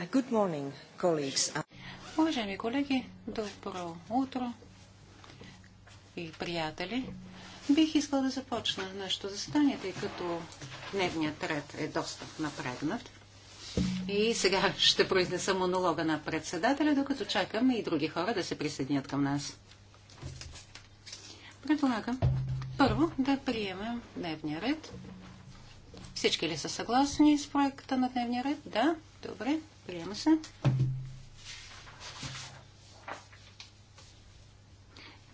Uh, good morning, colleagues. Уважаеми колеги, добро утро и приятели. Бих искал да започна нашето заседание, тъй като дневният ред е доста напрегнат. И сега ще произнеса монолога на председателя, докато чакаме и други хора да се присъединят към нас. Предлагам първо да приемем дневния ред. Всички ли са съгласни с проекта на дневния ред? Да, добре. Приема се.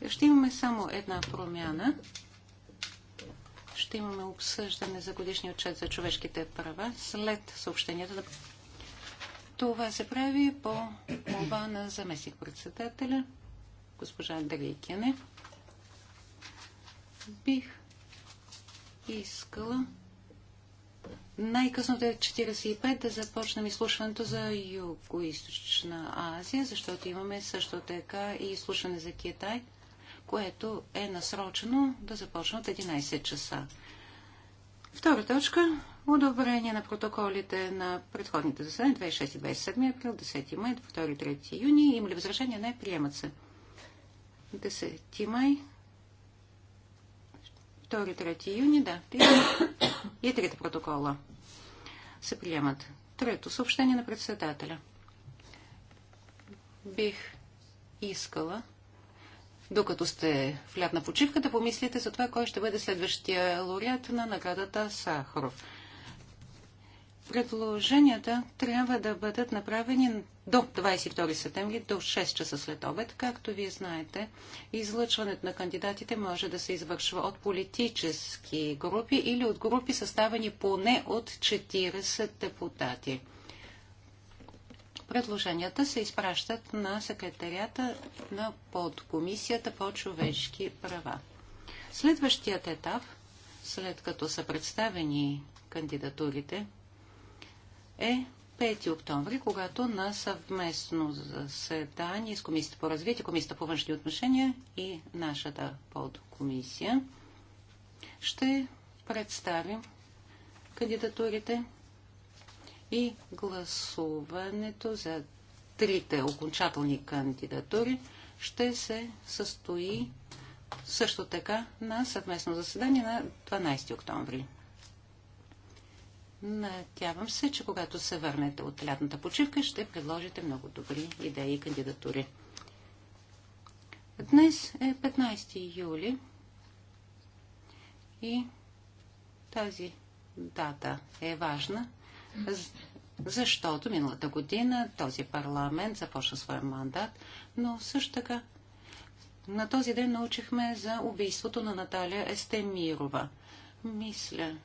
Ще имаме само една промяна. Ще имаме обсъждане за годишния отчет за човешките права след съобщенията. Това се прави по оба на заместник-председателя, госпожа Дрейкене. Бих искала най-късно да е 45 да започнем изслушването за Юго-Источна Азия, защото имаме също така и изслушване за Китай, което е насрочено да започне от 11 часа. Втора точка – одобрение на протоколите на предходните заседания 26 и 27 април, 10 май, 2 и 3 юни. Има ли възражения? Не, приемат се. 10 май 2-3 юни, да, и трите протокола се приемат. Трето съобщение на председателя. Бих искала, докато сте в лятна почивка, да помислите за това, кой ще бъде следващия лауреат на наградата Сахаров. Предложенията трябва да бъдат направени до 22 септември, до 6 часа след обед. Както вие знаете, излъчването на кандидатите може да се извършва от политически групи или от групи съставени поне от 40 депутати. Предложенията се изпращат на секретарията на подкомисията по човешки права. Следващият етап, след като са представени кандидатурите, е 5 октомври, когато на съвместно заседание с Комисията по развитие, Комисията по външни отношения и нашата подкомисия ще представим кандидатурите и гласуването за трите окончателни кандидатури ще се състои също така на съвместно заседание на 12 октомври. Надявам се, че когато се върнете от лятната почивка, ще предложите много добри идеи и кандидатури. Днес е 15 юли и тази дата е важна, защото миналата година този парламент започна своя мандат, но също така на този ден научихме за убийството на Наталия Естемирова. Мисля,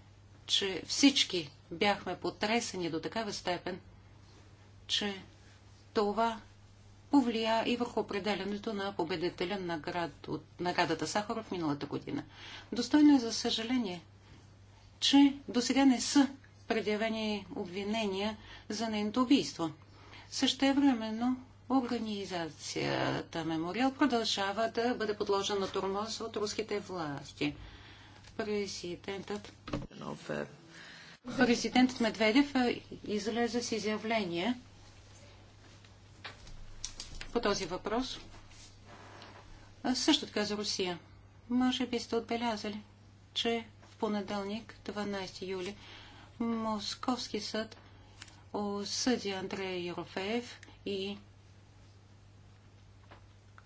че всички бяхме потресени до такава степен, че това повлия и върху определенето на победителя на град от наградата Сахаров миналата година. Достойно е за съжаление, че до сега не са предявени обвинения за нейното убийство. Същевременно организацията Мемориал продължава да бъде подложена на тормоз от руските власти – президентът е. президентът Медведев е, излезе с изявление по този въпрос. Също така за Русия. Може би сте отбелязали, че в понеделник, 12 юли, Московски съд осъди Андрей Ерофеев и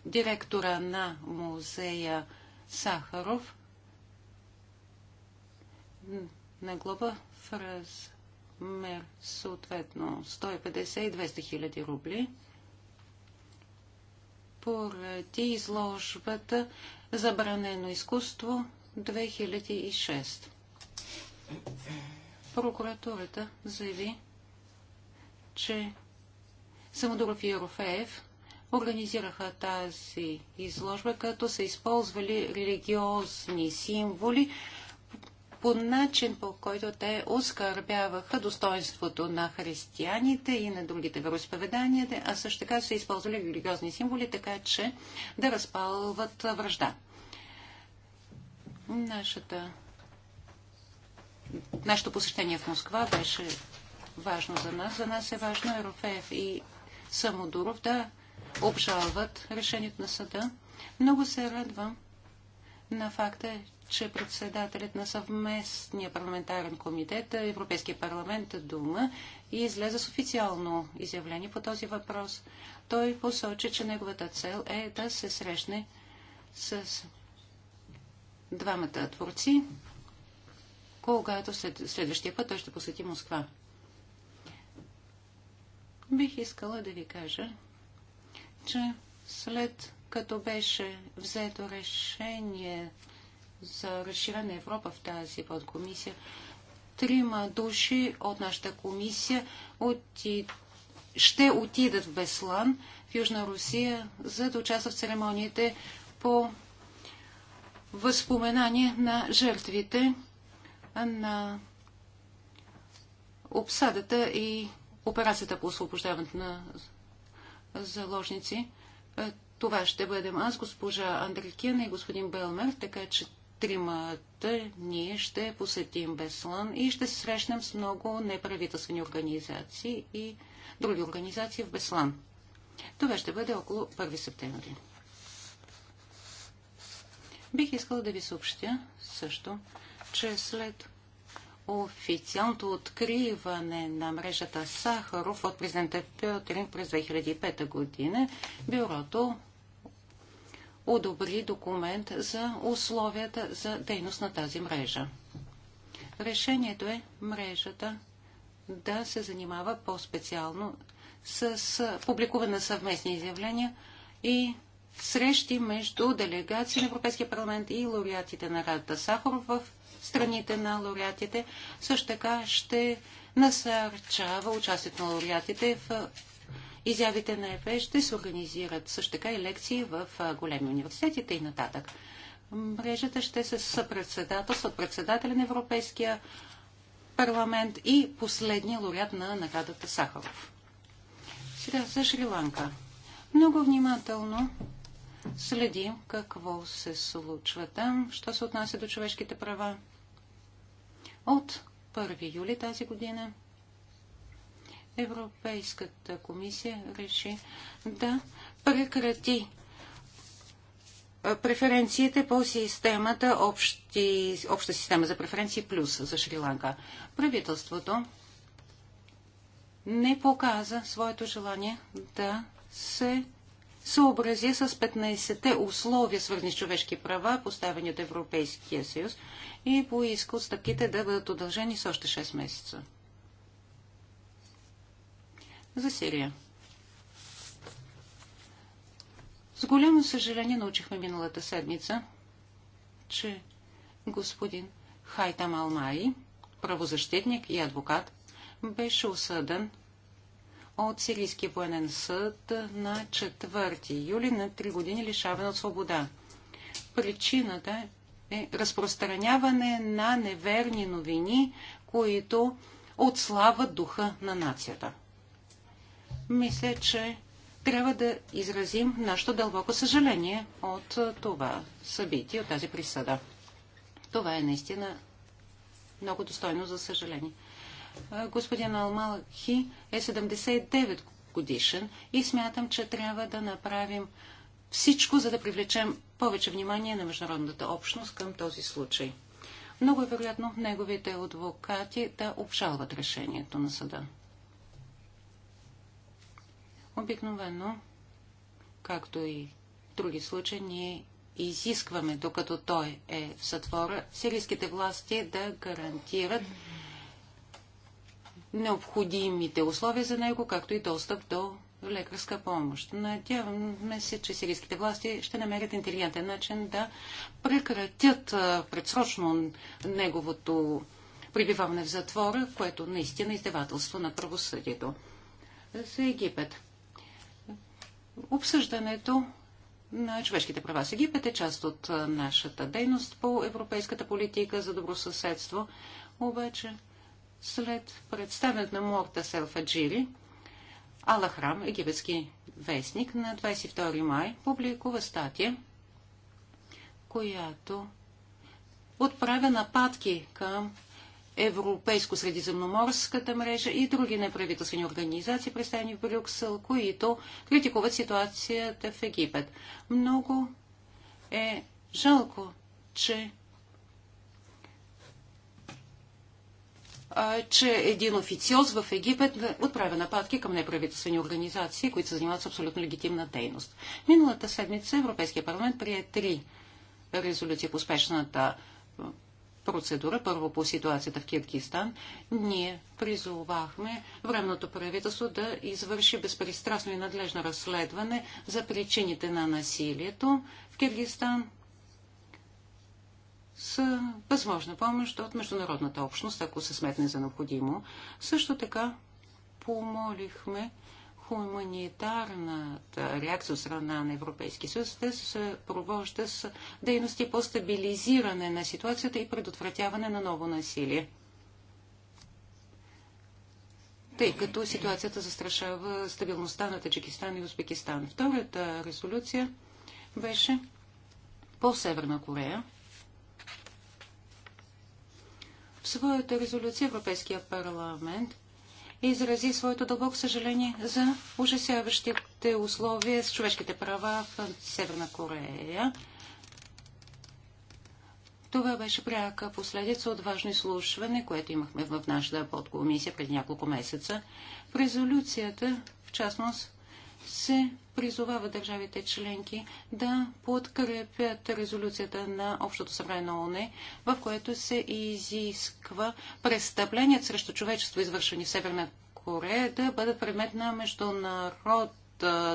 директора на музея Сахаров на глоба в размер съответно 150 и 200 хиляди рубли поради изложбата Забранено изкуство 2006. Прокуратурата заяви, че Самодуров и Ерофеев организираха тази изложба, като са използвали религиозни символи по начин, по който те оскърбяваха достоинството на християните и на другите вероисповедания, а също така са използвали религиозни символи, така че да разпалват връжда. Нашата... Нашето посещение в Москва беше важно за нас. За нас е важно Ерофеев и Самодуров да обжалват решението на съда. Много се радвам на факта, че председателят на съвместния парламентарен комитет е Европейския парламент Дума и излезе с официално изявление по този въпрос. Той посочи, че неговата цел е да се срещне с двамата творци, когато след, следващия път той ще посети Москва. Бих искала да ви кажа, че след като беше взето решение за разширена Европа в тази подкомисия. Трима души от нашата комисия оти... ще отидат в Беслан, в Южна Русия, за да участват в церемониите по възпоменание на жертвите на обсадата и операцията по освобождаването на заложници. Е, това ще бъдем аз, госпожа Андрекина и господин Белмер, така че тримата ние ще посетим Беслан и ще се срещнем с много неправителствени организации и други организации в Беслан. Това ще бъде около 1 септември. Бих искала да ви съобщя също, че след официалното откриване на мрежата Сахаров от президента Петрин през 2005 година, бюрото одобри документ за условията за дейност на тази мрежа. Решението е мрежата да се занимава по-специално с публикуване на съвместни изявления и срещи между делегации на Европейския парламент и лауреатите на Радата Сахаров в страните на лауреатите. Също така ще насърчава участието на лауреатите в изявите на ЕПЕ ще се организират също така и лекции в големи университетите, и нататък. Мрежата ще се съпредседател, от председателя на Европейския парламент и последния лауреат на наградата Сахаров. Сега за Шри-Ланка. Много внимателно следим какво се случва там, що се отнася до човешките права. От 1 юли тази година Европейската комисия реши да прекрати преференциите по системата общи, обща система за преференции плюс за Шри-Ланка. Правителството не показа своето желание да се съобрази с 15-те условия, свързани с човешки права, поставени от Европейския съюз и поиска стъпките да бъдат удължени с още 6 месеца за Сирия. С голямо съжаление научихме миналата седмица, че господин Хайтам Алмай, правозащитник и адвокат, беше осъден от Сирийския военен съд на 4 юли на 3 години лишаване от свобода. Причината е разпространяване на неверни новини, които отслават духа на нацията мисля, че трябва да изразим нашето дълбоко съжаление от това събитие, от тази присъда. Това е наистина много достойно за съжаление. Господин Алмалхи е 79 годишен и смятам, че трябва да направим всичко, за да привлечем повече внимание на международната общност към този случай. Много е вероятно неговите адвокати да обжалват решението на съда. Обикновено, както и в други случаи, ние изискваме, докато той е в затвора, сирийските власти да гарантират необходимите условия за него, както и достъп до лекарска помощ. Надяваме се, че сирийските власти ще намерят интелигентен начин да прекратят предсрочно неговото прибиваване в затвора, което наистина е издевателство на правосъдието. За Египет. Обсъждането на човешките права с Египет е част от нашата дейност по европейската политика за добросъседство. Обаче след представенето на Морта Ала Алахрам, египетски вестник, на 22 май публикува статия, която отправя нападки към Европейско-средиземноморската мрежа и други неправителствени организации, представени в Брюксел, които критикуват ситуацията в Египет. Много е жалко, че че един официоз в Египет отправя нападки към неправителствени организации, които се занимават с абсолютно легитимна дейност. Миналата седмица Европейския парламент прие три резолюции по успешната процедура. Първо по ситуацията в Киргизстан. Ние призовахме временното правителство да извърши безпристрастно и надлежно разследване за причините на насилието в Киргизстан с възможна помощ от международната общност, ако се сметне за необходимо. Също така помолихме хуманитарната реакция от страна на Европейския съюз да се провожда с дейности по стабилизиране на ситуацията и предотвратяване на ново насилие. Тъй като ситуацията застрашава стабилността на Таджикистан и Узбекистан. Втората резолюция беше по Северна Корея. В своята резолюция Европейския парламент изрази своето дълбоко съжаление за ужасяващите условия с човешките права в Северна Корея. Това беше пряка последица от важно изслушване, което имахме в нашата подкомисия преди няколко месеца. В резолюцията, в частност, се призовава държавите членки да подкрепят резолюцията на Общото събрание на ООН, в което се изисква престъпленият срещу човечество, извършени в Северна Корея, да бъдат предмет на международ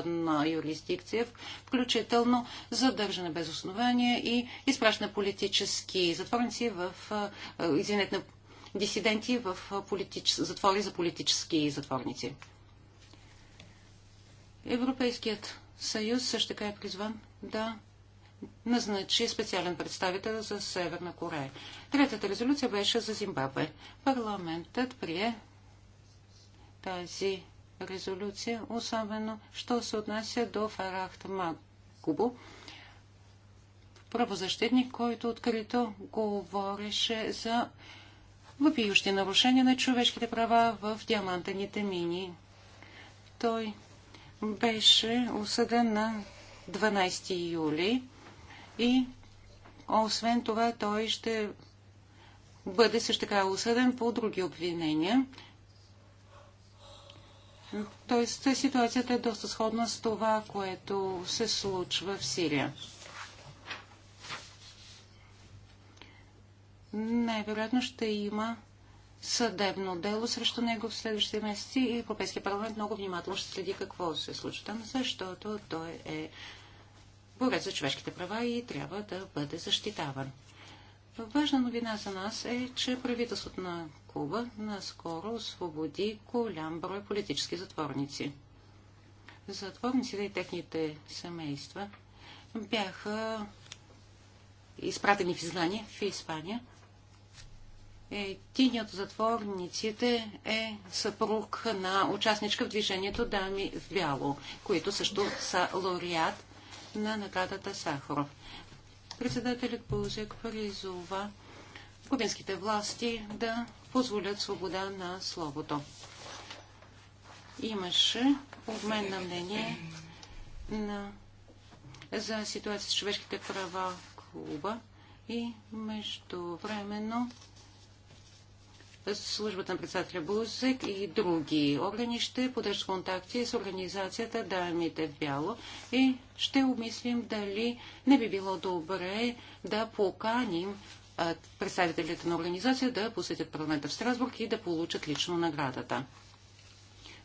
на юрисдикция, включително задържане без основания и изпращане политически затворници в, извинете, дисиденти в политич... затвори за политически затворници. Европейският съюз също така е призван да назначи специален представител за Северна Корея. Третата резолюция беше за Зимбабве. Парламентът прие тази резолюция, особено що се отнася до Фарахт Макубо, правозащитник, който открито говореше за въпиющи нарушения на човешките права в диамантените мини. Той беше осъден на 12 юли и освен това той ще бъде също така осъден по други обвинения. Тоест ситуацията е доста сходна с това, което се случва в Сирия. Най-вероятно ще има съдебно дело срещу него в следващите месеци и Европейския парламент много внимателно ще следи какво се случва там, защото той е борец за човешките права и трябва да бъде защитаван. Важна новина за нас е, че правителството на Куба наскоро освободи голям брой политически затворници. Затворниците и техните семейства бяха изпратени в изгнание в Испания – Единият от затворниците е съпруг на участничка в движението Дами в бяло, които също са лауреат на наградата Сахаров. Председателят Бузек призова кубинските власти да позволят свобода на словото. Имаше обмен на мнение на, за ситуация с човешките права в Куба и междувременно службата на председателя Бузик и други органи ще поддържат контакти с организацията Дамите в бяло и ще обмислим дали не би било добре да поканим представителите на организация да посетят парламента в Страсбург и да получат лично наградата.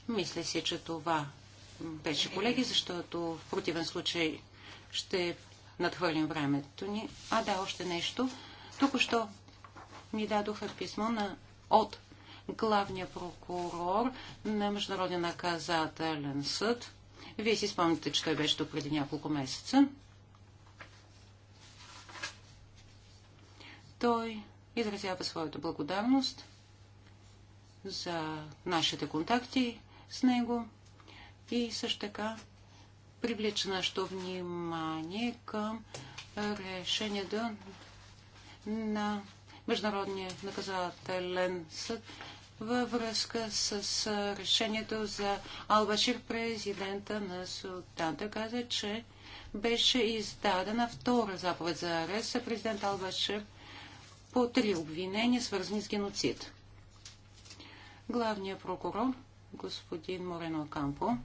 Мисля си, че това беше, колеги, защото в противен случай ще надхвърлим времето ни. А да, още нещо. Тук що ми дадоха писмо на от главния прокурор на Международен наказателен съд. Вие си спомните, че той беше тук преди няколко месеца. Той изразява своята благодарност за нашите контакти с него и също така привлича нашето внимание към решението на Международния наказателен съд във връзка с решението за Албашир, президента на Судан. Той каза, че беше издадена втора заповед за арест за президент Албашир по три обвинения, свързани с геноцид. Главният прокурор, господин Морено Кампо,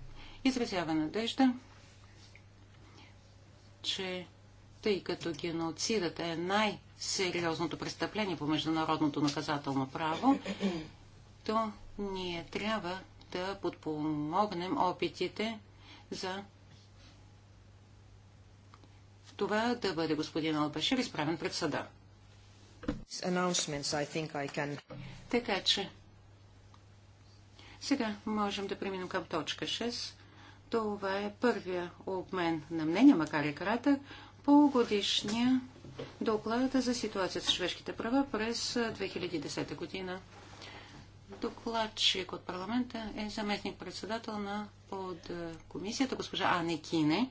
изразява надежда, че тъй като геноцидът е най- сериозното престъпление по международното наказателно право, то ние трябва да подпомогнем опитите за това да бъде господин Албашир изправен пред съда. I I can... Така че, сега можем да преминем към точка 6. Това е първия обмен на мнение, макар и кратък, по годишния доклада за ситуацията с човешките права през 2010 година. Докладчик от парламента е заместник-председател на под комисията госпожа Ане Кине.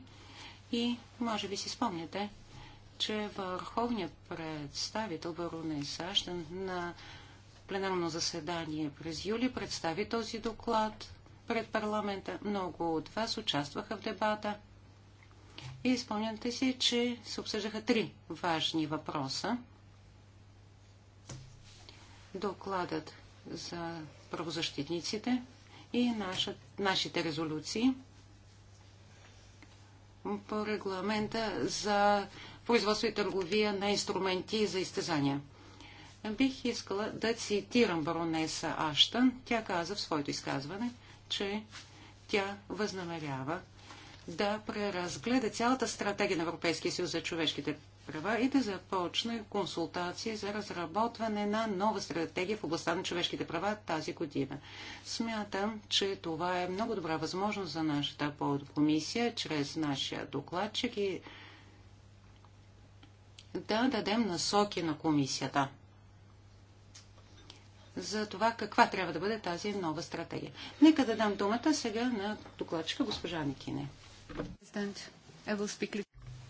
И може би си спомняте, че върховният представител Баруна Сащен на пленарно заседание през юли представи този доклад пред парламента. Много от вас участваха в дебата. И спомняте си, че се обсъждаха три важни въпроса. Докладът за правозащитниците и наша, нашите резолюции по регламента за производство и търговия на инструменти за изтезания. Бих искала да цитирам баронеса Аштън. Тя каза в своето изказване, че тя възнамерява да преразгледа цялата стратегия на Европейския съюз за човешките права и да започне консултации за разработване на нова стратегия в областта на човешките права тази година. Смятам, че това е много добра възможност за нашата подкомисия, чрез нашия докладчик и да дадем насоки на комисията за това каква трябва да бъде тази нова стратегия. Нека да дам думата сега на докладчика госпожа Никине.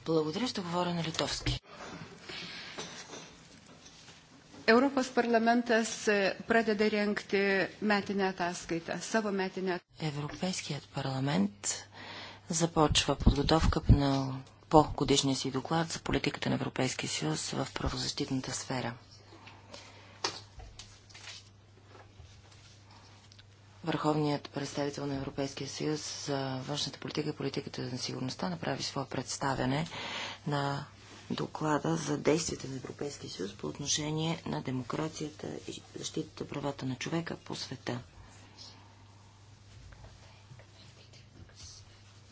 Благодаря, ще говоря на литовски. Europos parlamentas pradeda rengti metinę ataskaitą, savo metinę. Европейският парламент започва подготовка на по годишния си доклад за политиката на Европейския съюз в правозащитната сфера. Върховният представител на Европейския съюз за външната политика и политиката на сигурността направи свое представяне на доклада за действията на Европейския съюз по отношение на демокрацията и защитата правата на човека по света.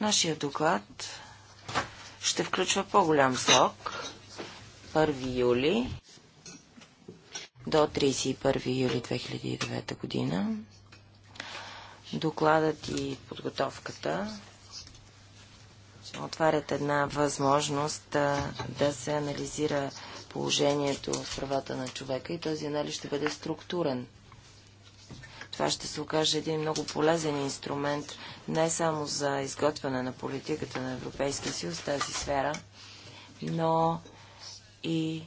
Нашия доклад ще включва по-голям срок 1 юли до 31 юли 2009 година Докладът и подготовката отварят една възможност да, да се анализира положението в правата на човека и този анализ ще бъде структурен. Това ще се окаже един много полезен инструмент не само за изготвяне на политиката на Европейския съюз в тази сфера, но и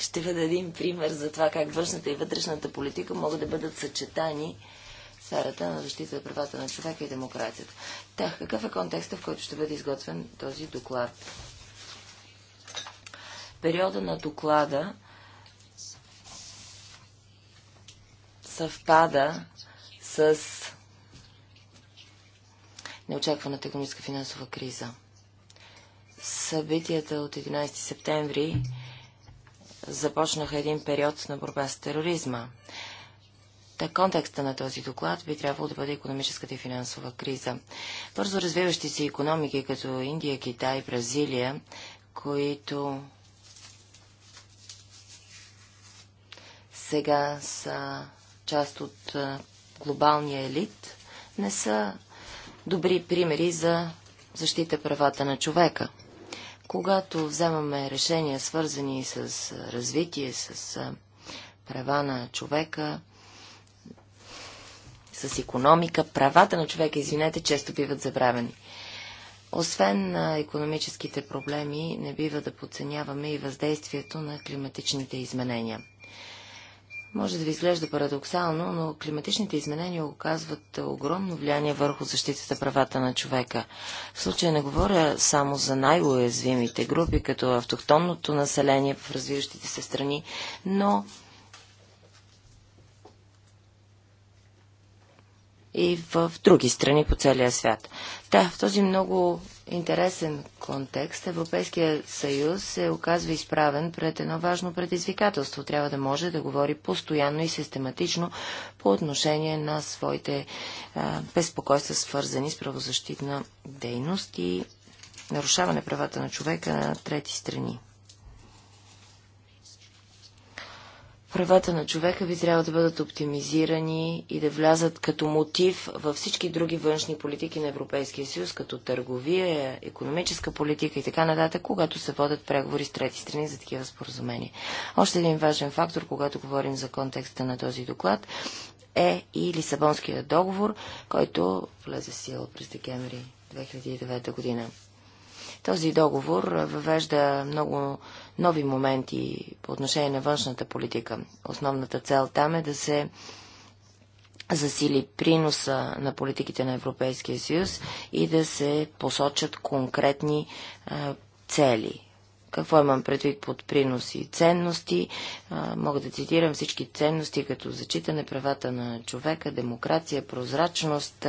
ще бъде един пример за това как външната и вътрешната политика могат да бъдат съчетани в сферата на защита на правата на човека и демокрацията. Та, какъв е контекстът, в който ще бъде изготвен този доклад? Периода на доклада съвпада с неочакваната економическа финансова криза. Събитията от 11 септември започнаха един период на борба с тероризма. Та контекста на този доклад би трябвало да бъде економическата и финансова криза. Бързо развиващи се економики като Индия, Китай, Бразилия, които сега са част от глобалния елит, не са добри примери за защита правата на човека. Когато вземаме решения, свързани с развитие, с права на човека, с економика, правата на човека, извинете, често биват забравени. Освен на економическите проблеми, не бива да подценяваме и въздействието на климатичните изменения – може да ви изглежда парадоксално, но климатичните изменения оказват огромно влияние върху защитата правата на човека. В случая не говоря само за най-уязвимите групи, като автохтонното население в развиващите се страни, но и в други страни по целия свят. Да, в този много интересен контекст Европейския съюз се оказва изправен пред едно важно предизвикателство. Трябва да може да говори постоянно и систематично по отношение на своите а, безпокойства, свързани с правозащитна дейност и нарушаване правата на човека на трети страни. правата на човека би трябва да бъдат оптимизирани и да влязат като мотив във всички други външни политики на Европейския съюз, като търговия, економическа политика и така нататък, когато се водят преговори с трети страни за такива споразумения. Още един важен фактор, когато говорим за контекста на този доклад, е и Лисабонския договор, който влезе в сила през декември 2009 година. Този договор въвежда много нови моменти по отношение на външната политика. Основната цел там е да се засили приноса на политиките на Европейския съюз и да се посочат конкретни а, цели. Какво имам предвид под принос и ценности? А, мога да цитирам всички ценности, като зачитане правата на човека, демокрация, прозрачност,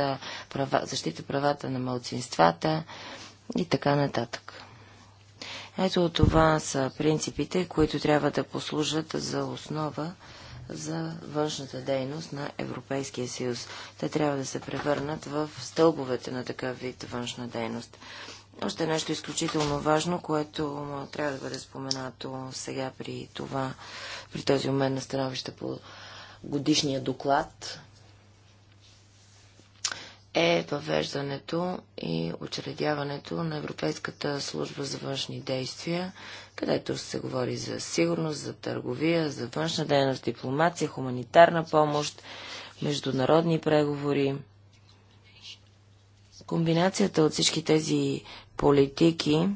права, защита правата на малцинствата, а, и така нататък. Ето това са принципите, които трябва да послужат за основа за външната дейност на Европейския съюз. Те трябва да се превърнат в стълбовете на такъв вид външна дейност. Още нещо изключително важно, което трябва да бъде споменато сега при това, при този момент на становище по годишния доклад е въвеждането и учредяването на Европейската служба за външни действия, където се говори за сигурност, за търговия, за външна дейност, дипломация, хуманитарна помощ, международни преговори. Комбинацията от всички тези политики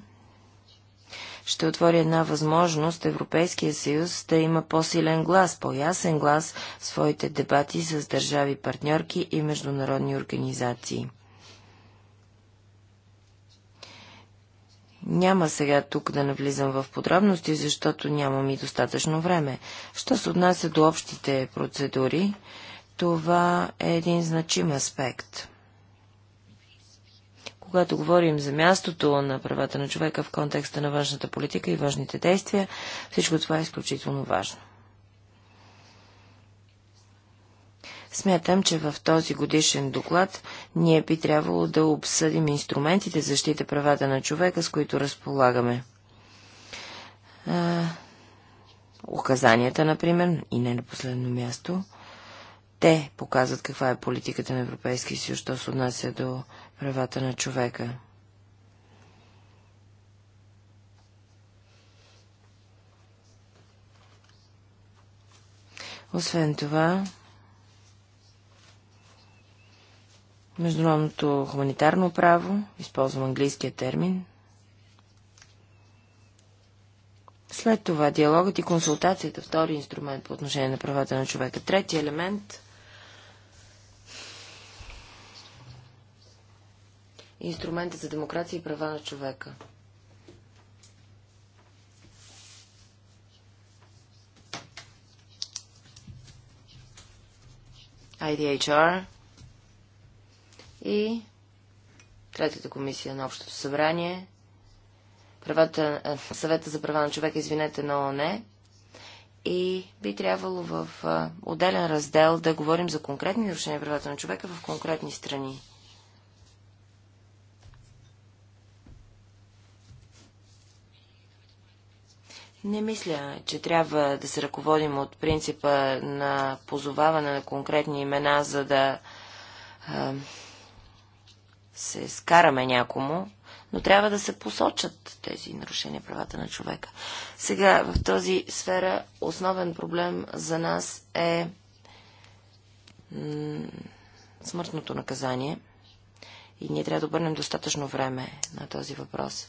ще отвори една възможност Европейския съюз да има по-силен глас, по-ясен глас в своите дебати с държави партньорки и международни организации. Няма сега тук да навлизам в подробности, защото нямам и достатъчно време. Що се отнася до общите процедури, това е един значим аспект. Когато говорим за мястото на правата на човека в контекста на външната политика и външните действия, всичко това е изключително важно. Смятам, че в този годишен доклад ние би трябвало да обсъдим инструментите за защита правата на човека, с които разполагаме. А, указанията, например, и не на последно място, те показват каква е политиката на Европейския съюз, що се отнася до правата на човека. Освен това, международното хуманитарно право, използвам английския термин, след това диалогът и консултацията, втори инструмент по отношение на правата на човека. Трети елемент инструмента за демокрация и права на човека. IDHR и Третата комисия на Общото събрание, правата, е, съвета за права на човека, извинете, на ООН, и би трябвало в е, отделен раздел да говорим за конкретни нарушения правата на човека в конкретни страни. Не мисля, че трябва да се ръководим от принципа на позоваване на конкретни имена, за да а, се скараме някому, но трябва да се посочат тези нарушения правата на човека. Сега, в този сфера основен проблем за нас е смъртното наказание. И ние трябва да обърнем достатъчно време на този въпрос.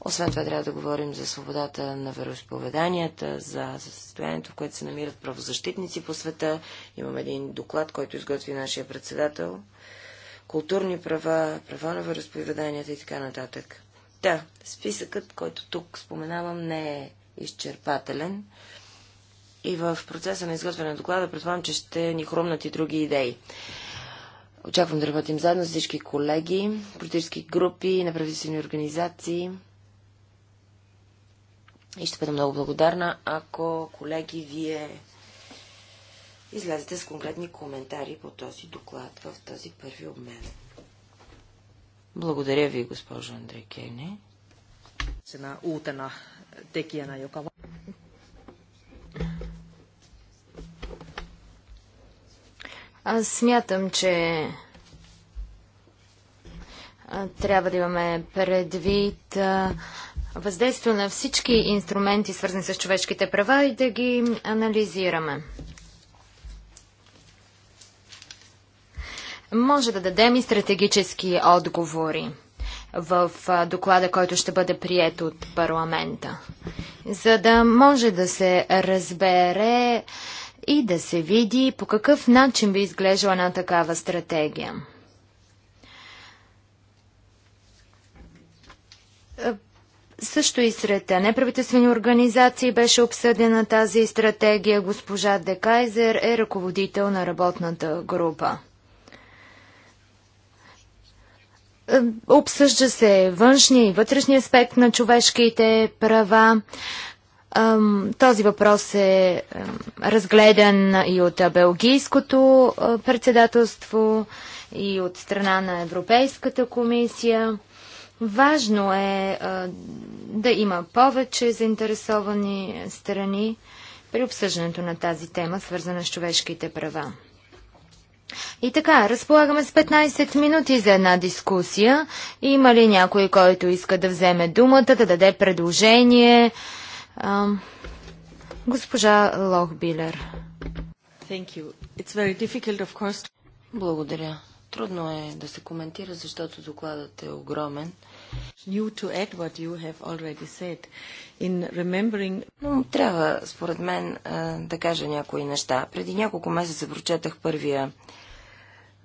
Освен това трябва да говорим за свободата на вероисповеданията, за състоянието, в което се намират правозащитници по света. Имам един доклад, който изготви нашия председател. Културни права, права на вероисповеданията и така нататък. Да, списъкът, който тук споменавам, не е изчерпателен. И в процеса на изготвяне на доклада предполагам, че ще ни хрумнат и други идеи. Очаквам да работим заедно с всички колеги, политически групи, неправителствени организации. И ще бъда много благодарна, ако, колеги, вие излезете с конкретни коментари по този доклад в този първи обмен. Благодаря ви, госпожо Кейни. Сена утена текijänä, Йокава. Аз смятам, че трябва да имаме предвид въздейства на всички инструменти, свързани с човешките права и да ги анализираме. Може да дадем и стратегически отговори в доклада, който ще бъде прият от парламента, за да може да се разбере и да се види по какъв начин би изглеждала една такава стратегия. Също и сред неправителствени организации беше обсъдена тази стратегия. Госпожа Декайзер е ръководител на работната група. Обсъжда се външния и вътрешния аспект на човешките права. Този въпрос е разгледан и от Белгийското председателство, и от страна на Европейската комисия. Важно е а, да има повече заинтересовани страни при обсъждането на тази тема, свързана с човешките права. И така, разполагаме с 15 минути за една дискусия. Има ли някой, който иска да вземе думата, да даде предложение? А, госпожа Лохбилер. Course... Благодаря. Трудно е да се коментира, защото докладът е огромен. New to add what you have already said. In remembering... Но трябва, според мен, да кажа някои неща. Преди няколко месеца прочетах първия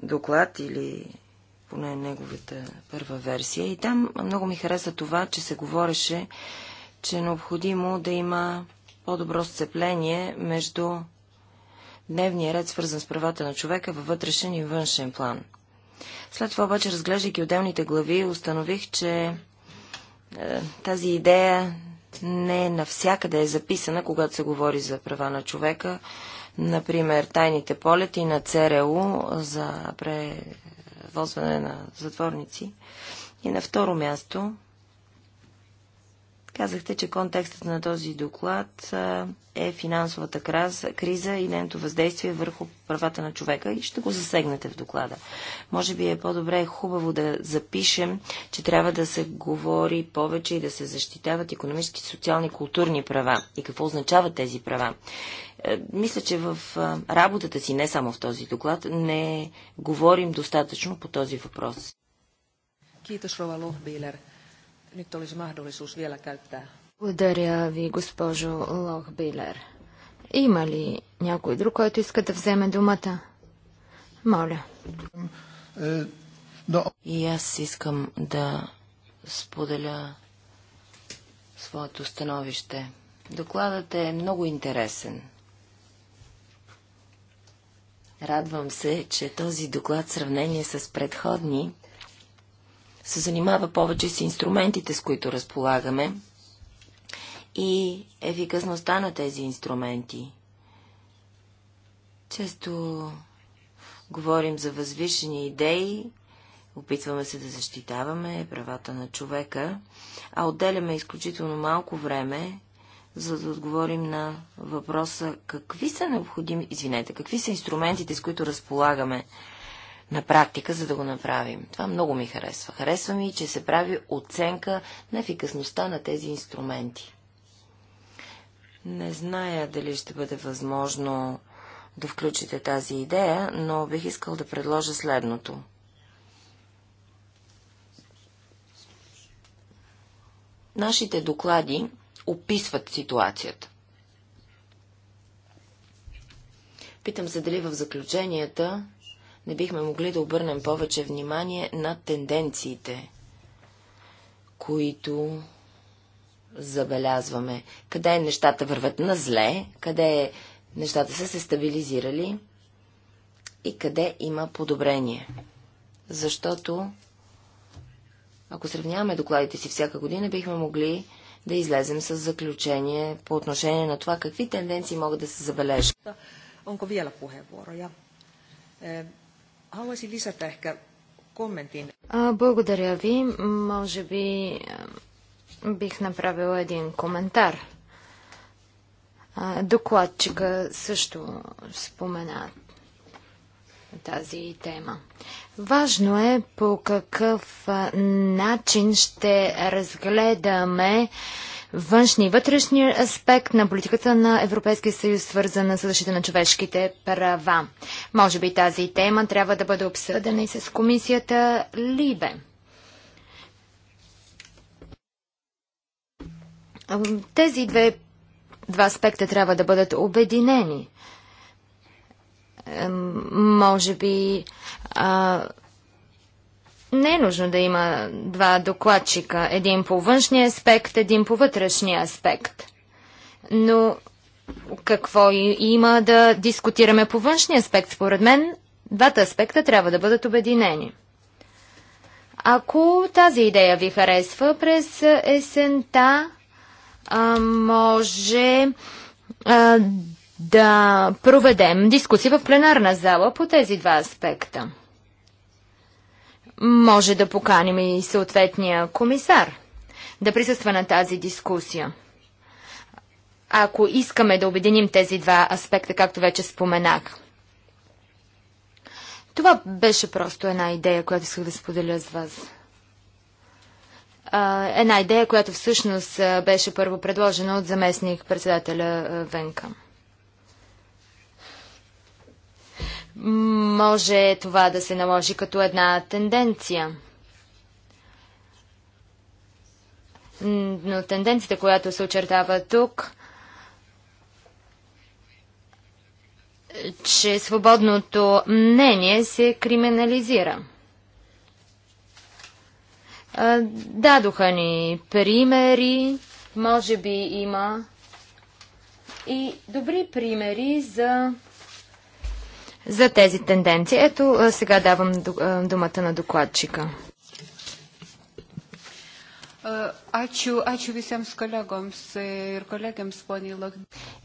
доклад или поне неговата първа версия. И там много ми хареса това, че се говореше, че е необходимо да има по-добро сцепление между дневния ред, свързан с правата на човека във вътрешен и външен план. След това обаче, разглеждайки отделните глави, установих, че е, тази идея не е навсякъде е записана, когато се говори за права на човека. Например, тайните полети на ЦРУ за превозване на затворници. И на второ място Казахте, че контекстът на този доклад е финансовата криза и нейното въздействие върху правата на човека и ще го засегнете в доклада. Може би е по-добре, е хубаво да запишем, че трябва да се говори повече и да се защитават економически, социални и културни права и какво означават тези права. Е, мисля, че в работата си, не само в този доклад, не говорим достатъчно по този въпрос. Kiitos Rova Билер. Nyt olisi mahdollisuus vielä käyttää. Благодаря ви, госпожо Лохбилер. Има ли някой друг, който иска да вземе думата? Моля. Е, И аз искам да споделя своето становище. Докладът е много интересен. Радвам се, че този доклад в сравнение с предходни се занимава повече с инструментите, с които разполагаме и ефикасността на тези инструменти. Често говорим за възвишени идеи, опитваме се да защитаваме правата на човека, а отделяме изключително малко време, за да отговорим на въпроса какви са необходими, извинете, какви са инструментите, с които разполагаме на практика, за да го направим. Това много ми харесва. Харесва ми, че се прави оценка на ефикасността на тези инструменти. Не зная дали ще бъде възможно да включите тази идея, но бих искал да предложа следното. Нашите доклади описват ситуацията. Питам се дали в заключенията не бихме могли да обърнем повече внимание на тенденциите, които забелязваме. Къде нещата върват на зле, къде нещата са се стабилизирали и къде има подобрение. Защото, ако сравняваме докладите си всяка година, бихме могли да излезем с заключение по отношение на това какви тенденции могат да се забележат. Onko vielä puheenvuoroja? Е, Haluaisin lisätä ehkä kommentin. Благодаря ви. Може би бих направила един коментар. Докладчика също спомена тази тема. Важно е по какъв начин ще разгледаме външния и вътрешния аспект на политиката на Европейския съюз, свързана с защита на човешките права. Може би тази тема трябва да бъде обсъдена и с комисията Либе. Тези две, два аспекта трябва да бъдат обединени. Може би а, не е нужно да има два докладчика, един по външния аспект, един по вътрешния аспект. Но какво има да дискутираме по външния аспект? Според мен, двата аспекта трябва да бъдат обединени. Ако тази идея ви харесва през есента, а, може а, да проведем дискусия в пленарна зала по тези два аспекта. Може да поканим и съответния комисар да присъства на тази дискусия. Ако искаме да обединим тези два аспекта, както вече споменах. Това беше просто една идея, която исках да споделя с вас. Една идея, която всъщност беше първо предложена от заместник председателя Венкам. Може това да се наложи като една тенденция. Но тенденцията, която се очертава тук, че свободното мнение се криминализира. Дадоха ни примери, може би има и добри примери за за тези тенденции. Ето, сега давам думата на докладчика. Е, ачу, ачу висем с колегом, с колегам с Пони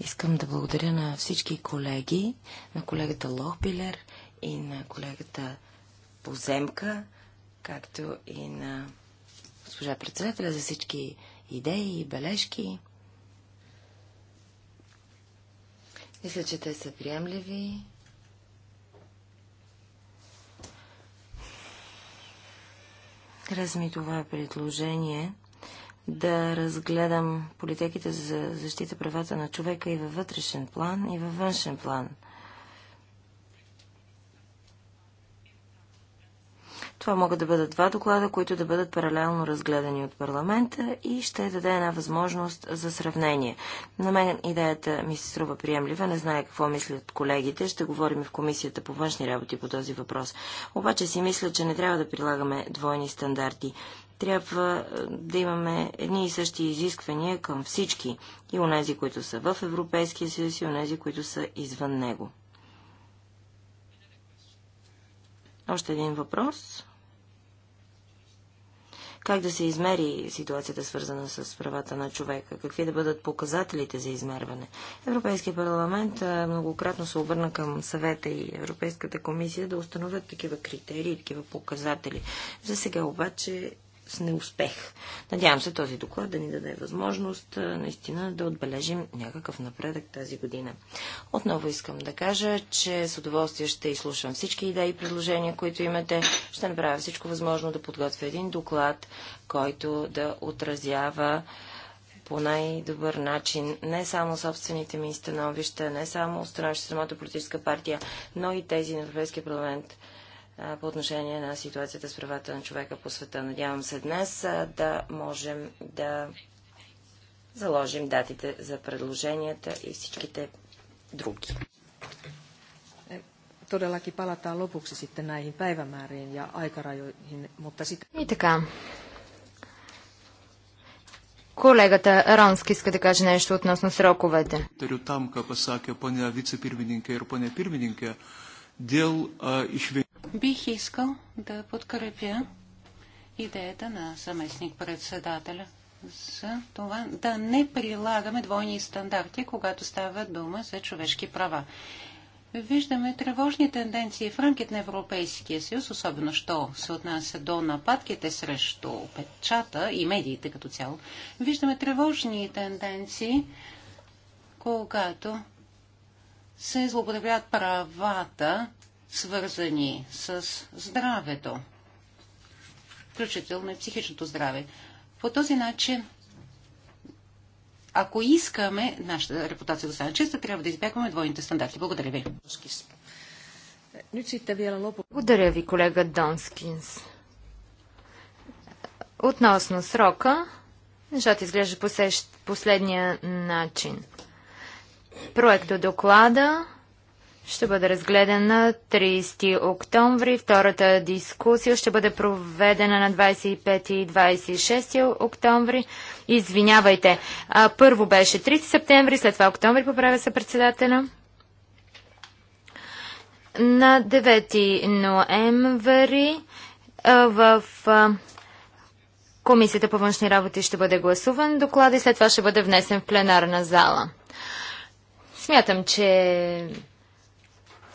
Искам да благодаря на всички колеги, на колегата Лохбилер и на колегата Поземка, както и на госпожа председателя за всички идеи и бележки. Мисля, че те са приемливи Хареса ми това предложение да разгледам политиките за защита правата на човека и във вътрешен план, и във външен план – Това могат да бъдат два доклада, които да бъдат паралелно разгледани от парламента и ще даде една възможност за сравнение. На мен идеята ми се струва приемлива, не знае какво мислят колегите, ще говорим в комисията по външни работи по този въпрос. Обаче си мисля, че не трябва да прилагаме двойни стандарти трябва е, да имаме едни и същи изисквания към всички, и нези, които са в Европейския съюз, и нези, които са извън него. Още един въпрос. Как да се измери ситуацията, свързана с правата на човека? Какви да бъдат показателите за измерване? Европейския парламент многократно се обърна към съвета и Европейската комисия да установят такива критерии, такива показатели. За сега обаче с неуспех. Надявам се този доклад да ни даде възможност наистина да отбележим някакъв напредък тази година. Отново искам да кажа, че с удоволствие ще изслушам всички идеи и предложения, които имате. Ще направя всичко възможно да подготвя един доклад, който да отразява по най-добър начин не само собствените ми становища, не само страна, самата политическа партия, но и тези на Европейския парламент по отношение на ситуацията с правата на човека по света. Надявам се днес да можем да заложим датите за предложенията и всичките други. Е, todellakin palataan lopuksi sitten näihin päivämääriin ja aikarajoihin, mutta sitten... И така. Колегата Ронски иска да каже нещо относно сроковете. Тарю там, ка вице ponia vicepirmininkė ir ponia pirmininkė, dėl išvien... Бих искал да подкрепя идеята на заместник-председателя за това да не прилагаме двойни стандарти, когато става дума за човешки права. Виждаме тревожни тенденции в рамките на Европейския съюз, особено що се отнася до нападките срещу печата и медиите като цяло. Виждаме тревожни тенденции, когато се злоупотребяват правата свързани с здравето, включително и психичното здраве. По този начин, ако искаме нашата репутация да стане чиста, трябва да избягваме двойните стандарти. Благодаря ви. Благодаря ви, колега Донскинс. Относно срока, нещата изглежда по последния начин. до доклада ще бъде разгледан на 30 октомври. Втората дискусия ще бъде проведена на 25 и 26 октомври. Извинявайте, първо беше 30 септември, след това октомври поправя се председателя. На 9 ноември в Комисията по външни работи ще бъде гласуван доклад и след това ще бъде внесен в пленарна зала. Смятам, че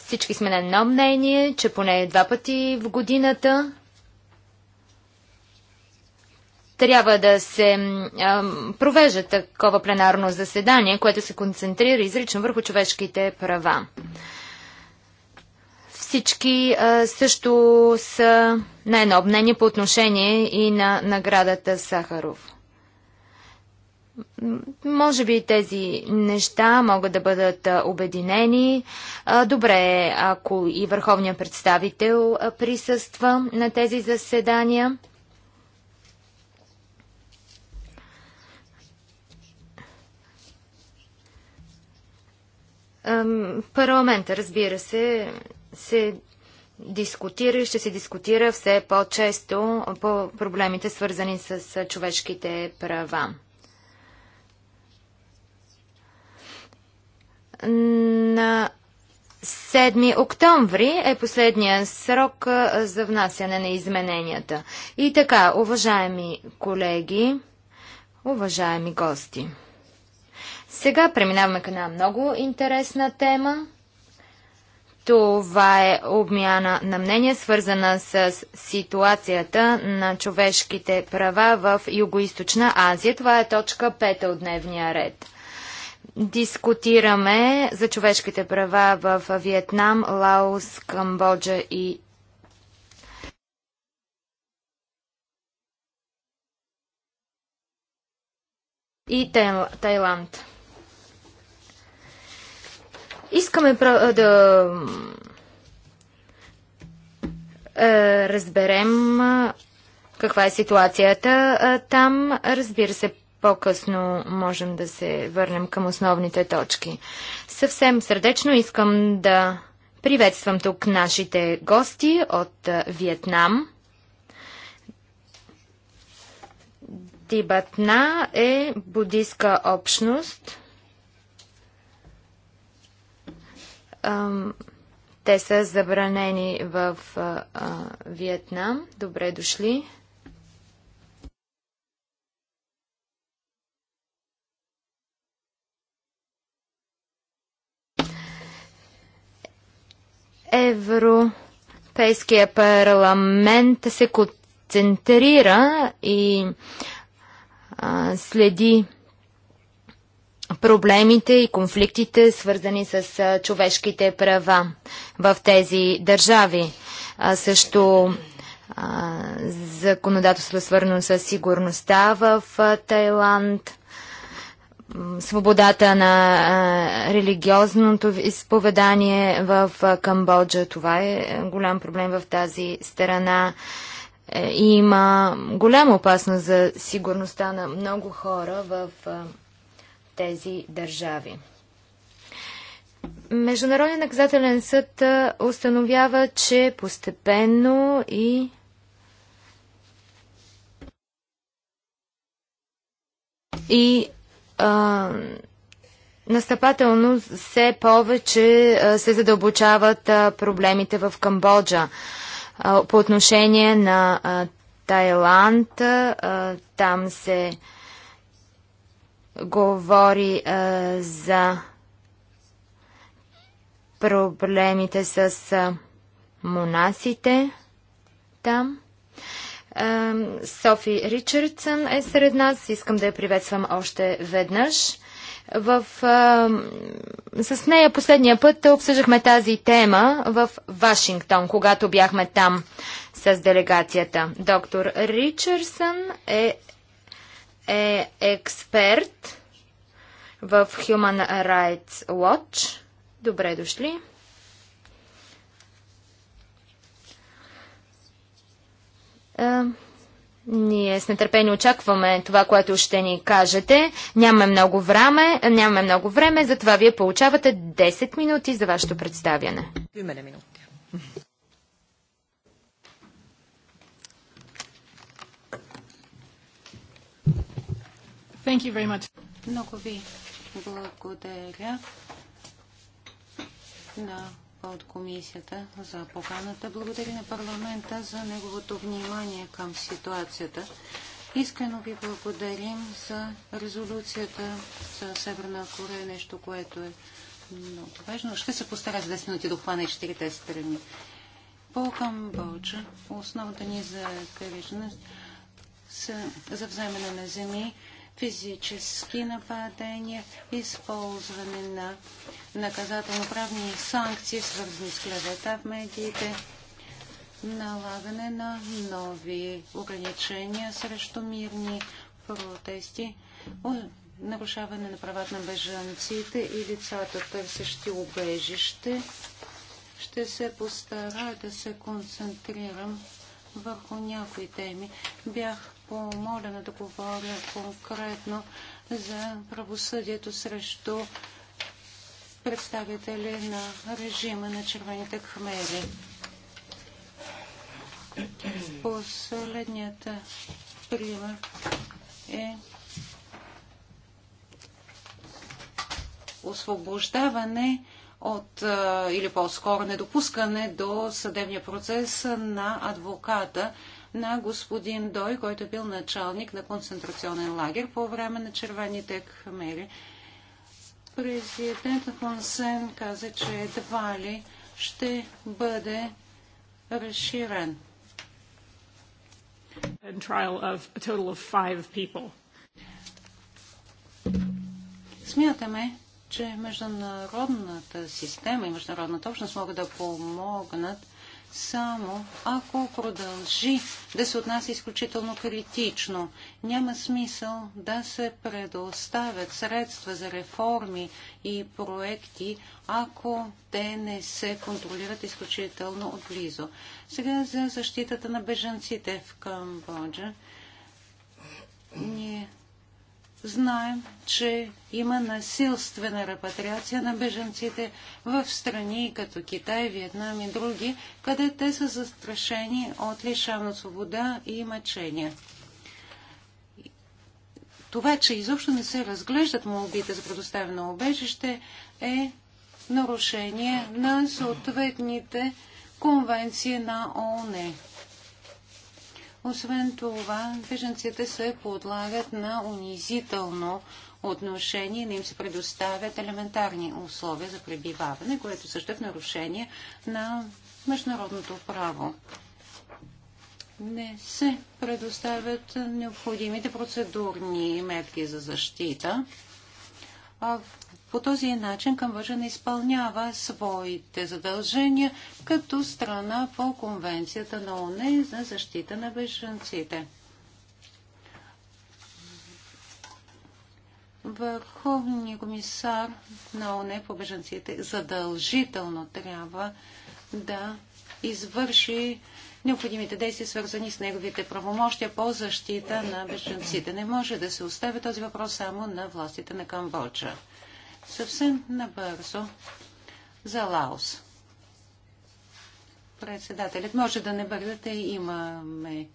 всички сме на едно мнение, че поне два пъти в годината трябва да се а, провежда такова пленарно заседание, което се концентрира изрично върху човешките права. Всички а, също са на едно мнение по отношение и на наградата Сахаров. Може би тези неща могат да бъдат обединени. Добре е, ако и върховният представител присъства на тези заседания. Парламента, разбира се, се дискутира и ще се дискутира все по-често по проблемите, свързани с човешките права. На 7 октомври е последния срок за внасяне на измененията. И така, уважаеми колеги, уважаеми гости. Сега преминаваме към една много интересна тема. Това е обмяна на мнение, свързана с ситуацията на човешките права в Юго-Источна Азия. Това е точка 5 от дневния ред. Дискутираме за човешките права в Виетнам, Лаос, Камбоджа и и Тайланд. Искаме да е, разберем каква е ситуацията е, там. Разбира се, по-късно можем да се върнем към основните точки. Съвсем сърдечно искам да приветствам тук нашите гости от Виетнам. Тибатна е будистка общност. Те са забранени в Виетнам. Добре дошли. Европейския парламент се концентрира и а, следи проблемите и конфликтите, свързани с а, човешките права в тези държави. А, също законодателство, е свързано с сигурността в Тайланд свободата на а, религиозното изповедание в а, Камбоджа. Това е голям проблем в тази страна. и е, има голяма опасност за сигурността на много хора в а, тези държави. Международният наказателен съд установява, че постепенно и и настъпателно все повече а, се задълбочават а, проблемите в Камбоджа. А, по отношение на а, Тайланд, а, там се говори а, за проблемите с а, монасите там. Софи Ричардсън е сред нас. Искам да я приветствам още веднъж. В, а, с нея последния път обсъждахме тази тема в Вашингтон, когато бяхме там с делегацията. Доктор Ричардсън е, е експерт в Human Rights Watch. Добре дошли. ние с нетърпение очакваме това, което ще ни кажете. Нямаме много време, нямаме много време, затова вие получавате 10 минути за вашето представяне. минути. Thank you very much. Много ви благодаря на от комисията за поканата. Благодаря на парламента за неговото внимание към ситуацията. Искрено ви благодарим за резолюцията за Северна Корея, нещо, което е много важно. Ще се постара за 10 минути да хвана и 4 страни. По Камбоджа, основата ни за загриженост за вземане на земи физически нападения, използване на наказателно-правни санкции, свързани с клевета в медиите, налагане на нови ограничения срещу мирни протести, нарушаване на правата на бежанците и лицата, търсещи убежище. Ще се постарая да се концентрирам върху някои теми. Бях помолена да говоря конкретно за правосъдието срещу представители на режима на червените хмели. Последният пример е освобождаване от или по-скоро недопускане до съдебния процес на адвоката на господин Дой, който е бил началник на концентрационен лагер по време на червените хмели. Президентът Фонсен каза, че едва ли ще бъде разширен. Смятаме, че международната система и международната общност могат да помогнат само ако продължи да се отнася изключително критично. Няма смисъл да се предоставят средства за реформи и проекти, ако те не се контролират изключително отблизо. Сега за защитата на бежанците в Камбоджа. Ние Знаем, че има насилствена репатриация на беженците в страни като Китай, Виетнам и други, къде те са застрашени от лишавна свобода и мъчения. Това, че изобщо не се разглеждат молбите за предоставено обежище, е нарушение на съответните конвенции на ООН. Освен това, беженците се подлагат на унизително отношение, не им се предоставят елементарни условия за пребиваване, което също е в нарушение на международното право. Не се предоставят необходимите процедурни метки за защита. А по този начин Камбоджа не изпълнява своите задължения като страна по Конвенцията на ОНЕ за защита на бежанците. Върховният комисар на ОНЕ по бежанците задължително трябва да извърши необходимите действия, свързани с неговите правомощия по защита на бежанците. Не може да се остави този въпрос само на властите на Камбоджа. Съвсем набързо за Лаос. Председателят може да не и имаме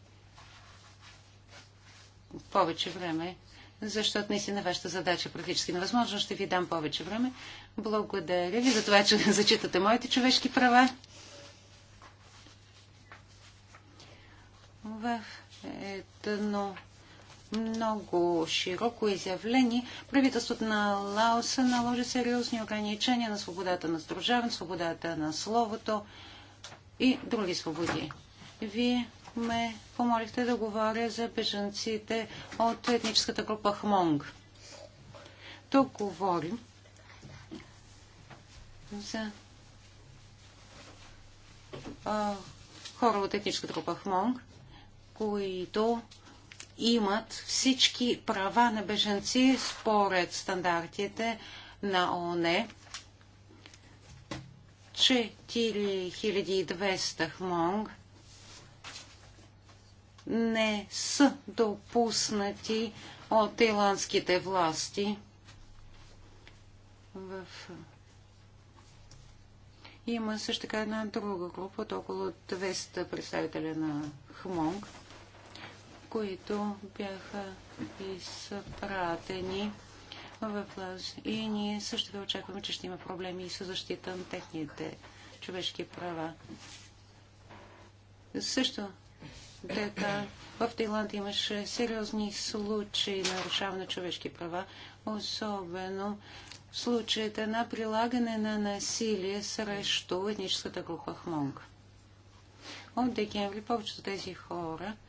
повече време, защото наистина вашата задача е практически невъзможна. Ще ви дам повече време. Благодаря ви за това, че зачитате моите човешки права. В едно много широко изявление, правителството на Лаоса наложи сериозни ограничения на свободата на сдружаване, свободата на словото и други свободи. Вие ме помолихте да говоря за бежанците от етническата група Хмонг. Тук говорим за а, хора от етническата група Хмонг, които имат всички права на беженци според стандартите на ООН. 4200 хмонг не са допуснати от тайландските власти в има също така една друга група, от около 200 представителя на Хмонг които бяха изпратени в лаз. И ние също да очакваме, че ще има проблеми и с защита на техните човешки права. Също така в Тайланд имаше сериозни случаи нарушаване на човешки права, особено в случаите на прилагане на насилие срещу етническата група Хмонг. От декември повечето тези хора –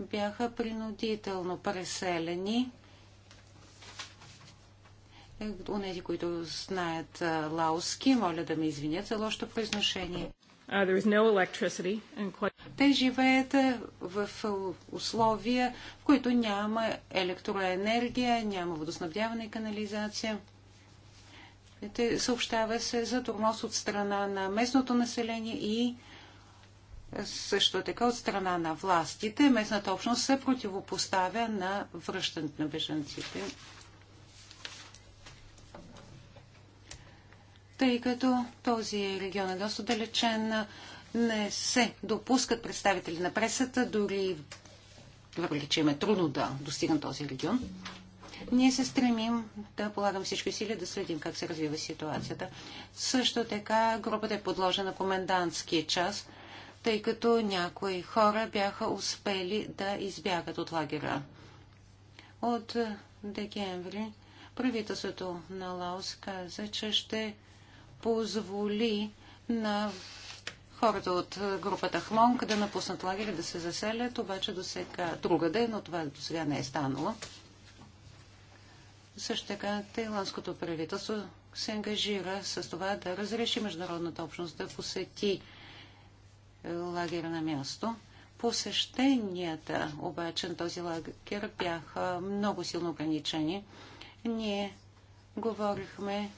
бяха принудително преселени. Унези, е, които знаят лаоски, моля да ме извинят за лошото произношение. Uh, no quite... Те живеят в условия, в които няма електроенергия, няма водоснабдяване и канализация. Те съобщава се за тормоз от страна на местното население и също така от страна на властите местната общност се противопоставя на връщането на бежанците. Тъй като този регион е доста далечен, не се допускат представители на пресата, дори въпреки че им е трудно да достигнат този регион. Ние се стремим да полагам всички усилия да следим как се развива ситуацията. Също така групата е подложена комендантския час – тъй като някои хора бяха успели да избягат от лагера. От декември правителството на Лаос каза, че ще позволи на хората от групата Хмонг да напуснат лагеря, да се заселят, обаче до сега друга ден, но това до сега не е станало. Също така тайландското правителство се ангажира с това да разреши международната общност да посети лагер на място. Посещенията обаче на този лагер бяха много силно ограничени. Ние говорихме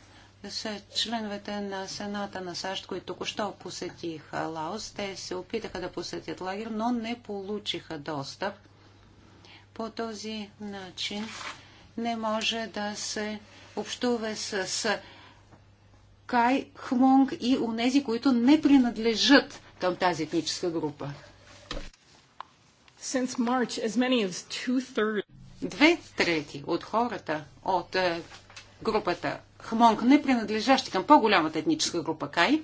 с членовете на Сената на САЩ, които току-що посетиха Лаос. Те се опитаха да посетят лагер, но не получиха достъп. По този начин не може да се общува с Кай Хмонг и унези, които не принадлежат към тази етническа група. Две трети от хората от е, групата Хмонг, не принадлежащи към по-голямата етническа група Кай,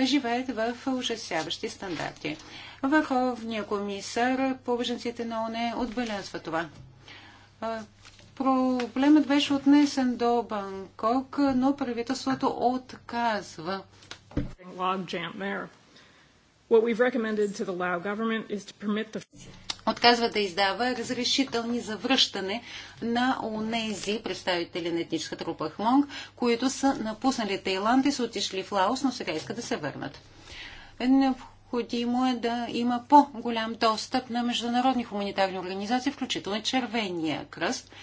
е, живеят в ужасяващи стандарти. Върховният комисар по беженците на ОНЕ отбелязва това. Е, проблемът беше отнесен до Банкок, но правителството отказва отказва да издава разрешителни за връщане на онези представители на етническата група Хмонг, които са напуснали Тайланд и са отишли в Лаос, но сега искат да се върнат. Необходимо е да има по-голям достъп на международни хуманитарни организации, включително Червения кръст –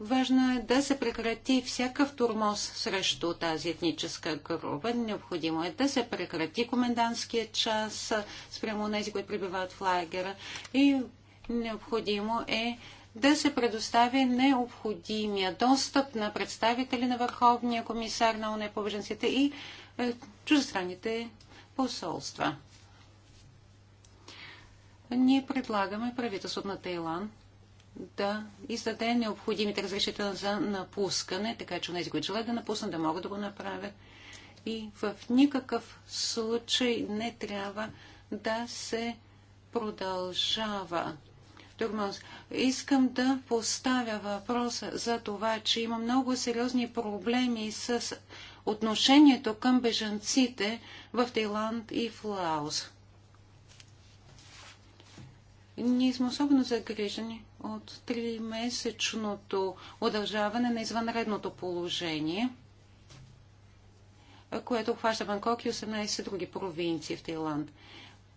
Важно е да се прекрати всякакъв турмоз срещу тази етническа група. Необходимо е да се прекрати комендантския час спрямо тези, които прибиват в лагера. И необходимо е да се предостави необходимия достъп на представители на Върховния комисар на ОНЕ по и е, чуждестранните посолства. Ние предлагаме правителството на Тайланд да издаде необходимите разрешителни за напускане, така че тези, които желаят да напуснат, да могат да го направят. И в никакъв случай не трябва да се продължава Турмоз. Искам да поставя въпроса за това, че има много сериозни проблеми с отношението към бежанците в Тайланд и в Лаос. Ние сме особено загрижени от 3-месечното удължаване на извънредното положение, което обхваща Банкок и 18 други провинции в Тайланд.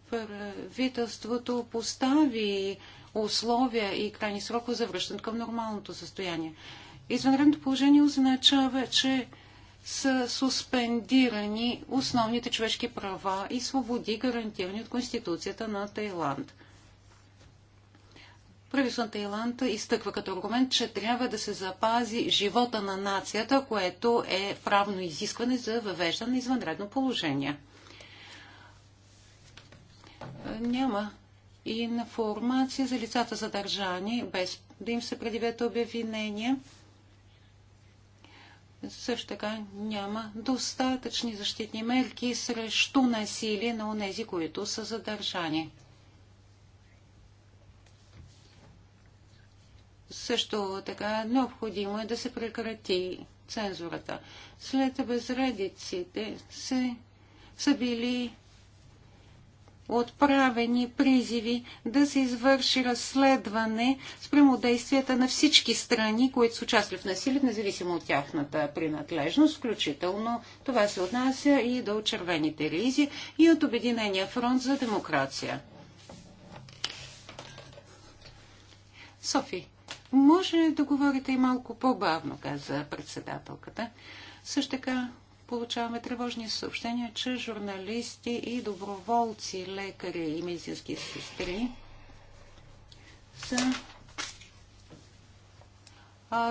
Правителството постави условия и крайни срокове за връщане към нормалното състояние. Извънредното положение означава, че са суспендирани основните човешки права и свободи, гарантирани от Конституцията на Тайланд – правителството на Тайланд изтъква като аргумент, че трябва да се запази живота на нацията, което е правно изискване за въвеждане на извънредно положение. Няма информация за лицата задържани, без да им се предявят обявинения. Също така няма достатъчни защитни мерки срещу насилие на онези, които са задържани. Също така необходимо е да се прекрати цензурата. След безредиците се, са били отправени призиви да се извърши разследване спрямо действията на всички страни, които са участвали в насилие, независимо от тяхната принадлежност, включително това се отнася и до червените ризи и от Обединения фронт за демокрация. Софи. Може да говорите и малко по-бавно, каза председателката. Също така получаваме тревожни съобщения, че журналисти и доброволци, лекари и медицински сестри са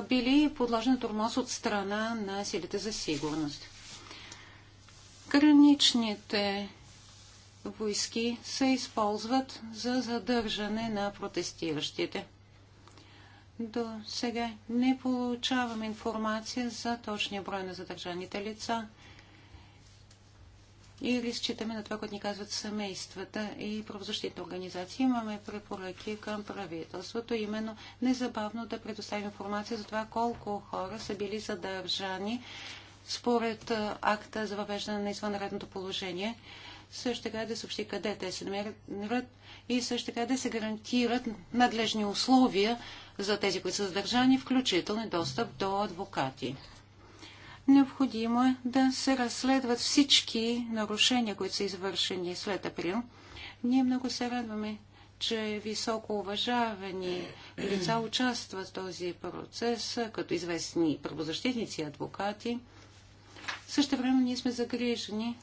били подложени тормоз от страна на силите за сигурност. Граничните войски се използват за задържане на протестиращите. До сега не получаваме информация за точния брой на задържаните лица или считаме на това, което ни казват семействата и правозащитни организации. Имаме препоръки към правителството, именно незабавно да предоставим информация за това колко хора са били задържани според акта за въвеждане на извънредното положение. Също така да съобщи къде те се намерят и също така да се гарантират надлежни условия за тези, които са задържани, включително и достъп до адвокати. Необходимо е да се разследват всички нарушения, които са извършени след април. Ние много се радваме, че високо уважавани лица участват в този процес, като известни правозащитници и адвокати. Също време ние сме загрижени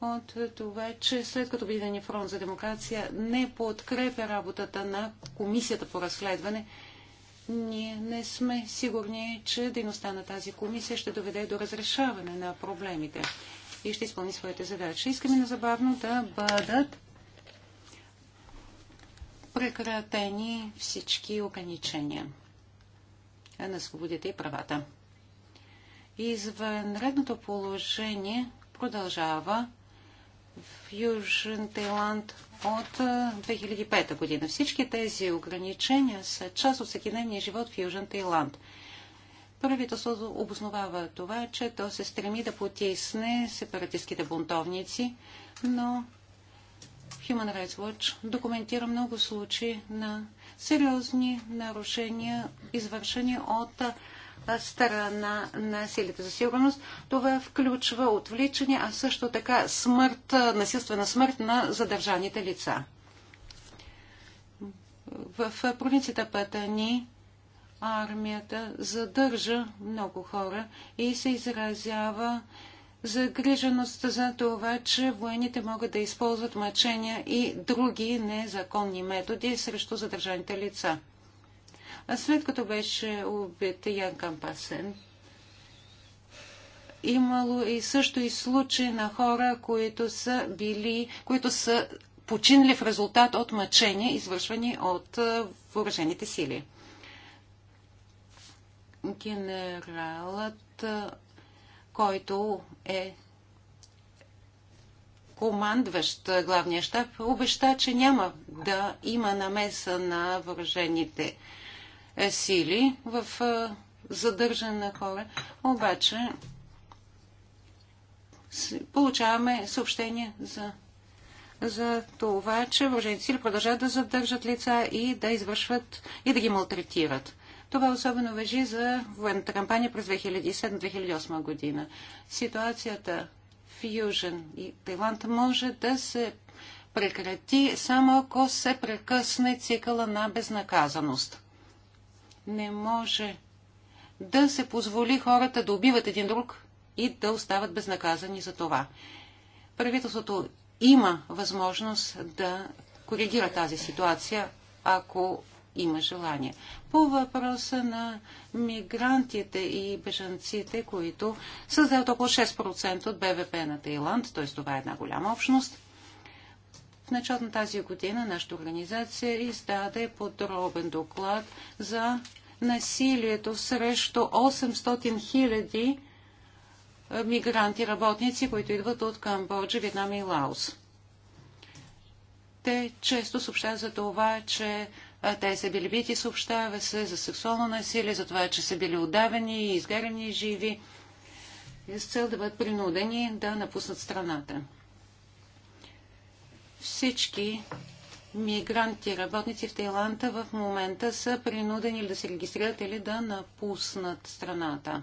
от това, че след като Обединения фронт за демокрация не подкрепя работата на Комисията по разследване, ние не сме сигурни, че дейността на тази комисия ще доведе до разрешаване на проблемите и ще изпълни своите задачи. Искаме незабавно да бъдат прекратени всички ограничения на свободите и правата. Извънредното положение продължава в Южен Тайланд от 2005 година. Всички тези ограничения са част от всекидневния живот в Южен Тайланд. Правителството обосновава това, че то се стреми да потисне сепаратистските бунтовници, но Human Rights Watch документира много случаи на сериозни нарушения, извършени от страна на силите за сигурност. Това включва отвличане, а също така смърт, насилствена смърт на задържаните лица. В провинцията Патани армията задържа много хора и се изразява загриженост за това, че военните могат да използват мъчения и други незаконни методи срещу задържаните лица след като беше убит Ян Кампасен. Имало и също и случаи на хора, които са били, които са починали в резултат от мъчения, извършвани от въоръжените сили. Генералът, който е командващ главния щаб, обеща, че няма да има намеса на въоръжените сили е сили в задържане на хора. Обаче получаваме съобщение за, за това, че въоръжените сили продължават да задържат лица и да извършват и да ги малтретират. Това особено въжи за военната кампания през 2007-2008 година. Ситуацията в Южен и Тайланд може да се прекрати само ако се прекъсне цикъла на безнаказаност. Не може да се позволи хората да убиват един друг и да остават безнаказани за това. Правителството има възможност да коригира тази ситуация, ако има желание. По въпроса на мигрантите и бежанците, които създават около 6% от БВП на Тайланд, т.е. това е една голяма общност, в началото на тази година нашата организация издаде подробен доклад за насилието срещу 800 хиляди мигранти, работници, които идват от Камбоджа, Вьетнам и Лаос. Те често съобщават за това, че те са били бити, съобщава се за сексуално насилие, за това, че са били отдавани и изгарени живи, с цел да бъдат принудени да напуснат страната всички мигранти, работници в Тайланда в момента са принудени да се регистрират или да напуснат страната.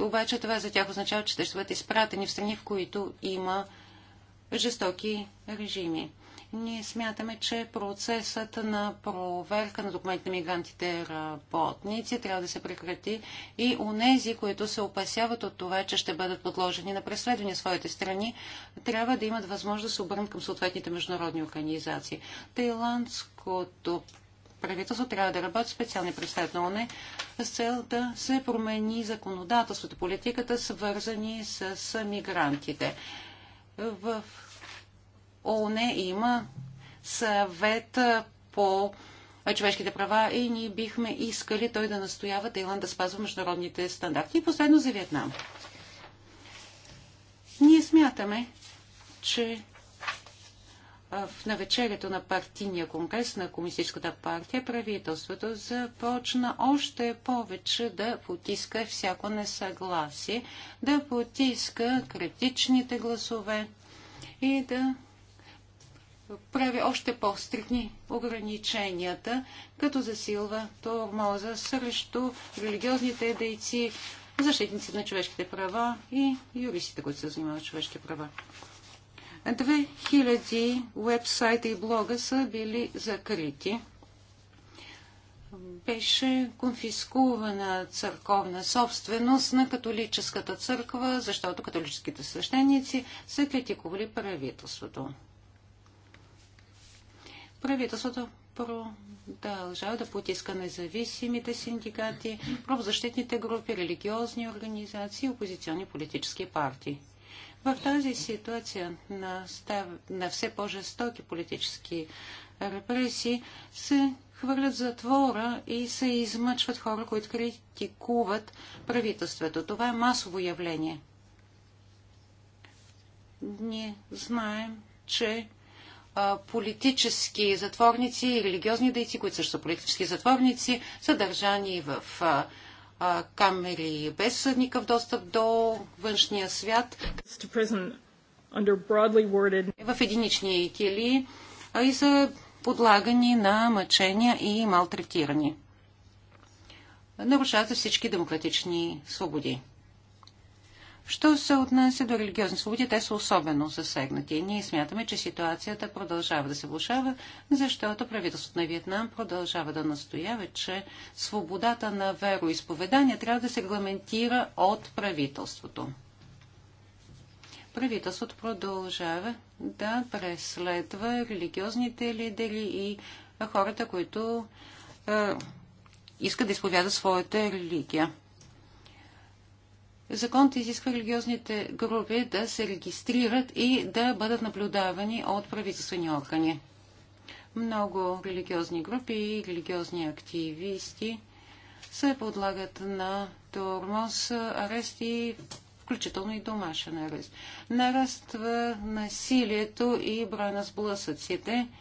Обаче това за тях означава, че те ще бъдат изпратени в страни, в които има жестоки режими. Ние смятаме, че процесът на проверка на документи на мигрантите работници трябва да се прекрати и нези, които се опасяват от това, че ще бъдат подложени на преследване в своите страни, трябва да имат възможност да се обърнат към съответните международни организации. Тайландското правителство трябва да работи специални представител на ОНЕ с цел да се промени законодателството, политиката, свързани с мигрантите. В ООН има съвет по човешките права и ние бихме искали той да настоява Тайланд да спазва международните стандарти. И последно за Виетнам. Ние смятаме, че в навечерието на партийния конгрес на Комунистическата партия правителството започна още повече да потиска всяко несъгласие, да потиска критичните гласове и да прави още по-стрикни ограниченията, като засилва тормоза срещу религиозните дейци, защитници на човешките права и юристите, които се занимават с човешки права. 2000 вебсайта и блога са били закрити. Беше конфискувана църковна собственост на католическата църква, защото католическите свещеници са критикували правителството правителството продължава да потиска независимите синдикати, правозащитните групи, религиозни организации и опозиционни политически партии. В тази ситуация на, став... на все по-жестоки политически репресии се хвърлят затвора и се измъчват хора, които критикуват правителството. Това е масово явление. Ние знаем, че политически затворници и религиозни дейци, които също са политически затворници, съдържани в камери без никакъв достъп до външния свят, е в единични кили и са подлагани на мъчения и малтретирани. Нарушават всички демократични свободи. Що се отнася до религиозни свободи, те са особено засегнати. Ние смятаме, че ситуацията продължава да се влушава, защото правителството на Виетнам продължава да настоява, че свободата на вероисповедание трябва да се регламентира от правителството. Правителството продължава да преследва религиозните лидери и хората, които е, искат да изповядат своята религия. Законът изисква религиозните групи да се регистрират и да бъдат наблюдавани от правителствени органи. Много религиозни групи и религиозни активисти се подлагат на тормоз, арест и включително и домашен арест. Нараства насилието и броя на сблъсъците –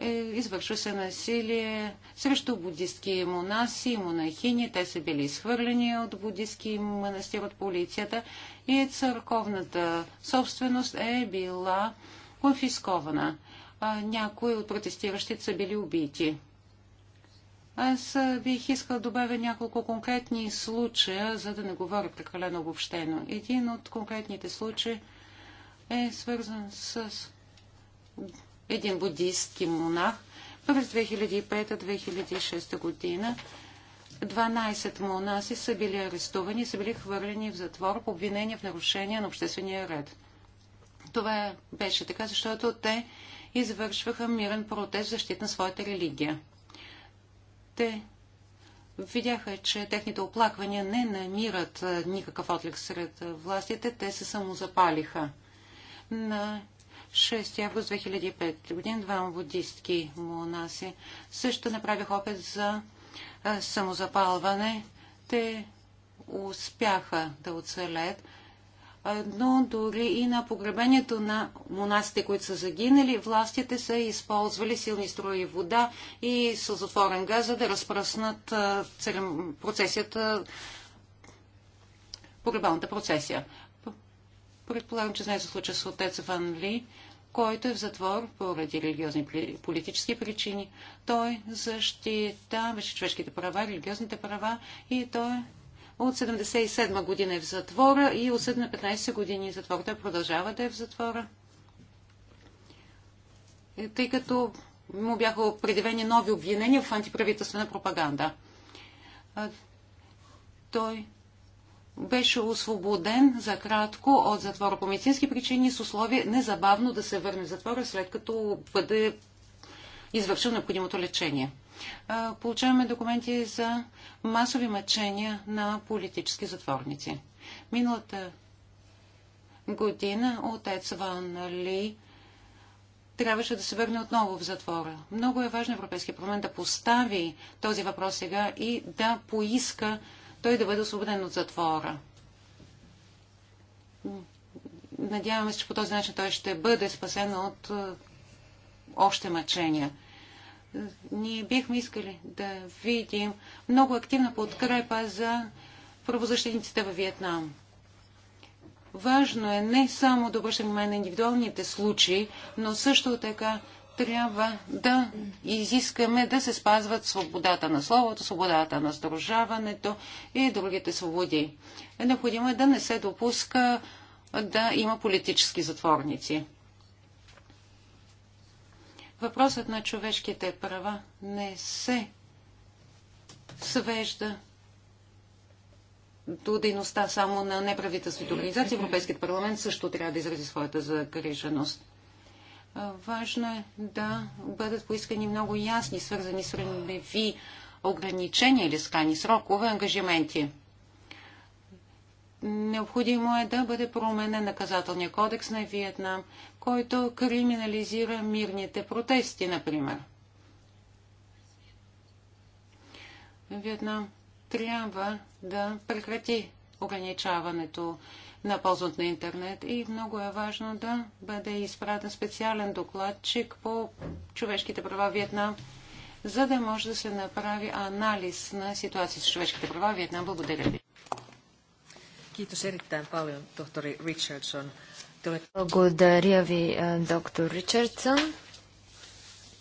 е, извършва се насилие срещу будистки монаси и монахини. Те са били изхвърлени от будистки манастир от полицията и църковната собственост е била конфискована. А някои от протестиращите са били убити. Аз бих искал да добавя няколко конкретни случая, за да не говоря прекалено обобщено. Един от конкретните случаи е свързан с един буддийски монах през 2005-2006 година. 12 монаси са били арестувани и са били хвърлени в затвор по обвинение в нарушение на обществения ред. Това беше така, защото те извършваха мирен протест в защита на своята религия. Те видяха, че техните оплаквания не намират никакъв отлик сред властите, те се самозапалиха. На 6 август 2005 година двама будистки монаси също направих опит за самозапалване. Те успяха да оцелят, но дори и на погребението на монасите, които са загинали, властите са използвали силни строи вода и сълзотворен газ, за да разпръснат процесията, погребалната процесия. Предполагам, че знаете случая с отец Ван Ли, който е в затвор поради религиозни политически причини. Той защитаваше човешките права, религиозните права и той от 77 година е в затвора и от 15 години затвор. Той продължава да е в затвора. И е, тъй като му бяха предявени нови обвинения в антиправителствена пропаганда. Той беше освободен за кратко от затвора по медицински причини с условие незабавно да се върне в затвора, след като бъде извършил необходимото лечение. Получаваме документи за масови мъчения на политически затворници. Миналата година отец Ван Ли трябваше да се върне отново в затвора. Много е важно Европейския парламент да постави този въпрос сега и да поиска той да бъде освободен от затвора. Надяваме се, че по този начин той ще бъде спасен от е, още мъчения. Ние бихме искали да видим много активна подкрепа за правозащитниците във Виетнам. Важно е не само да обръщаме внимание на индивидуалните случаи, но също така трябва да изискаме да се спазват свободата на словото, свободата на сдружаването и другите свободи. Е необходимо е да не се допуска да има политически затворници. Въпросът на човешките права не се свежда до дейността само на неправителствените организации. Европейският парламент също трябва да изрази своята загриженост важно е да бъдат поискани много ясни, свързани с времеви ограничения или скани срокове, ангажименти. Необходимо е да бъде променен наказателния кодекс на Виетнам, който криминализира мирните протести, например. Виетнам трябва да прекрати ограничаването на ползват на интернет. И много е важно да бъде изпратен специален докладчик по човешките права в Виетнам, за да може да се направи анализ на ситуацията с човешките права в Виетнам. Благодаря ви. Благодаря ви, доктор Ричардсън.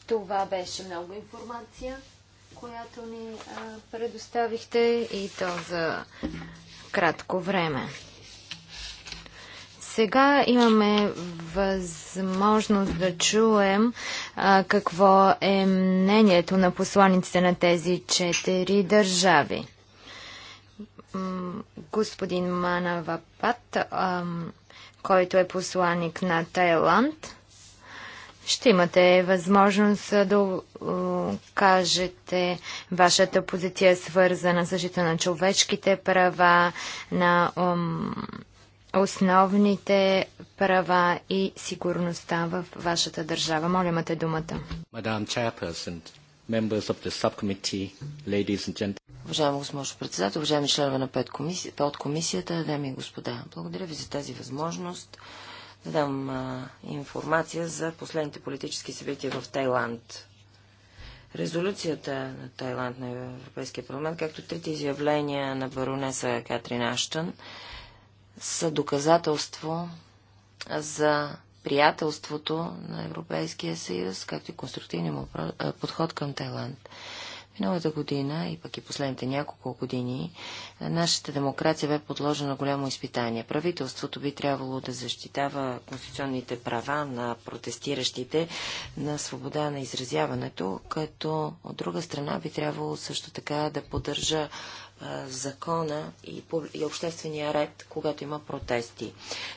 Това беше много информация, която ни предоставихте и то за кратко време. Сега имаме възможност да чуем а, какво е мнението на посланиците на тези четири държави. Господин Манавапат, а, който е посланник на Тайланд, ще имате възможност да кажете вашата позиция свързана с защита на човешките права, на основните права и сигурността в вашата държава. Моля, имате думата. Мадам Чайперсен, members of the subcommittee, ladies and gentlemen. Уважаема госпожо председател, уважаеми членове на пет комисията, дами и господа, благодаря ви за тази възможност да дам а, информация за последните политически събития в Тайланд. Резолюцията на Тайланд на Европейския парламент, както трите изявления на баронеса Катрин Аштън, са доказателство за приятелството на Европейския съюз, както и конструктивния му подход към Тайланд. Миналата година и пък и последните няколко години нашата демокрация бе подложена на голямо изпитание. Правителството би трябвало да защитава конституционните права на протестиращите на свобода на изразяването, като от друга страна би трябвало също така да поддържа закона и, и обществения ред, когато има протести.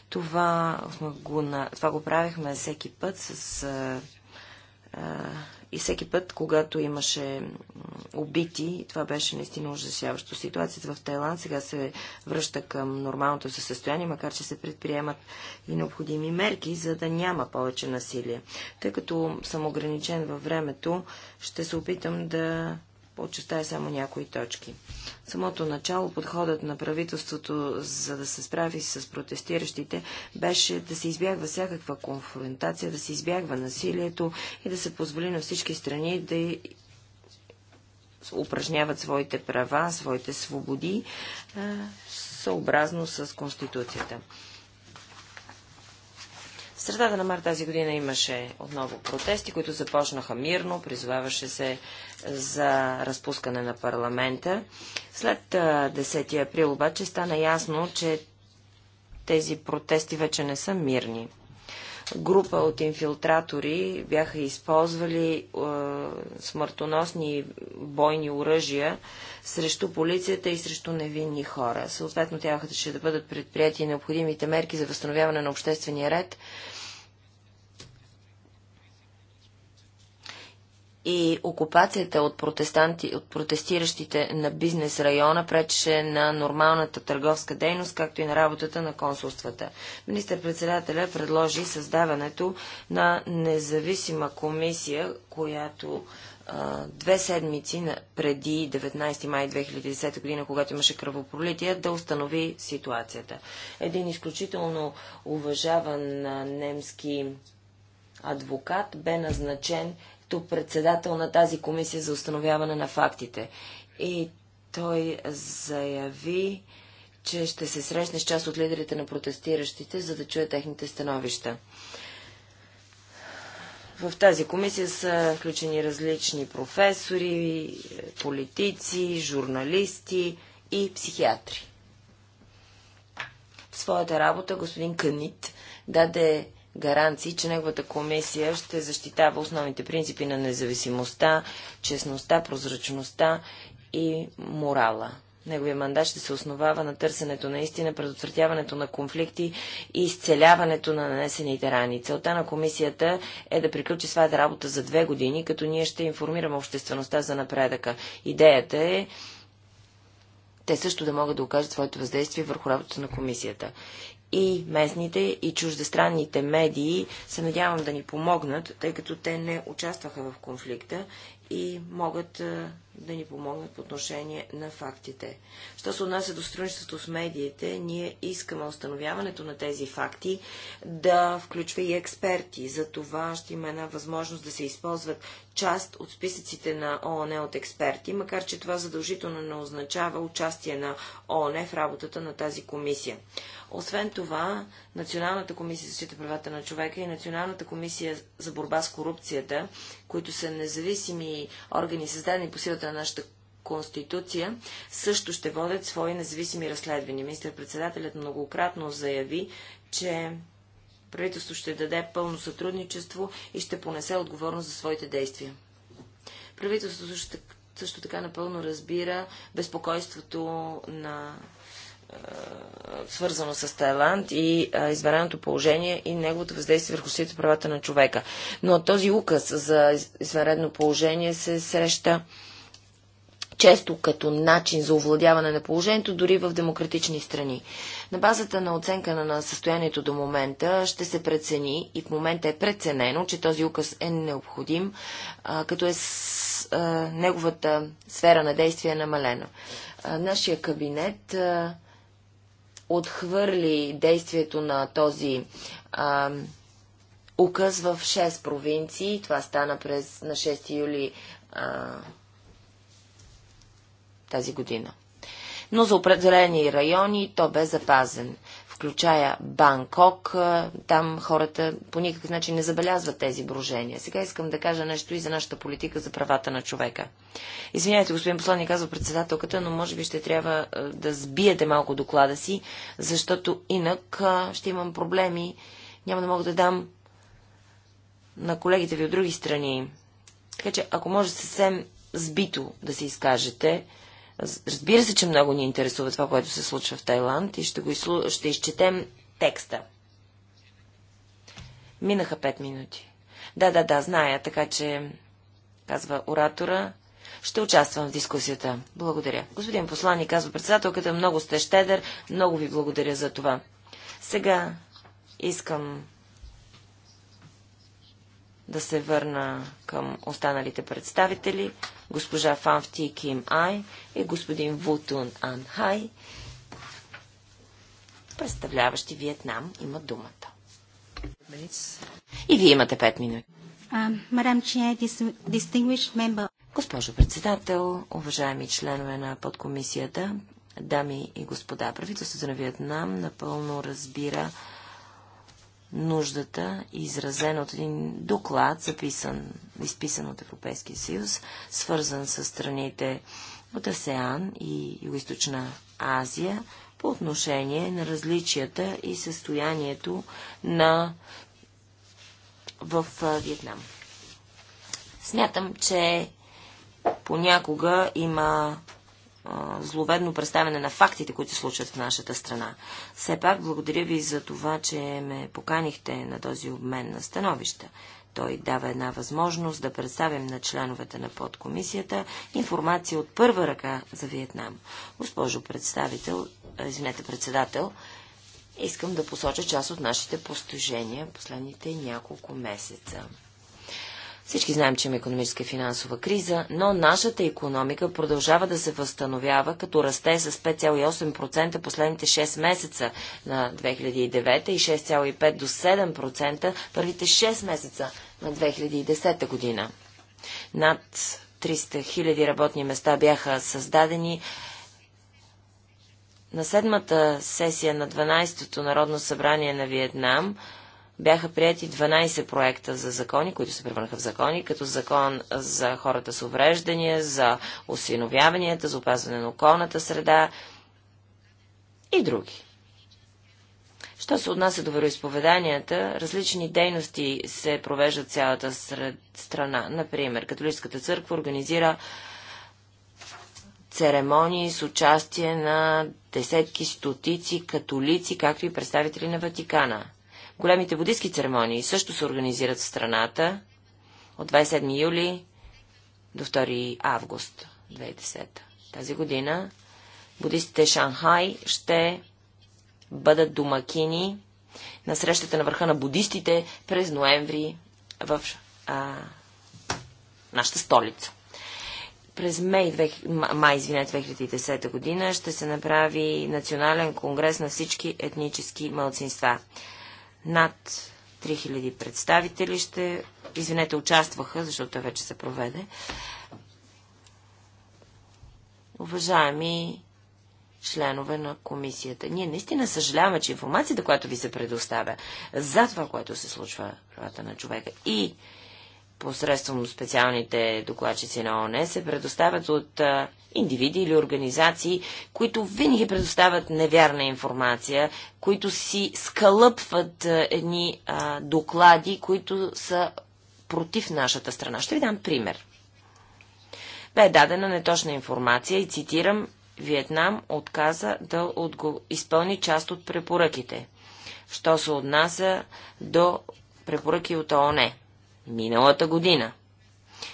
Това го, това го правихме всеки път с. и всеки път, когато имаше убити, това беше наистина ужасяващо. Ситуацията в Тайланд сега се връща към нормалното състояние, макар че се предприемат и необходими мерки, за да няма повече насилие. Тъй като съм ограничен във времето, ще се опитам да очертая само някои точки. В самото начало подходът на правителството, за да се справи с протестиращите, беше да се избягва всякаква конфронтация, да се избягва насилието и да се позволи на всички страни да упражняват своите права, своите свободи, съобразно с Конституцията средата на март тази година имаше отново протести, които започнаха мирно, призоваваше се за разпускане на парламента. След 10 април обаче стана ясно, че тези протести вече не са мирни. Група от инфилтратори бяха използвали е, смъртоносни бойни оръжия срещу полицията и срещу невинни хора. Съответно, тяха да бъдат предприяти необходимите мерки за възстановяване на обществения ред и окупацията от, протестанти, от протестиращите на бизнес района пречеше на нормалната търговска дейност, както и на работата на консулствата. Министър-председателя предложи създаването на независима комисия, която две седмици преди 19 май 2010 година, когато имаше кръвопролитие, да установи ситуацията. Един изключително уважаван немски адвокат бе назначен като председател на тази комисия за установяване на фактите. И той заяви, че ще се срещне с част от лидерите на протестиращите, за да чуе техните становища. В тази комисия са включени различни професори, политици, журналисти и психиатри. В своята работа господин Канит даде гаранции, че неговата комисия ще защитава основните принципи на независимостта, честността, прозрачността и морала. Неговия мандат ще се основава на търсенето на истина, предотвратяването на конфликти и изцеляването на нанесените рани. Целта на комисията е да приключи своята работа за две години, като ние ще информираме обществеността за напредъка. Идеята е те също да могат да окажат своето въздействие върху работата на комисията и местните и чуждестранните медии се надявам да ни помогнат, тъй като те не участваха в конфликта и могат да ни помогнат по отношение на фактите. Що се отнася до сътрудничеството с медиите, ние искаме установяването на тези факти да включва и експерти. За това ще има една възможност да се използват част от списъците на ООН е от експерти, макар че това задължително не означава участие на ООН е в работата на тази комисия. Освен това, Националната комисия за защита правата на човека и Националната комисия за борба с корупцията, които са независими органи, създадени по силата на нашата Конституция, също ще водят свои независими разследвания. Министър-председателят многократно заяви, че правителството ще даде пълно сътрудничество и ще понесе отговорност за своите действия. Правителството също, също така напълно разбира безпокойството на е, свързано с Тайланд и а, е, извареното положение и неговото въздействие върху сите правата на човека. Но този указ за извънредно положение се среща често като начин за овладяване на положението, дори в демократични страни. На базата на оценка на състоянието до момента ще се прецени и в момента е преценено, че този указ е необходим, е, като е с, а, неговата сфера на действие е намалена. А, нашия кабинет а, отхвърли действието на този а, указ в 6 провинции. Това стана през на 6 юли а, тази година. Но за определени райони то бе запазен включая Банкок, там хората по никакъв начин не забелязват тези брожения. Сега искам да кажа нещо и за нашата политика за правата на човека. Извинявайте, господин посланник, казва председателката, но може би ще трябва да сбиете малко доклада си, защото инак ще имам проблеми. Няма да мога да дам на колегите ви от други страни. Така че, ако може съвсем сбито да се изкажете, Разбира се, че много ни интересува това, което се случва в Тайланд и ще, го изслу... ще изчетем текста. Минаха пет минути. Да, да, да, зная, така че, казва оратора, ще участвам в дискусията. Благодаря. Господин послани, казва председателката, много сте щедър, много ви благодаря за това. Сега искам да се върна към останалите представители госпожа Фанфти Ким Ай и господин Вутун Ан Хай, представляващи Виетнам, има думата. И вие имате 5 минути. Е Госпожо председател, уважаеми членове на подкомисията, дами и господа, правителството на Виетнам напълно разбира нуждата, изразен от един доклад, записан, изписан от Европейския съюз, свързан с страните от АСЕАН и Югоизточна Азия по отношение на различията и състоянието на в Виетнам. Смятам, че понякога има зловедно представяне на фактите, които се случват в нашата страна. Все пак благодаря ви за това, че ме поканихте на този обмен на становища. Той дава една възможност да представим на членовете на подкомисията информация от първа ръка за Виетнам. Госпожо представител, извинете, председател, искам да посоча част от нашите постижения последните няколко месеца. Всички знаем, че има економическа и финансова криза, но нашата економика продължава да се възстановява, като расте с 5,8% последните 6 месеца на 2009 и 6,5 до 7% първите 6 месеца на 2010 година. Над 300 000 работни места бяха създадени. На седмата сесия на 12-то Народно събрание на Виетнам – бяха прияти 12 проекта за закони, които се превърнаха в закони, като закон за хората с увреждания, за осиновяванията, за опазване на околната среда и други. Що се отнася до вероисповеданията, различни дейности се провеждат цялата сред... страна. Например, католическата църква организира церемонии с участие на десетки, стотици католици, както и представители на Ватикана – Големите будистки церемонии също се организират в страната от 27 юли до 2 август 2010. Тази година будистите Шанхай ще бъдат домакини на срещата на върха на будистите през ноември в а, нашата столица. През май, май извинете, 2010 година ще се направи национален конгрес на всички етнически мълцинства. Над 3000 представители ще, извинете, участваха, защото вече се проведе. Уважаеми членове на комисията. Ние наистина съжаляваме, че информацията, която ви се предоставя за това, което се случва в правата на човека и посредством специалните докладчици на ОНЕ се предоставят от а, индивиди или организации, които винаги предоставят невярна информация, които си скалъпват е, едни а, доклади, които са против нашата страна. Ще ви дам пример. Бе дадена неточна информация и цитирам Виетнам отказа да отго... изпълни част от препоръките, що се отнася до препоръки от ООН. Миналата година.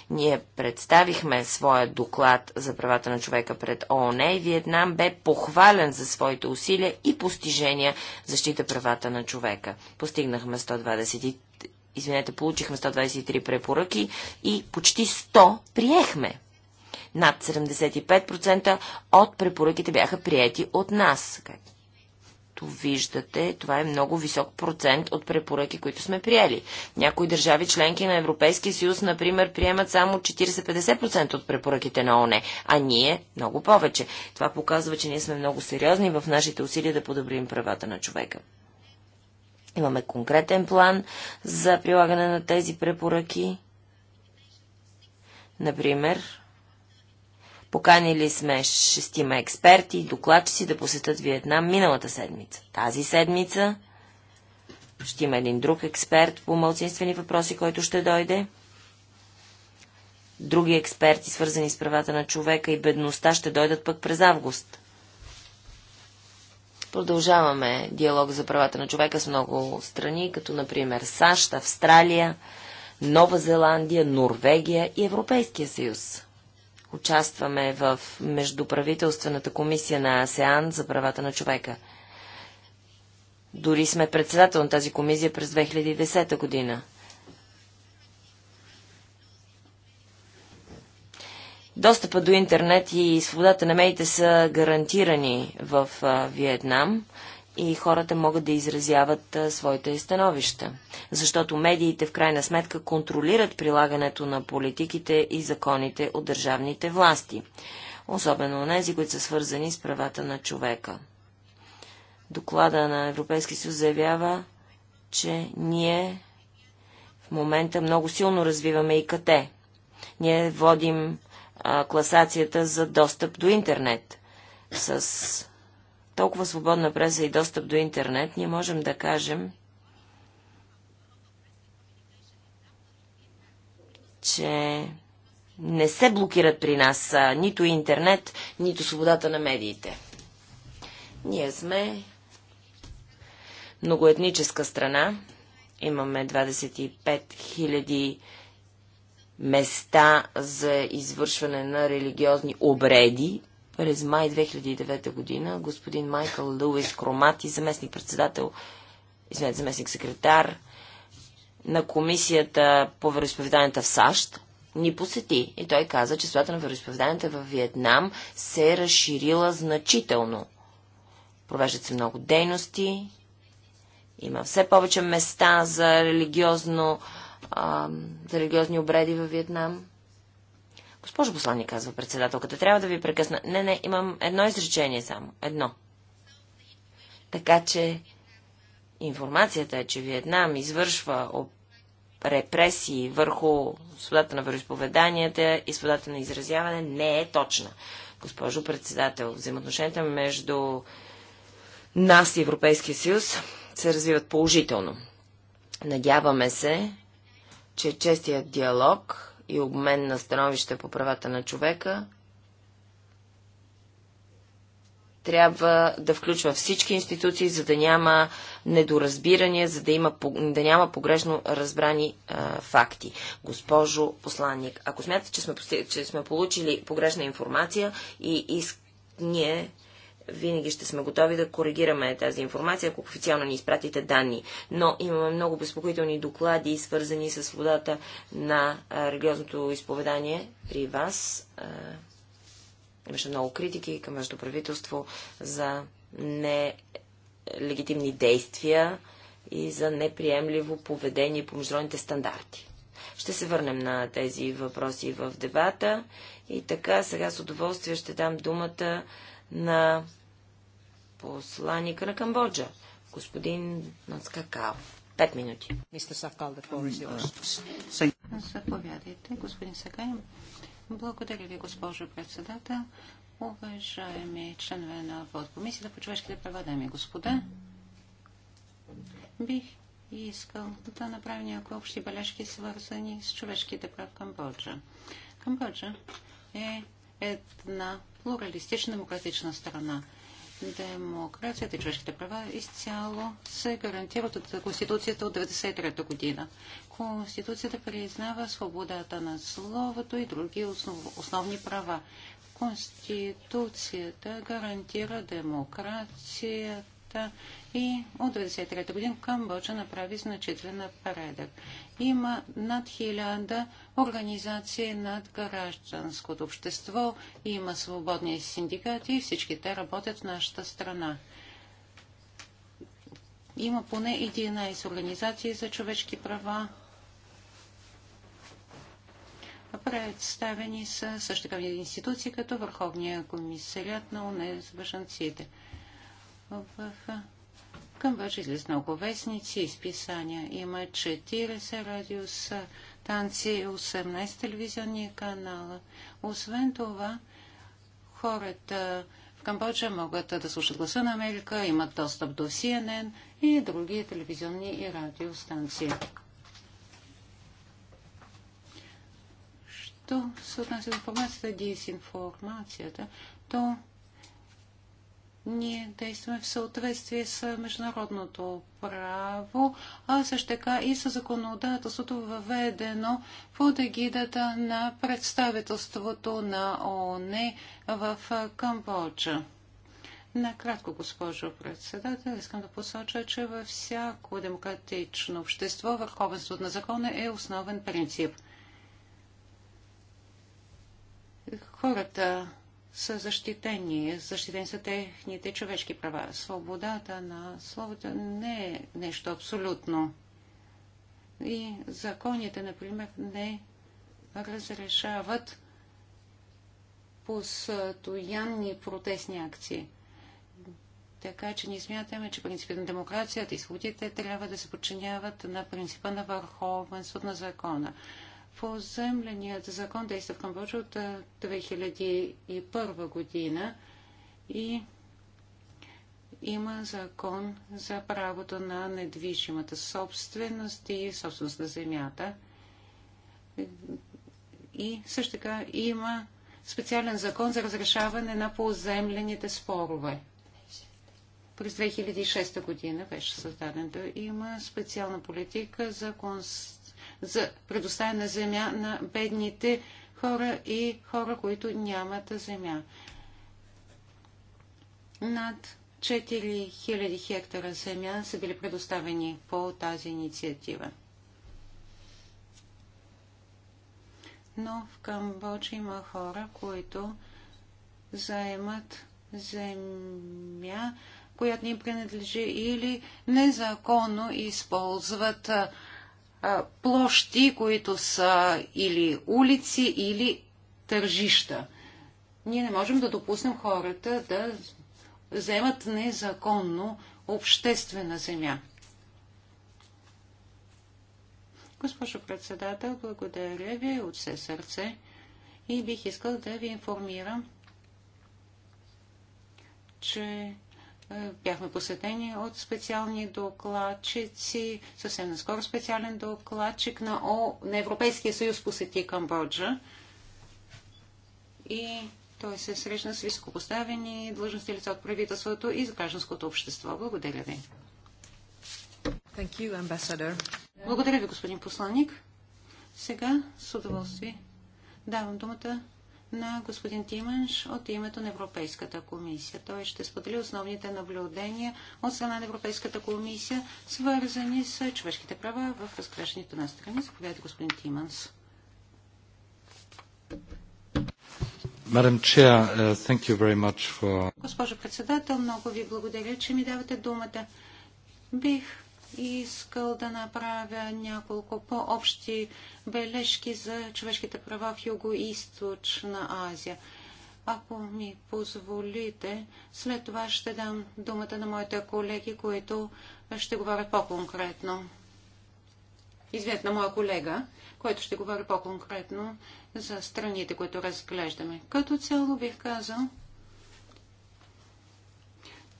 Ние представихме своя доклад за правата на човека пред ООН и Виетнам бе похвален за своите усилия и постижения защита правата на човека. Постигнахме 120 извинете, получихме 123 препоръки и почти 100 приехме. Над 75% от препоръките бяха приети от нас, Както виждате, това е много висок процент от препоръки, които сме приели. Някои държави членки на Европейския съюз, например, приемат само 40-50% от препоръките на ОНЕ, а ние много повече. Това показва, че ние сме много сериозни в нашите усилия да подобрим правата на човека. Имаме конкретен план за прилагане на тези препоръки. Например, Поканили сме шестима експерти и докладчици да посетят Виетнам миналата седмица. Тази седмица ще има един друг експерт по малцинствени въпроси, който ще дойде. Други експерти, свързани с правата на човека и бедността, ще дойдат пък през август. Продължаваме диалог за правата на човека с много страни, като например САЩ, Австралия, Нова Зеландия, Норвегия и Европейския съюз. Участваме в Междуправителствената комисия на АСЕАН за правата на човека. Дори сме председател на тази комисия през 2010 година. Достъпа до интернет и свободата на медиите са гарантирани в Виетнам и хората могат да изразяват а, своите становища. Защото медиите в крайна сметка контролират прилагането на политиките и законите от държавните власти. Особено тези, които са свързани с правата на човека. Доклада на Европейски съюз заявява, че ние в момента много силно развиваме и КТ. Ние водим а, класацията за достъп до интернет с толкова свободна преса и достъп до интернет, ние можем да кажем, че не се блокират при нас а, нито интернет, нито свободата на медиите. Ние сме многоетническа страна. Имаме 25 000 места за извършване на религиозни обреди през май 2009 година господин Майкъл Луис Кромати, заместник председател, извинете, заместник секретар на Комисията по вероисповеданията в САЩ, ни посети и той каза, че свята на вероисповеданията в Виетнам се е разширила значително. Провеждат се много дейности, има все повече места за, религиозно, а, за религиозни обреди във Виетнам. Госпожо послани, казва председателката, трябва да ви прекъсна. Не, не, имам едно изречение само. Едно. Така че информацията, е, че Виетнам извършва репресии върху свободата на вероисповеданията и свободата на изразяване не е точна. Госпожо председател, взаимоотношенията между нас и Европейския съюз се развиват положително. Надяваме се, че честият диалог и обмен на становище по правата на човека трябва да включва всички институции, за да няма недоразбирания, за да, има, да няма погрешно разбрани а, факти. Госпожо посланник, ако смятате, че сме, че сме получили погрешна информация и иск, ние винаги ще сме готови да коригираме тази информация, ако официално ни изпратите данни. Но имаме много безпокоителни доклади, свързани с водата на религиозното изповедание при вас. Имаше много критики към вашето правителство за нелегитимни действия и за неприемливо поведение по международните стандарти. Ще се върнем на тези въпроси в дебата и така сега с удоволствие ще дам думата на посланика на Камбоджа, господин Нацкакао. Пет минути. Мистер Сакал, да Заповядайте, господин Сакай. Благодаря ви, госпожо председател. Уважаеми членове на комисията по човешките права, дами и господа, бих искал да направя някои общи бележки, свързани с човешките права в Камбоджа. Камбоджа е една плуралистична демократична страна демокрацията и човешките права изцяло се гарантират от Конституцията от 1993 година. Конституцията признава свободата на словото и други основ, основни права. Конституцията гарантира демокрацията и от 1993 година Камбоджа направи значителен напредък. Има над хиляда организации над гражданското общество, има свободни синдикати и всички те работят в нашата страна. Има поне 11 организации за човешки права, представени са също така институции, като Върховния комисарят на ОНЕ за бъжанците. В към вече излез много вестници, изписания. Има 40 радиуса, танци, 18 телевизионни канала. Освен това, хората в Камбоджа могат да слушат гласа на Америка, имат достъп до CNN и други телевизионни и радиостанции. Що се отнася до информацията, дезинформацията, то ние действаме в съответствие с международното право, а също така и с законодателството въведено под егидата на представителството на ООН в Камбоджа. Накратко, госпожо председател, искам да посоча, че във всяко демократично общество върховенството на закона е основен принцип. Хората са защитени. Защитени са техните човешки права. Свободата на словото не е нещо абсолютно. И законите, например, не разрешават постоянни протестни акции. Така че ние смятаме, че принципите на демокрацията и свободите трябва да се подчиняват на принципа на върховенството на закона. Поземленият закон действа в Камбоджа от 2001 година и има закон за правото на недвижимата собственост и собственост на земята. И също така има специален закон за разрешаване на поземлените спорове. През 2006 година беше създаден има специална политика за конс за предоставяне на земя на бедните хора и хора, които нямат земя. Над 4000 хектара земя са били предоставени по тази инициатива. Но в Камбоджа има хора, които заемат земя, която ни принадлежи или незаконно използват площи, които са или улици, или тържища. Ние не можем да допуснем хората да вземат незаконно обществена земя. Госпожо председател, благодаря ви от все сърце и бих искал да ви информирам, че бяхме посетени от специални докладчици. Съвсем наскоро специален докладчик на, О, на Европейския съюз посети Камбоджа. И той се срещна с високопоставени длъжности лица от правителството и за гражданското общество. Благодаря ви. Thank you, ambassador. Благодаря ви, господин посланник. Сега с удоволствие давам думата на господин Тименш от името на Европейската комисия. Той ще сподели основните наблюдения от страна на Европейската комисия, свързани с човешките права в разграждането на страни. Заповядайте, господин Тиманс. Uh, Госпожо председател, много ви благодаря, че ми давате думата. Бих искал да направя няколко по-общи бележки за човешките права в юго източна Азия. Ако ми позволите, след това ще дам думата на моите колеги, които ще говорят по-конкретно. Извинете на моя колега, който ще говори по-конкретно за страните, които разглеждаме. Като цяло бих казал,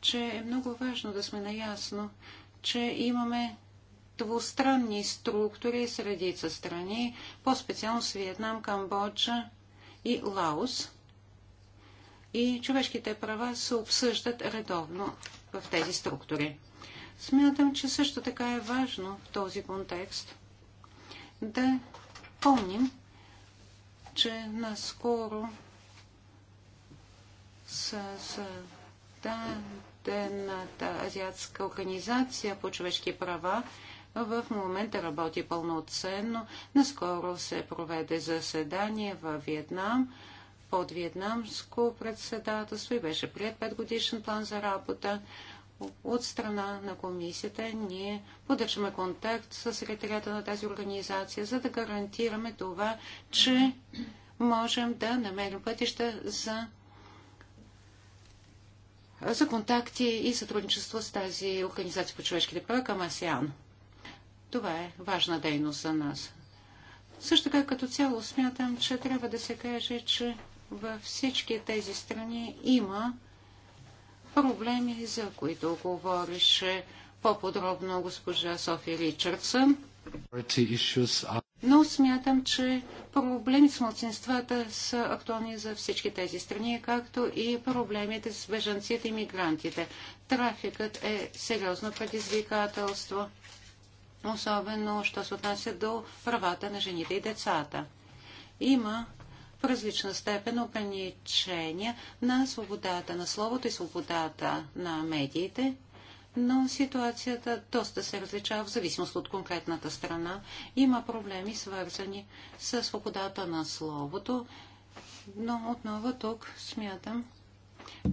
че е много важно да сме наясно, че имаме двустранни структури с редица страни, по-специално с Виетнам, Камбоджа и Лаос. И човешките права се обсъждат редовно в тези структури. Смятам, че също така е важно в този контекст да помним, че наскоро с да. Обединената азиатска организация по човешки права в момента работи пълноценно. Наскоро се проведе заседание в Виетнам под Виетнамско председателство и беше прият петгодишен план за работа. От страна на комисията ние поддържаме контакт с секретарията на тази организация, за да гарантираме това, че можем да намерим пътища за за контакти и сътрудничество с тази Организация по човешките права към АСИАН. Това е важна дейност за нас. Също така като цяло смятам, че трябва да се каже, че във всички тези страни има проблеми, за които говореше по-подробно госпожа София Ричардсън. Но смятам, че проблемите с младсинствата са актуални за всички тези страни, както и проблемите с бежанците и мигрантите. Трафикът е сериозно предизвикателство, особено що се отнася до правата на жените и децата. Има в различна степен ограничения на свободата на словото и свободата на медиите – но ситуацията доста се различава в зависимост от конкретната страна. Има проблеми свързани с свободата на словото, но отново тук смятам,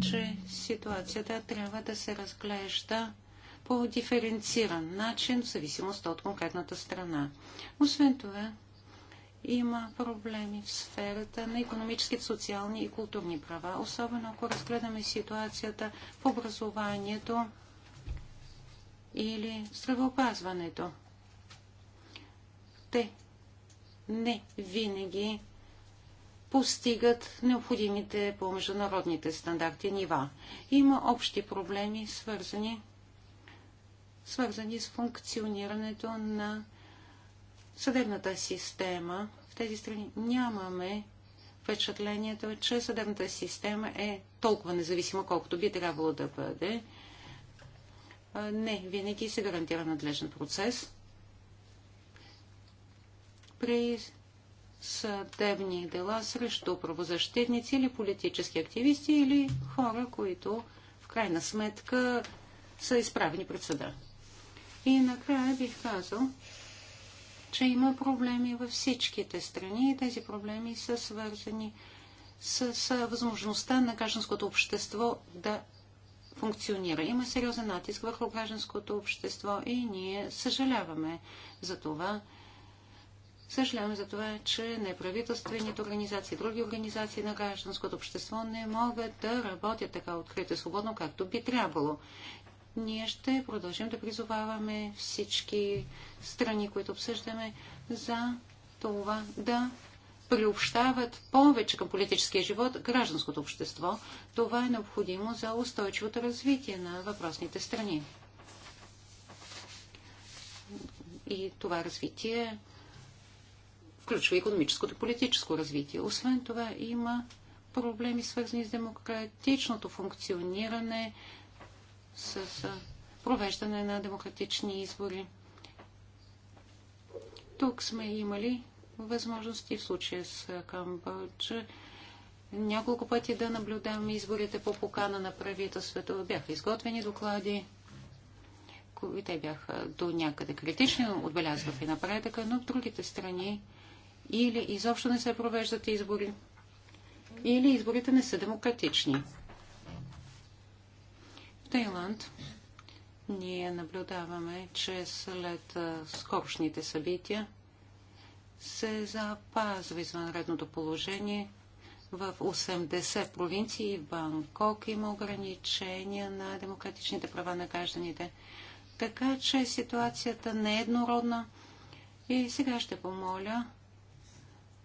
че ситуацията трябва да се разглежда по диференциран начин в зависимост от конкретната страна. Освен това, има проблеми в сферата на економически, социални и културни права, особено ако разгледаме ситуацията в образованието или здравеопазването. Те не винаги постигат необходимите по международните стандарти нива. Има общи проблеми, свързани, свързани с функционирането на съдебната система. В тези страни нямаме впечатлението, че съдебната система е толкова независима, колкото би трябвало да бъде не винаги се гарантира надлежен процес. При съдебни дела срещу правозащитници или политически активисти или хора, които в крайна сметка са изправени пред съда. И накрая бих казал, че има проблеми във всичките страни и тези проблеми са свързани с, с възможността на гражданското общество да функционира. Има сериозен натиск върху гражданското общество и ние съжаляваме за това. Съжаляваме за това, че неправителствените организации, други организации на гражданското общество не могат да работят така открито и свободно, както би трябвало. Ние ще продължим да призоваваме всички страни, които обсъждаме, за това да приобщават повече към политическия живот гражданското общество. Това е необходимо за устойчивото развитие на въпросните страни. И това развитие включва економическото и политическо развитие. Освен това има проблеми, свързани с демократичното функциониране, с провеждане на демократични избори. Тук сме имали възможности в случая с Камбоджа. Няколко пъти да наблюдаваме изборите по покана на правителството. Бяха изготвени доклади, които те бяха до някъде критични, отбелязват и напредъка, но в другите страни или изобщо не се провеждат избори, или изборите не са демократични. В Тайланд ние наблюдаваме, че след скоршните събития се запазва извънредното положение. В 80 провинции в Банкок има ограничения на демократичните права на гражданите. Така че ситуацията не е еднородна. И сега ще помоля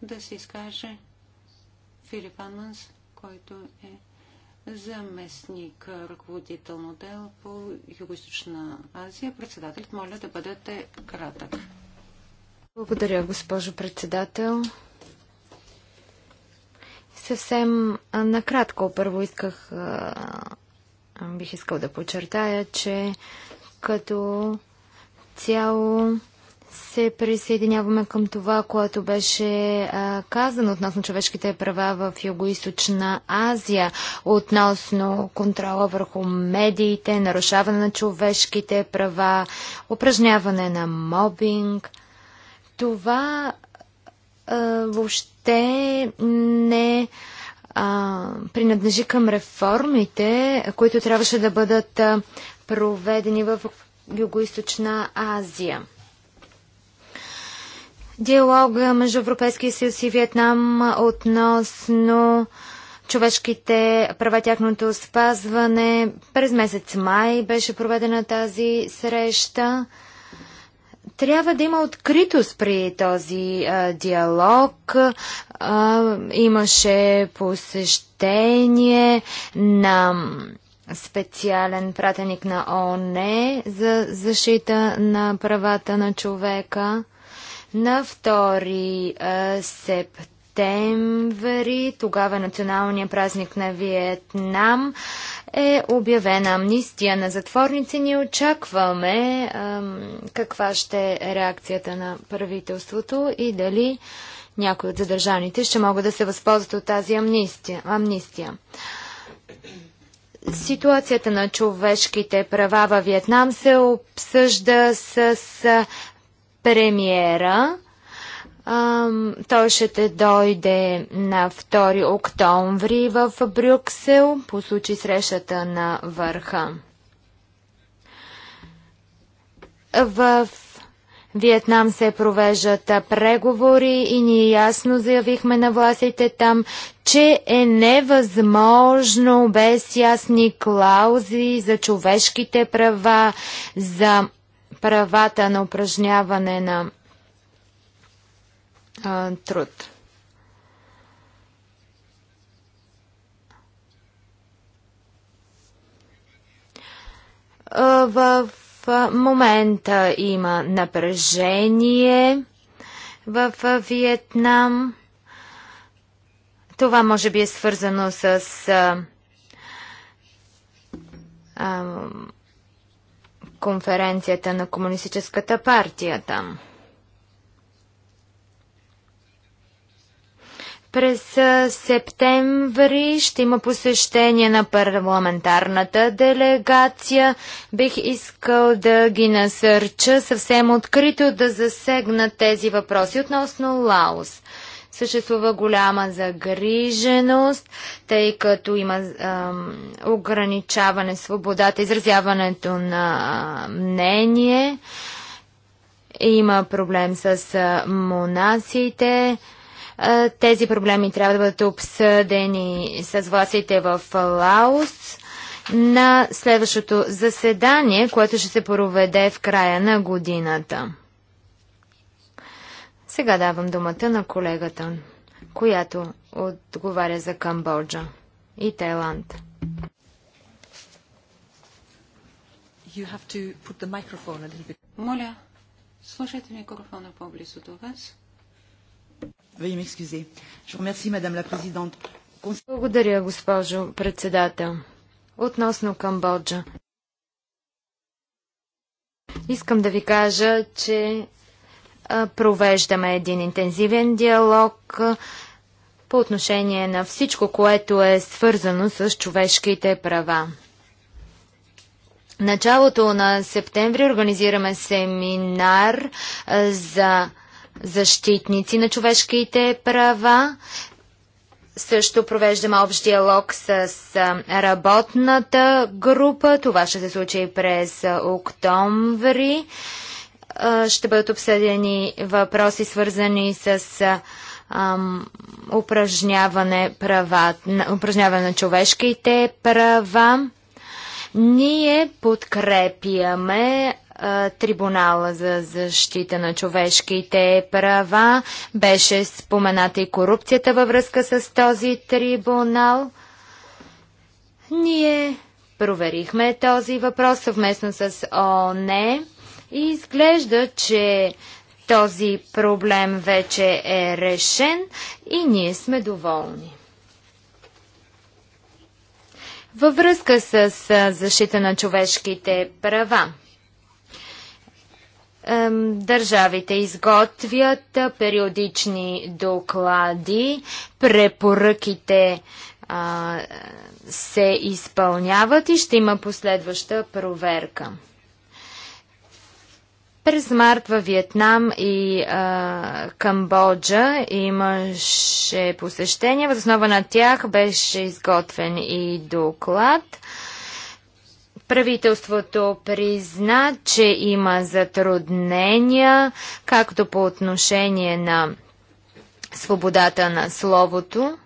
да се изкаже Филип Анманс, който е заместник ръководител модел по Юго-Источна Азия. Председателят, моля да бъдете кратък. Благодаря, госпожо председател. Съвсем накратко първо исках, бих искал да подчертая, че като цяло се присъединяваме към това, което беше а, казано относно човешките права в Юго-Источна Азия, относно контрола върху медиите, нарушаване на човешките права, упражняване на мобинг – това а, въобще не а, принадлежи към реформите, които трябваше да бъдат а, проведени в Юго-Источна Азия. Диалога между Европейския съюз и Виетнам относно човешките права, тяхното спазване. През месец май беше проведена тази среща. Трябва да има откритост при този а, диалог. А, имаше посещение на специален пратеник на ООН за защита на правата на човека. На 2 септември септември, тогава националният празник на Виетнам, е обявена амнистия на затворници. Ние очакваме ам, каква ще е реакцията на правителството и дали някои от задържаните ще могат да се възползват от тази амнистия. амнистия. Ситуацията на човешките права във Виетнам се обсъжда с премиера той ще дойде на 2 октомври в Брюксел по случай срещата на върха. В Виетнам се провеждат преговори и ние ясно заявихме на властите там, че е невъзможно без ясни клаузи за човешките права, за правата на упражняване на а, труд. В момента има напрежение в Виетнам. Това може би е свързано с а, а, конференцията на Комунистическата партия там. През септември ще има посещение на парламентарната делегация. Бих искал да ги насърча съвсем открито да засегнат тези въпроси относно Лаос. Съществува голяма загриженост, тъй като има ам, ограничаване свободата, изразяването на мнение. Има проблем с монасите. Тези проблеми трябва да бъдат обсъдени с властите в Лаос на следващото заседание, което ще се проведе в края на годината. Сега давам думата на колегата, която отговаря за Камбоджа и Тайланд. Моля, слушайте микрофона по-близо до вас. Благодаря, госпожо председател. Относно Камбоджа. Искам да ви кажа, че провеждаме един интензивен диалог по отношение на всичко, което е свързано с човешките права. Началото на септември организираме семинар за защитници на човешките права. Също провеждаме общ диалог с работната група. Това ще се случи през октомври. Ще бъдат обсъдени въпроси, свързани с упражняване, права, упражняване на човешките права. Ние подкрепяме Трибунала за защита на човешките права. Беше спомената и корупцията във връзка с този трибунал. Ние проверихме този въпрос съвместно с ООН и изглежда, че този проблем вече е решен и ние сме доволни. Във връзка с защита на човешките права. Държавите изготвят периодични доклади, препоръките а, се изпълняват и ще има последваща проверка. През март във Виетнам и а, Камбоджа имаше посещения. Възоснова основа на тях беше изготвен и доклад. А, Правителството призна, че има затруднения, както по отношение на свободата на словото.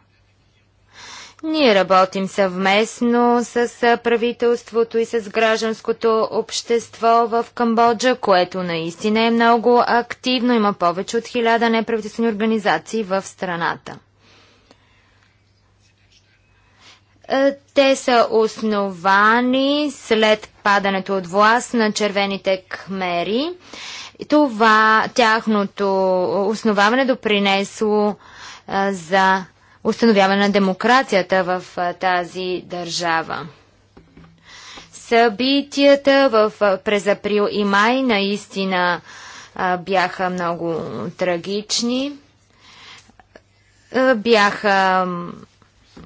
Ние работим съвместно с правителството и с гражданското общество в Камбоджа, което наистина е много активно. Има повече от хиляда неправителствени организации в страната. Е, те са основани след падането от власт на червените кмери. Това тяхното основаване допринесло е, за установяване на демокрацията в е, тази държава. Събитията в, през април и май наистина бяха много трагични. Бяха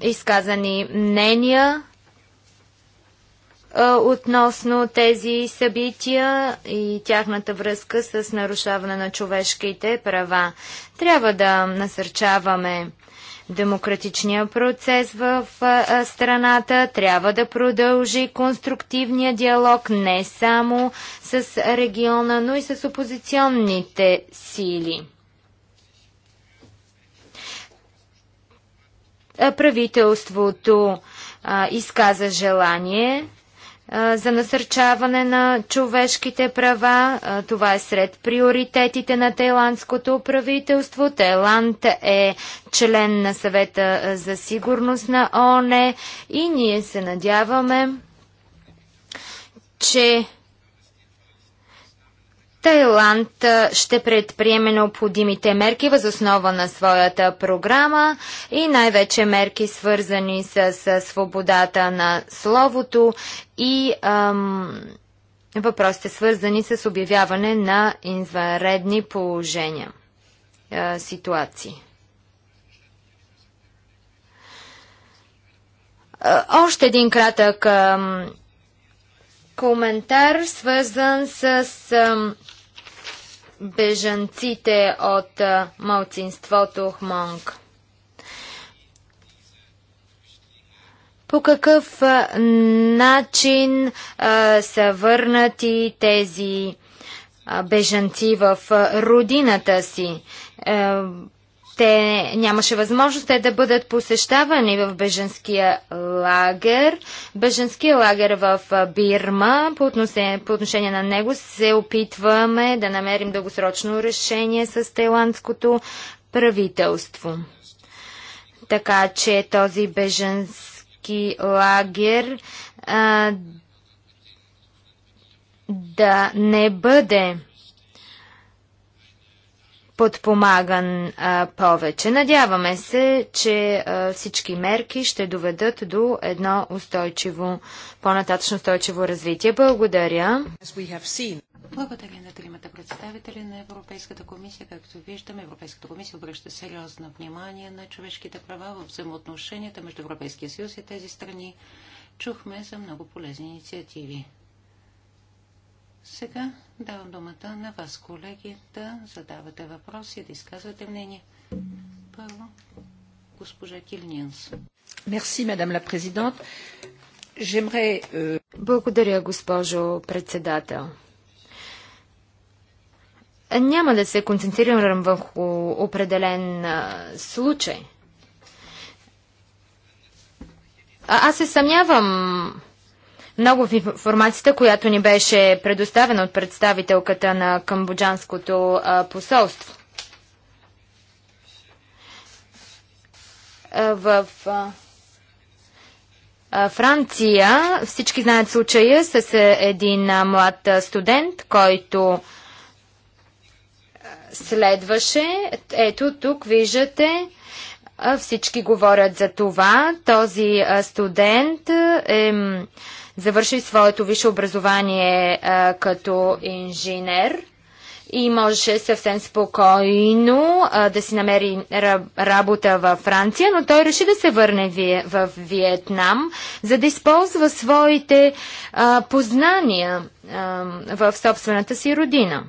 изказани мнения относно тези събития и тяхната връзка с нарушаване на човешките права. Трябва да насърчаваме демократичния процес в страната, трябва да продължи конструктивния диалог не само с региона, но и с опозиционните сили. правителството а, изказа желание а, за насърчаване на човешките права. А, това е сред приоритетите на тайландското правителство. Тайланд е член на съвета за сигурност на ОНЕ и ние се надяваме, че Тайланд ще предприеме необходимите мерки въз основа на своята програма и най-вече мерки свързани с, с свободата на словото и ам, въпросите свързани с обявяване на извънредни положения, а, ситуации. А, още един кратък ам, коментар, свързан с бежанците от малцинството Хмонг. По какъв начин а, са върнати тези бежанци в родината си? те нямаше възможност те да бъдат посещавани в беженския лагер. Беженския лагер в Бирма, по отношение, по отношение на него се опитваме да намерим дългосрочно решение с тайландското правителство. Така че този беженски лагер а, да не бъде подпомаган а, повече. Надяваме се, че а, всички мерки ще доведат до едно устойчиво, по-нататъчно устойчиво развитие. Благодаря. Благодаря на тримата представители на Европейската комисия. Както виждаме, Европейската комисия обръща сериозно внимание на човешките права в взаимоотношенията между Европейския съюз и тези страни. Чухме за много полезни инициативи. Сега Давам думата на вас, колеги, да задавате въпроси, да изказвате мнение. Първо, госпожа Килнинс. Мерси, мадам ла президент. Euh, Благодаря, госпожо председател. Няма да се концентрирам върху определен случай. А, аз се съмнявам много в информацията, която ни беше предоставена от представителката на Камбоджанското посолство. в Франция всички знаят случая с един млад студент, който следваше. Ето тук виждате всички говорят за това. Този студент е завърши своето висше образование а, е, като инженер и можеше съвсем спокойно а, да си намери работа във Франция, но той реши да се върне в Виетнам, за да използва своите а, познания а, в собствената си родина.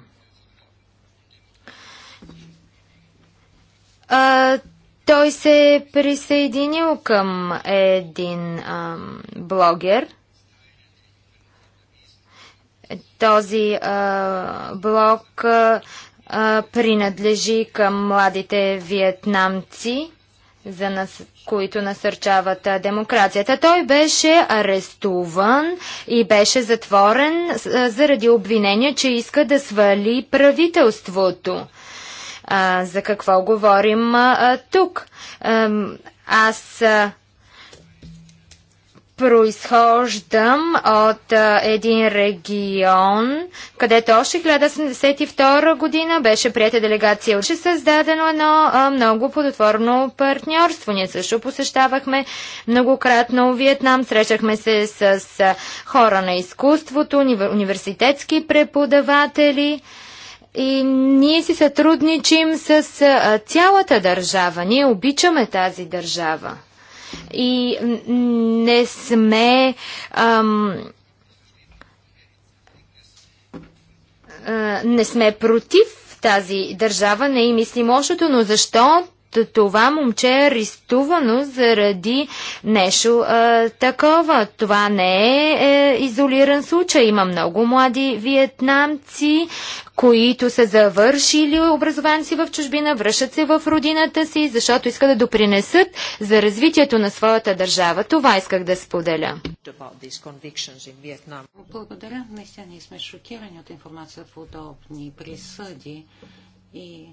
А, той се присъединил към един а, блогер – този а, блок а, принадлежи към младите виетнамци, за нас, които насърчават демокрацията. Той беше арестуван и беше затворен а, заради обвинения, че иска да свали правителството. А, за какво говорим а, тук? А, аз. А, произхождам от а, един регион, където още 1982 година беше прията делегация. Беше създадено едно а, много плодотворно партньорство. Ние също посещавахме многократно Виетнам, срещахме се с, с хора на изкуството, университетски преподаватели. И ние си сътрудничим с а, цялата държава. Ние обичаме тази държава и не сме ам, а, не сме против тази държава, не и мислим лошото, но защо това момче е арестувано заради нещо а, такова. Това не е, е изолиран случай. Има много млади виетнамци, които са завършили образование си в чужбина, връщат се в родината си, защото искат да допринесат за развитието на своята държава. Това исках да споделя. Благодаря. Наистина ние сме шокирани от информация в подобни присъди и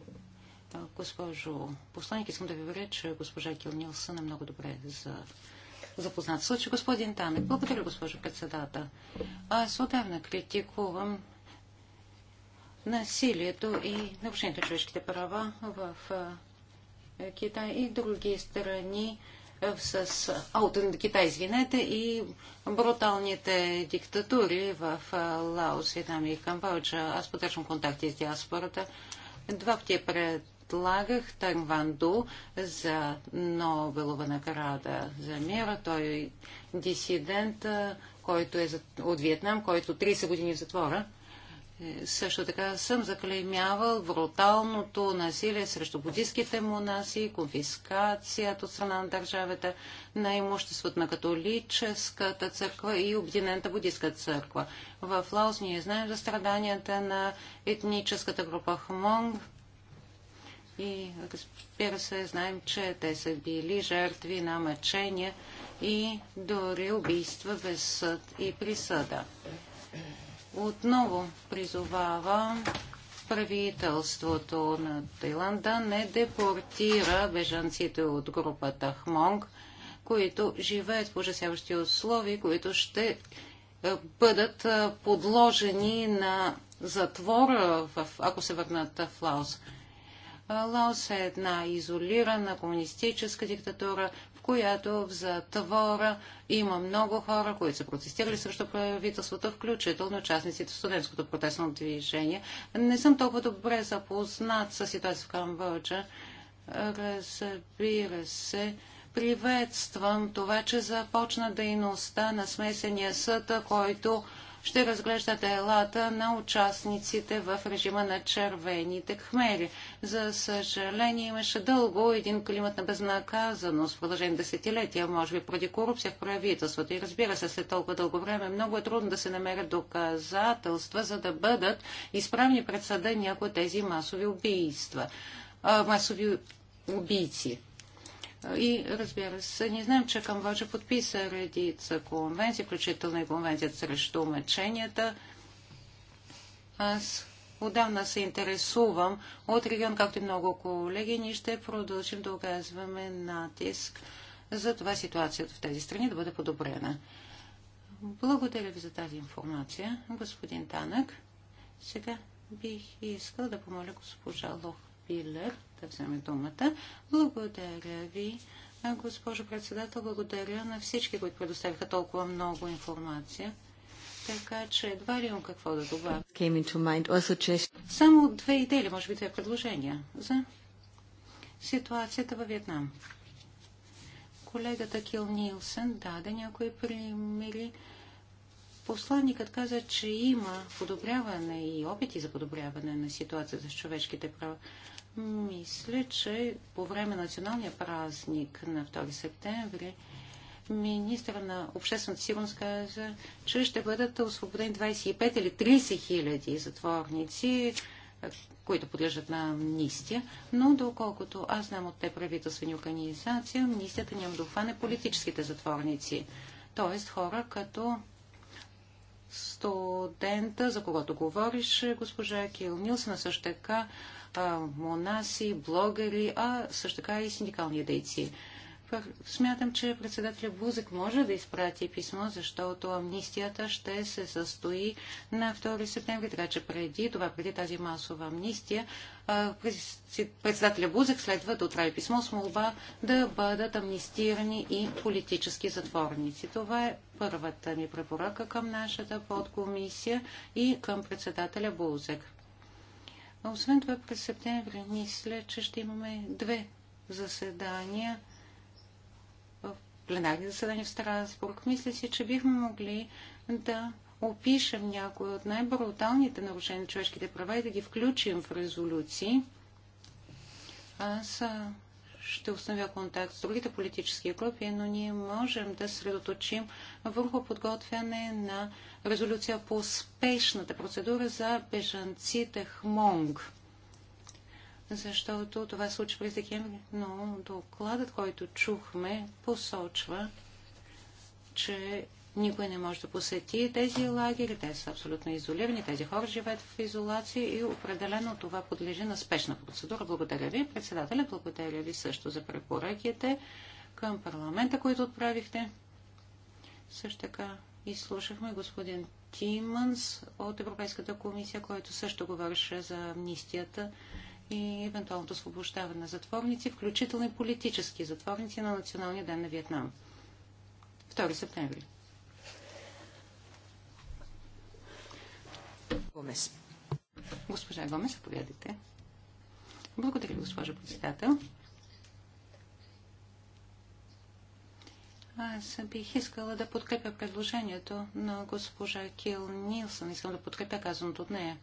Госпожо посланник, искам да ви уверя, че госпожа Кил Нилсън е много добре за запознат. Случай господин Танек. Благодаря, госпожо председател. Аз отдавна критикувам насилието и нарушението на човешките права в Китай и други страни с аутен Китай, извинете, и бруталните диктатури в Лаос, Вьетнам и Камбоджа. Аз поддържам контакти с диаспората. Два пъти пред предлагах Тангванду за Нобелова награда за мира. Той е дисидент, който е от Виетнам, който 30 години в затвора. Е, също така съм заклеймявал бруталното насилие срещу буддийските монаси, конфискацията от страна на държавата на имуществото на католическата църква и обединената буддийска църква. В Лаос ние знаем за страданията на етническата група Хмонг, и разбира се, знаем, че те са били жертви на мъчения и дори убийства без съд и присъда. Отново призовава правителството на Тайланд да не депортира бежанците от групата Хмонг, които живеят в ужасяващи условия, които ще е, бъдат е, подложени на затвора, ако се върнат в Лаос. Лаос е една изолирана комунистическа диктатура, в която в затвора има много хора, които са протестирали срещу правителството, включително участниците в студентското протестно движение. Не съм толкова добре запознат с ситуация в Камбоджа. Разбира се, приветствам това, че започна дейността на смесения съд, който ще разглежда делата на участниците в режима на червените кхмери. За съжаление имаше дълго един климат на безнаказаност в продължение десетилетия, може би поради корупция в правителството. И разбира се, след толкова дълго време много е трудно да се намерят доказателства, за да бъдат изправни пред съда някои от тези масови убийства, масови убийци. И разбира се, ние знаем, че Камбоджа подписа редица конвенции, включително и конвенцията срещу меченията. Аз отдавна се интересувам от регион, както и много колеги. Ние ще продължим да оказваме натиск за това ситуацията в тези страни да бъде подобрена. Благодаря ви за тази информация, господин Танък. Сега бих искал да помоля госпожа Лох Билер да вземе думата. Благодаря ви, госпожо председател. Благодаря на всички, които предоставиха толкова много информация. Така че едва ли имам какво да добавя. Само две идеи, може би две предложения за ситуацията във Вьетнам. Колегата Кил Нилсен даде някои примери. Посланникът каза, че има подобряване и опити за подобряване на ситуацията с човешките права. Мисля, че по време на националния празник на 2 септември министра на обществената сигурност каза, че ще бъдат освободени 25 или 30 хиляди затворници, които подлежат на амнистия, но доколкото аз знам от те правителствени организации, амнистията няма да хване политическите затворници. Тоест хора като студента, за когото говориш, госпожа Кил Нилсен, също така монаси, блогери, а също така и синдикални дейци. Смятам, че председателя Бузък може да изпрати писмо, защото амнистията ще се състои на 2 септември, така че преди това, преди тази масова амнистия, председателя Бузък следва да отправи писмо с молба да бъдат амнистирани и политически затворници. Това е първата ми препоръка към нашата подкомисия и към председателя Бузък. Освен това, през септември мисля, че ще имаме две заседания в пленарни заседания в Страсбург. Мисля си, че бихме могли да опишем някои от най-бруталните нарушения на човешките права и да ги включим в резолюции. Аз ще установя контакт с другите политически групи, но ние можем да средоточим върху подготвяне на резолюция по спешната процедура за бежанците Хмонг. Защото това случи през декември, но докладът, който чухме, посочва, че никой не може да посети тези лагери, те са абсолютно изолирани, тези хора живеят в изолация и определено това подлежи на спешна процедура. Благодаря ви, председателя, благодаря ви също за препоръките към парламента, които отправихте. Също така изслушахме господин Тиманс от Европейската комисия, който също говореше за амнистията и евентуалното освобождаване на затворници, включително и политически затворници на Националния ден на Виетнам. 2 септември. Гомес. Госпожа Гомес, заповядайте. Благодаря, госпожа председател. Аз бих искала да подкрепя предложението на госпожа Кил Нилсън. Искам да подкрепя казаното от нея.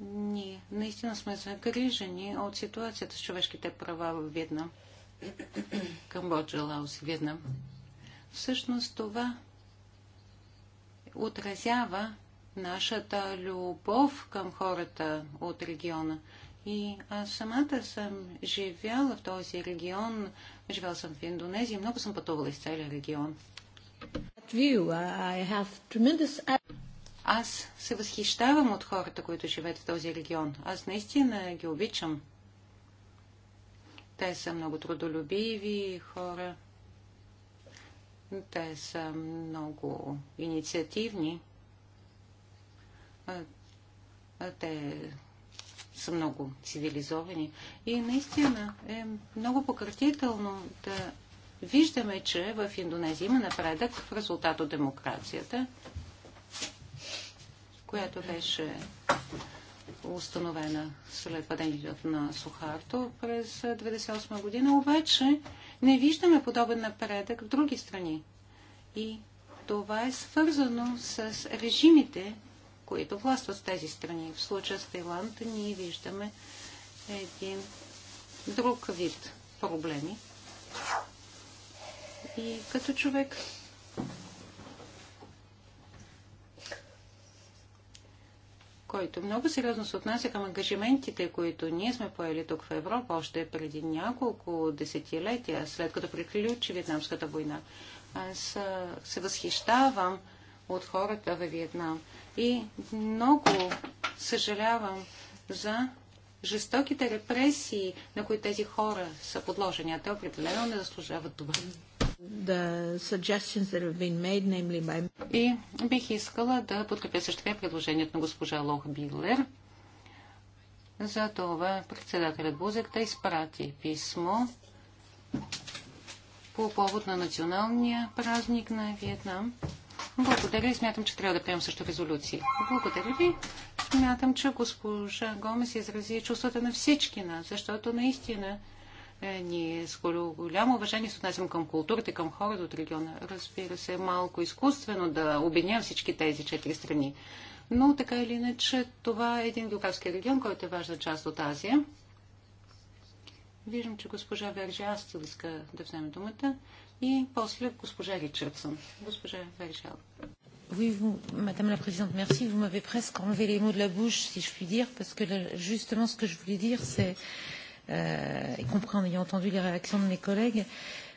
Ние наистина сме загрижени от ситуацията с човешките права в Видна. Камбоджа, Лаос и Видна. Всъщност това отразява нашата любов към хората от региона. И аз самата съм живяла в този регион, живяла съм в Индонезия, много съм пътувала из целия регион. Аз се възхищавам от хората, които живеят в този регион. Аз наистина ги обичам. Те са много трудолюбиви хора. Те са много инициативни. Те са много цивилизовани. И наистина е много пократително да виждаме, че в Индонезия има напредък в резултат от демокрацията, която беше установена след падението на Сухарто през 1998 година. Обаче не виждаме подобен напредък в други страни. И това е свързано с режимите, които властват с тези страни. В случая с Тайланд ние виждаме един друг вид проблеми. И като човек, който много сериозно се отнася към ангажиментите, които ние сме поели тук в Европа още преди няколко десетилетия, след като приключи Вьетнамската война. Аз се възхищавам от хората във Вьетнам и много съжалявам за жестоките репресии, на които тези хора са подложени, а те определено не заслужават това. Made, by... И бих искала да подкрепя също така предложението на госпожа Лох Билер. За това председателят Бузек да изпрати писмо по повод на националния празник на Виетнам. Благодаря и смятам, че трябва да приемем също резолюции. Благодаря ви. Смятам, че госпожа Гомес изрази чувствата на всички нас, защото наистина е, ние с голямо уважение се отнасям към културата, към хората от региона. Разбира се, малко изкуствено да обединям всички тези четири страни. Но така или иначе, това е един географски регион, който е важна част от Азия. Виждам, че госпожа Вержи Астил иска да вземе думата. И после госпожа Ричардсън. Госпожа Веришал. Oui, vous, Madame la Présidente, merci. Vous m'avez presque enlevé les mots de la bouche, si je puis dire, parce que là, justement, ce que je voulais dire, c'est, euh, y compris en ayant entendu les réactions de mes collègues,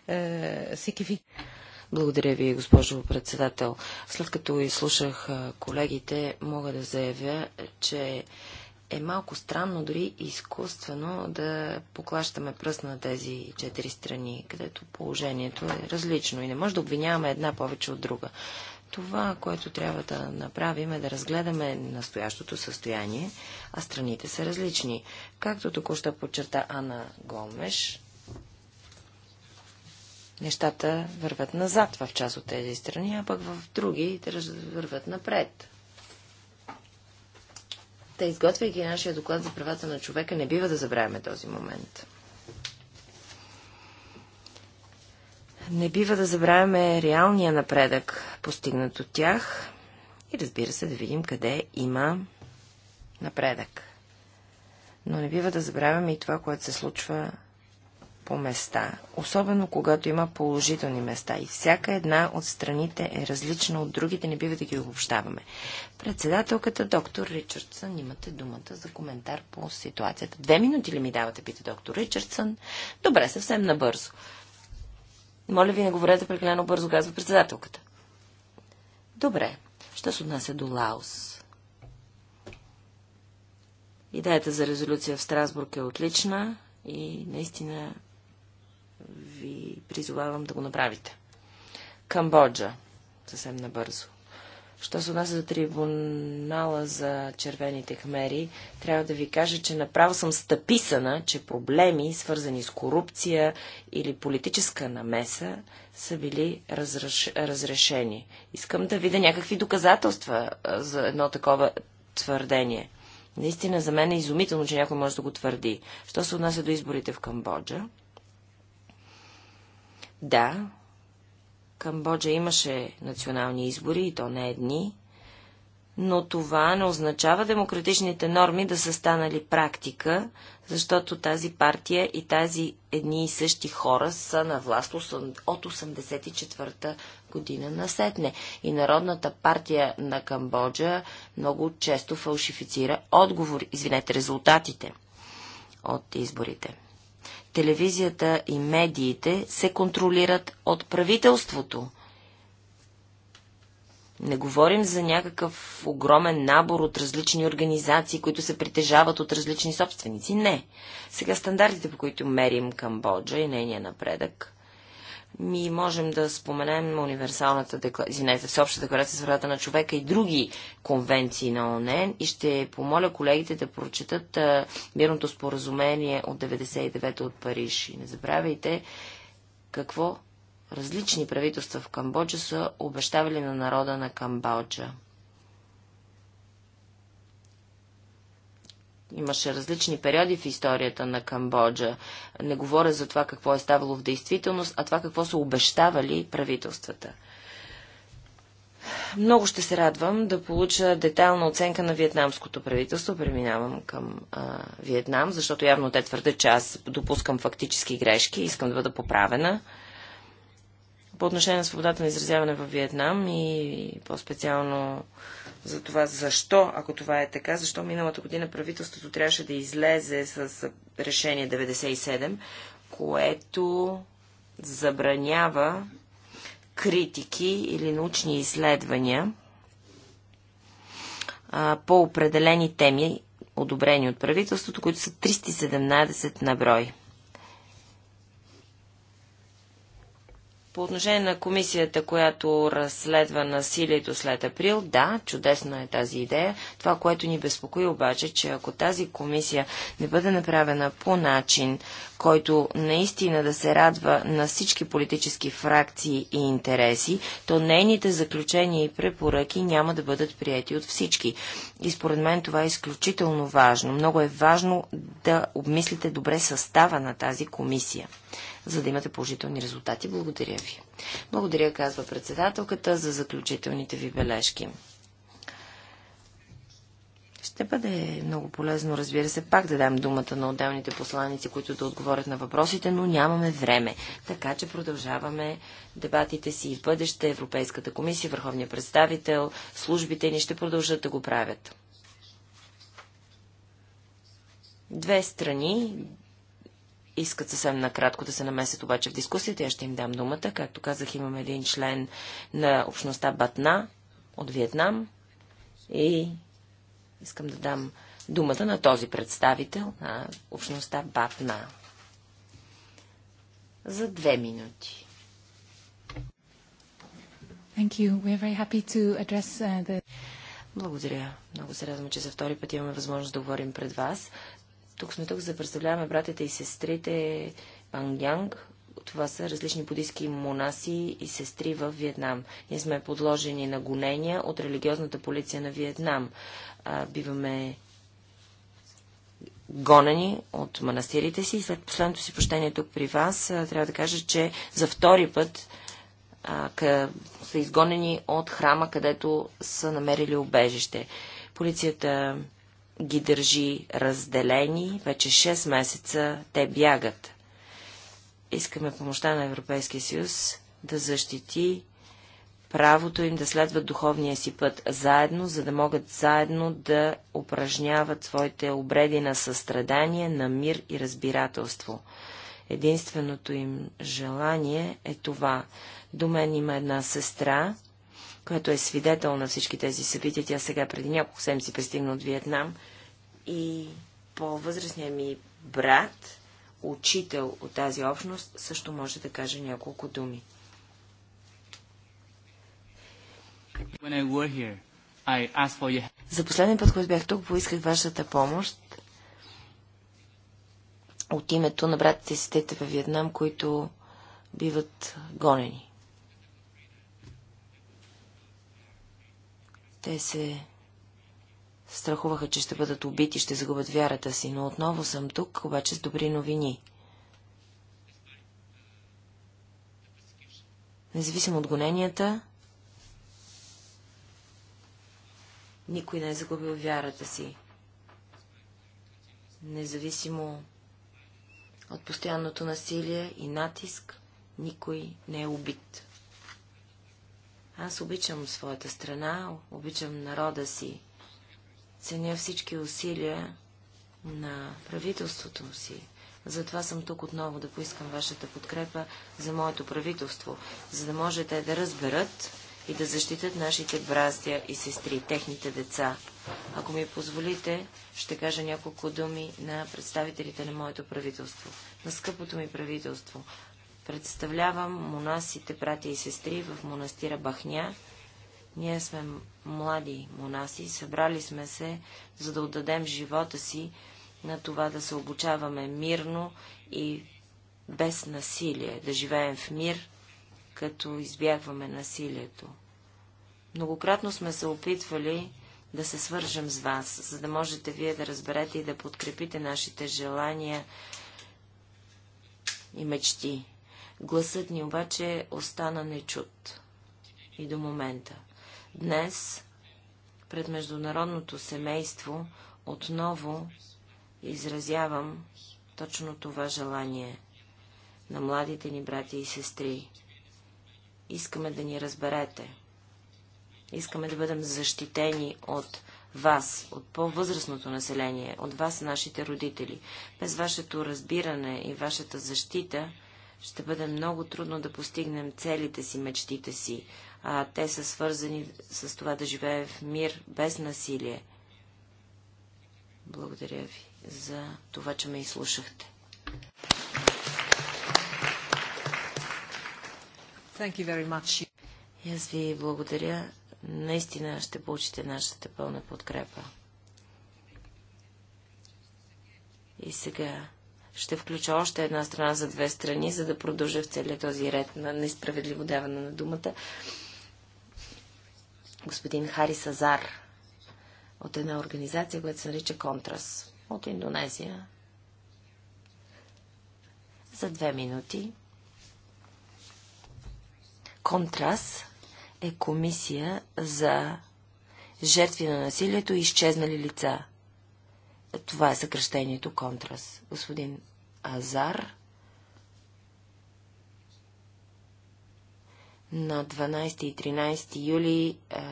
euh, c'est qu'effectivement. Благодаря ви, госпожо председател. След като изслушах колегите, мога да заявя, че е малко странно, дори изкуствено, да поклащаме пръст на тези четири страни, където положението е различно и не може да обвиняваме една повече от друга. Това, което трябва да направим е да разгледаме настоящото състояние, а страните са различни. Както току-що подчерта Ана Гомеш, нещата върват назад в част от тези страни, а пък в други върват напред. Та изготвяйки нашия доклад за правата на човека, не бива да забравяме този момент. Не бива да забравяме реалния напредък, постигнат от тях и разбира се да видим къде има напредък. Но не бива да забравяме и това, което се случва по места, особено когато има положителни места и всяка една от страните е различна от другите, не бива да ги обобщаваме. Председателката доктор Ричардсън, имате думата за коментар по ситуацията. Две минути ли ми давате, пита доктор Ричардсън? Добре, съвсем набързо. Моля ви, не говорете прекалено бързо, казва председателката. Добре, що се отнася до Лаос? Идеята за резолюция в Страсбург е отлична и наистина ви призовавам да го направите. Камбоджа. Съвсем набързо. Що се отнася за трибунала за червените хмери, трябва да ви кажа, че направо съм стъписана, че проблеми, свързани с корупция или политическа намеса, са били разреш... разрешени. Искам да видя някакви доказателства за едно такова твърдение. Наистина за мен е изумително, че някой може да го твърди. Що се отнася до изборите в Камбоджа, да, Камбоджа имаше национални избори, и то не едни, но това не означава демократичните норми да са станали практика, защото тази партия и тази едни и същи хора са на власт от 84-та година насетне. И Народната партия на Камбоджа много често фалшифицира отговор, извинете, резултатите от изборите телевизията и медиите се контролират от правителството. Не говорим за някакъв огромен набор от различни организации, които се притежават от различни собственици. Не. Сега стандартите, по които мерим Камбоджа и нейния напредък, ми можем да споменем универсалната декларация, всеобща декларация за правата на човека и други конвенции на ОНН и ще помоля колегите да прочетат а, мирното споразумение от 99 та от Париж. И не забравяйте какво различни правителства в Камбоджа са обещавали на народа на Камбоджа. Имаше различни периоди в историята на Камбоджа. Не говоря за това какво е ставало в действителност, а това какво са обещавали правителствата. Много ще се радвам да получа детайлна оценка на виетнамското правителство. Преминавам към а, Виетнам, защото явно те твърдят, че аз допускам фактически грешки и искам да бъда поправена по отношение на свободата на изразяване във Виетнам и по-специално за това защо, ако това е така, защо миналата година правителството трябваше да излезе с решение 97, което забранява критики или научни изследвания а, по определени теми, одобрени от правителството, които са 317 на брой. По отношение на комисията, която разследва насилието след април, да, чудесна е тази идея. Това, което ни безпокои обаче, че ако тази комисия не бъде направена по начин, който наистина да се радва на всички политически фракции и интереси, то нейните заключения и препоръки няма да бъдат прияти от всички. И според мен това е изключително важно. Много е важно да обмислите добре състава на тази комисия за да имате положителни резултати. Благодаря ви. Благодаря, казва председателката, за заключителните ви бележки. Ще бъде много полезно, разбира се, пак да дам думата на отделните посланици, които да отговорят на въпросите, но нямаме време. Така че продължаваме дебатите си и в бъдеще. Европейската комисия, Върховния представител, службите ни ще продължат да го правят. Две страни, искат съвсем накратко да се намесят обаче в дискусията. Я ще им дам думата. Както казах, имам един член на общността Батна от Виетнам и искам да дам думата на този представител на общността Батна за две минути. Uh, the... Благодаря. Много се радвам, че за втори път имаме възможност да говорим пред вас. Тук сме тук, за да представляваме братята и сестрите Пангянг. Това са различни будистки монаси и сестри в Виетнам. Ние сме подложени на гонения от религиозната полиция на Виетнам. А, биваме гонени от манастирите си след последното си прощение тук при вас, трябва да кажа, че за втори път а, къ... са изгонени от храма, където са намерили обежище. Полицията ги държи разделени. Вече 6 месеца те бягат. Искаме помощта на Европейския съюз да защити правото им да следват духовния си път заедно, за да могат заедно да упражняват своите обреди на състрадание, на мир и разбирателство. Единственото им желание е това. До мен има една сестра, която е свидетел на всички тези събития. Тя сега преди няколко седмици пристигна от Виетнам и по-възрастният ми брат, учител от тази общност, също може да каже няколко думи. Here, your... За последния път, когато бях тук, поисках вашата помощ от името на братите и тете във Виетнам, които биват гонени. Те се страхуваха, че ще бъдат убити, ще загубят вярата си, но отново съм тук, обаче с добри новини. Независимо от гоненията, никой не е загубил вярата си. Независимо от постоянното насилие и натиск, никой не е убит. Аз обичам своята страна, обичам народа си. Ценя всички усилия на правителството си. Затова съм тук отново да поискам вашата подкрепа за моето правителство, за да можете да разберат и да защитат нашите братя и сестри, техните деца. Ако ми позволите, ще кажа няколко думи на представителите на моето правителство, на скъпото ми правителство. Представлявам монасите, братя и сестри в монастира Бахня. Ние сме млади монаси, събрали сме се, за да отдадем живота си на това да се обучаваме мирно и без насилие, да живеем в мир, като избягваме насилието. Многократно сме се опитвали да се свържем с вас, за да можете вие да разберете и да подкрепите нашите желания и мечти. Гласът ни обаче остана нечут и до момента. Днес пред международното семейство отново изразявам точно това желание на младите ни брати и сестри. Искаме да ни разберете. Искаме да бъдем защитени от вас, от по-възрастното население, от вас, нашите родители. Без вашето разбиране и вашата защита, ще бъде много трудно да постигнем целите си, мечтите си. А те са свързани с това да живее в мир, без насилие. Благодаря ви за това, че ме изслушахте. Thank you very much. И аз ви благодаря. Наистина ще получите нашата пълна подкрепа. И сега ще включа още една страна за две страни, за да продължа в целият този ред на несправедливо даване на думата. Господин Хари Сазар от една организация, която се нарича Контрас от Индонезия. За две минути. Контрас е комисия за жертви на насилието и изчезнали лица. Това е съкръщението Контрас. Господин Азар на 12 и 13 юли е,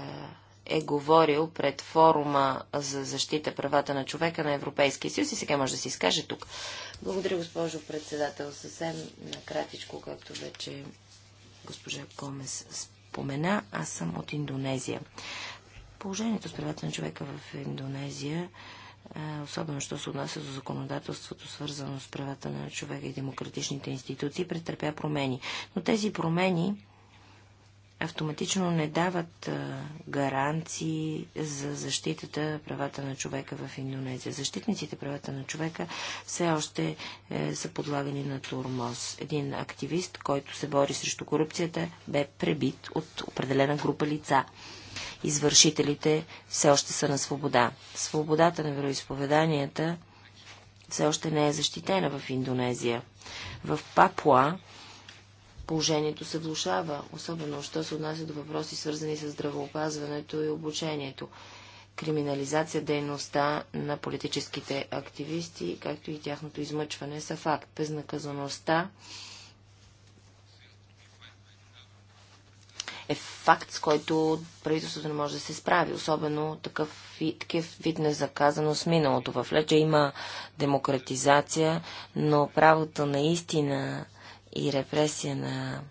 е говорил пред форума за защита правата на човека на Европейския съюз и сега може да си изкаже тук. Благодаря, госпожо председател. Съвсем накратичко, както вече госпожа Комес спомена, аз съм от Индонезия. Положението с правата на човека в Индонезия особено що се отнася до законодателството, свързано с правата на човека и демократичните институции, претърпя промени. Но тези промени автоматично не дават гаранции за защитата правата на човека в Индонезия. Защитниците правата на човека все още е, са подлагани на турмоз. Един активист, който се бори срещу корупцията, бе пребит от определена група лица извършителите все още са на свобода. Свободата на вероисповеданията все още не е защитена в Индонезия. В Папуа положението се влушава, особено що се отнася до въпроси, свързани с здравеопазването и обучението. Криминализация дейността на политическите активисти, както и тяхното измъчване са факт. Безнаказаността е факт, с който правителството не може да се справи, особено такъв, такъв вид незаказано с миналото. В Леча има демократизация, но правото на истина и репресия на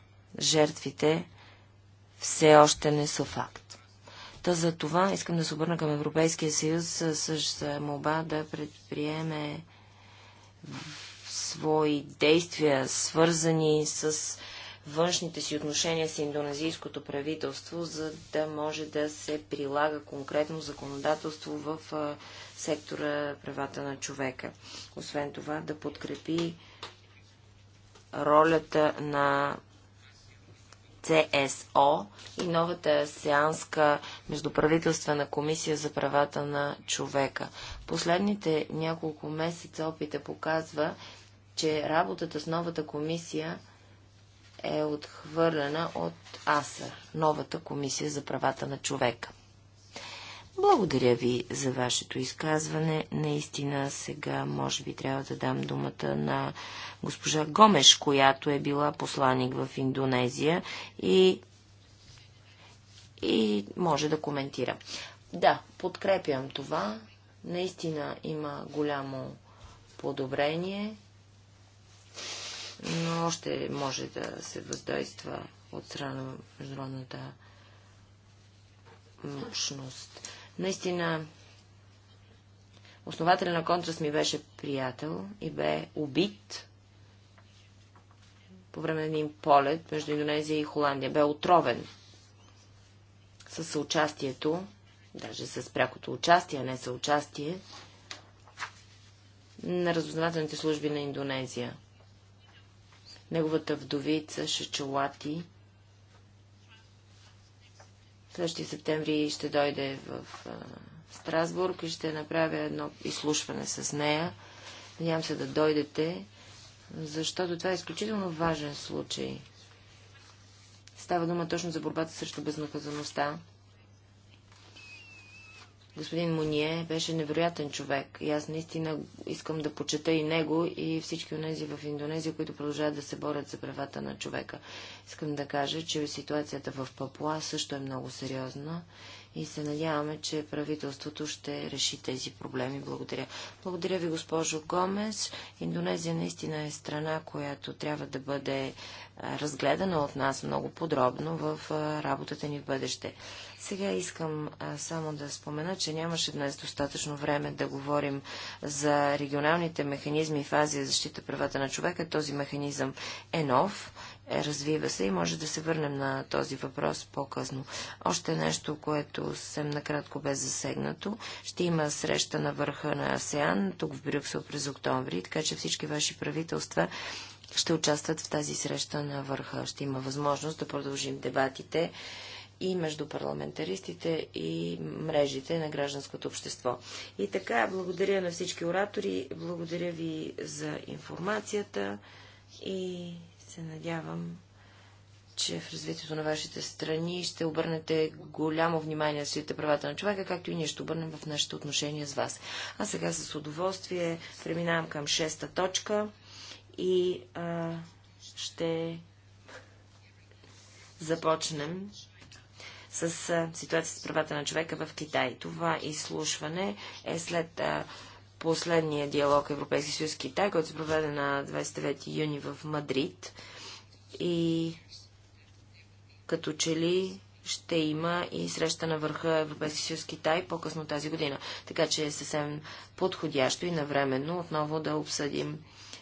жертвите все още не са факт. Та за това искам да се обърна към Европейския съюз с молба да предприеме свои действия, свързани с външните си отношения с индонезийското правителство, за да може да се прилага конкретно законодателство в сектора правата на човека. Освен това да подкрепи ролята на ЦСО и новата сеанска междуправителствена комисия за правата на човека. Последните няколко месеца опита показва, че работата с новата комисия е отхвърлена от АСА, новата комисия за правата на човека. Благодаря ви за вашето изказване. Наистина сега може би трябва да дам думата на госпожа Гомеш, която е била посланик в Индонезия и, и може да коментира. Да, подкрепям това. Наистина има голямо подобрение но още може да се въздейства от страна на международната мощност. Наистина, основателя на контраст ми беше приятел и бе убит по време на един полет между Индонезия и Холандия. Бе отровен с съучастието, даже с прякото участие, а не съучастие, на разузнавателните служби на Индонезия неговата вдовица Шечелати. Следващия септември ще дойде в Страсбург и ще направя едно изслушване с нея. Надявам се да дойдете, защото това е изключително важен случай. Става дума точно за борбата срещу безнаказаността Господин Моние беше невероятен човек и аз наистина искам да почета и него и всички онези в Индонезия, които продължават да се борят за правата на човека. Искам да кажа, че ситуацията в Папуа също е много сериозна и се надяваме, че правителството ще реши тези проблеми. Благодаря. Благодаря ви, госпожо Гомес. Индонезия наистина е страна, която трябва да бъде разгледана от нас много подробно в работата ни в бъдеще. Сега искам а, само да спомена, че нямаше днес достатъчно време да говорим за регионалните механизми в Азия защита правата на човека. Този механизъм е нов, е, развива се и може да се върнем на този въпрос по-късно. Още нещо, което съм накратко бе засегнато. Ще има среща на върха на АСЕАН, тук в Брюксел през октомври, така че всички ваши правителства ще участват в тази среща на върха. Ще има възможност да продължим дебатите и между парламентаристите и мрежите на гражданското общество. И така, благодаря на всички оратори, благодаря ви за информацията и се надявам, че в развитието на вашите страни ще обърнете голямо внимание на своите правата на човека, както и ние ще обърнем в нашите отношения с вас. А сега с удоволствие преминавам към шеста точка и а, ще започнем с ситуацията с правата на човека в Китай. Това изслушване е след последния диалог Европейски съюз Китай, който се проведе на 29 юни в Мадрид. И като че ли ще има и среща на върха Европейски съюз Китай по-късно тази година. Така че е съвсем подходящо и навременно отново да обсъдим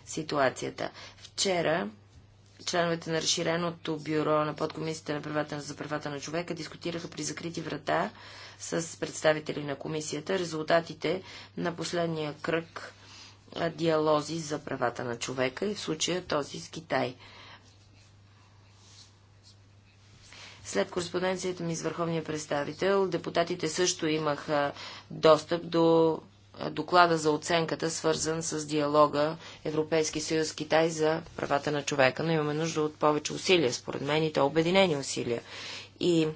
ситуацията. Вчера членовете на разширеното бюро на подкомисията на правата за правата на човека дискутираха при закрити врата с представители на комисията резултатите на последния кръг диалози за правата на човека и в случая този с Китай. След кореспонденцията ми с върховния представител, депутатите също имаха достъп до доклада за оценката, свързан с диалога Европейски съюз Китай за правата на човека, но имаме нужда от повече усилия, според мен, и то обединени усилия. И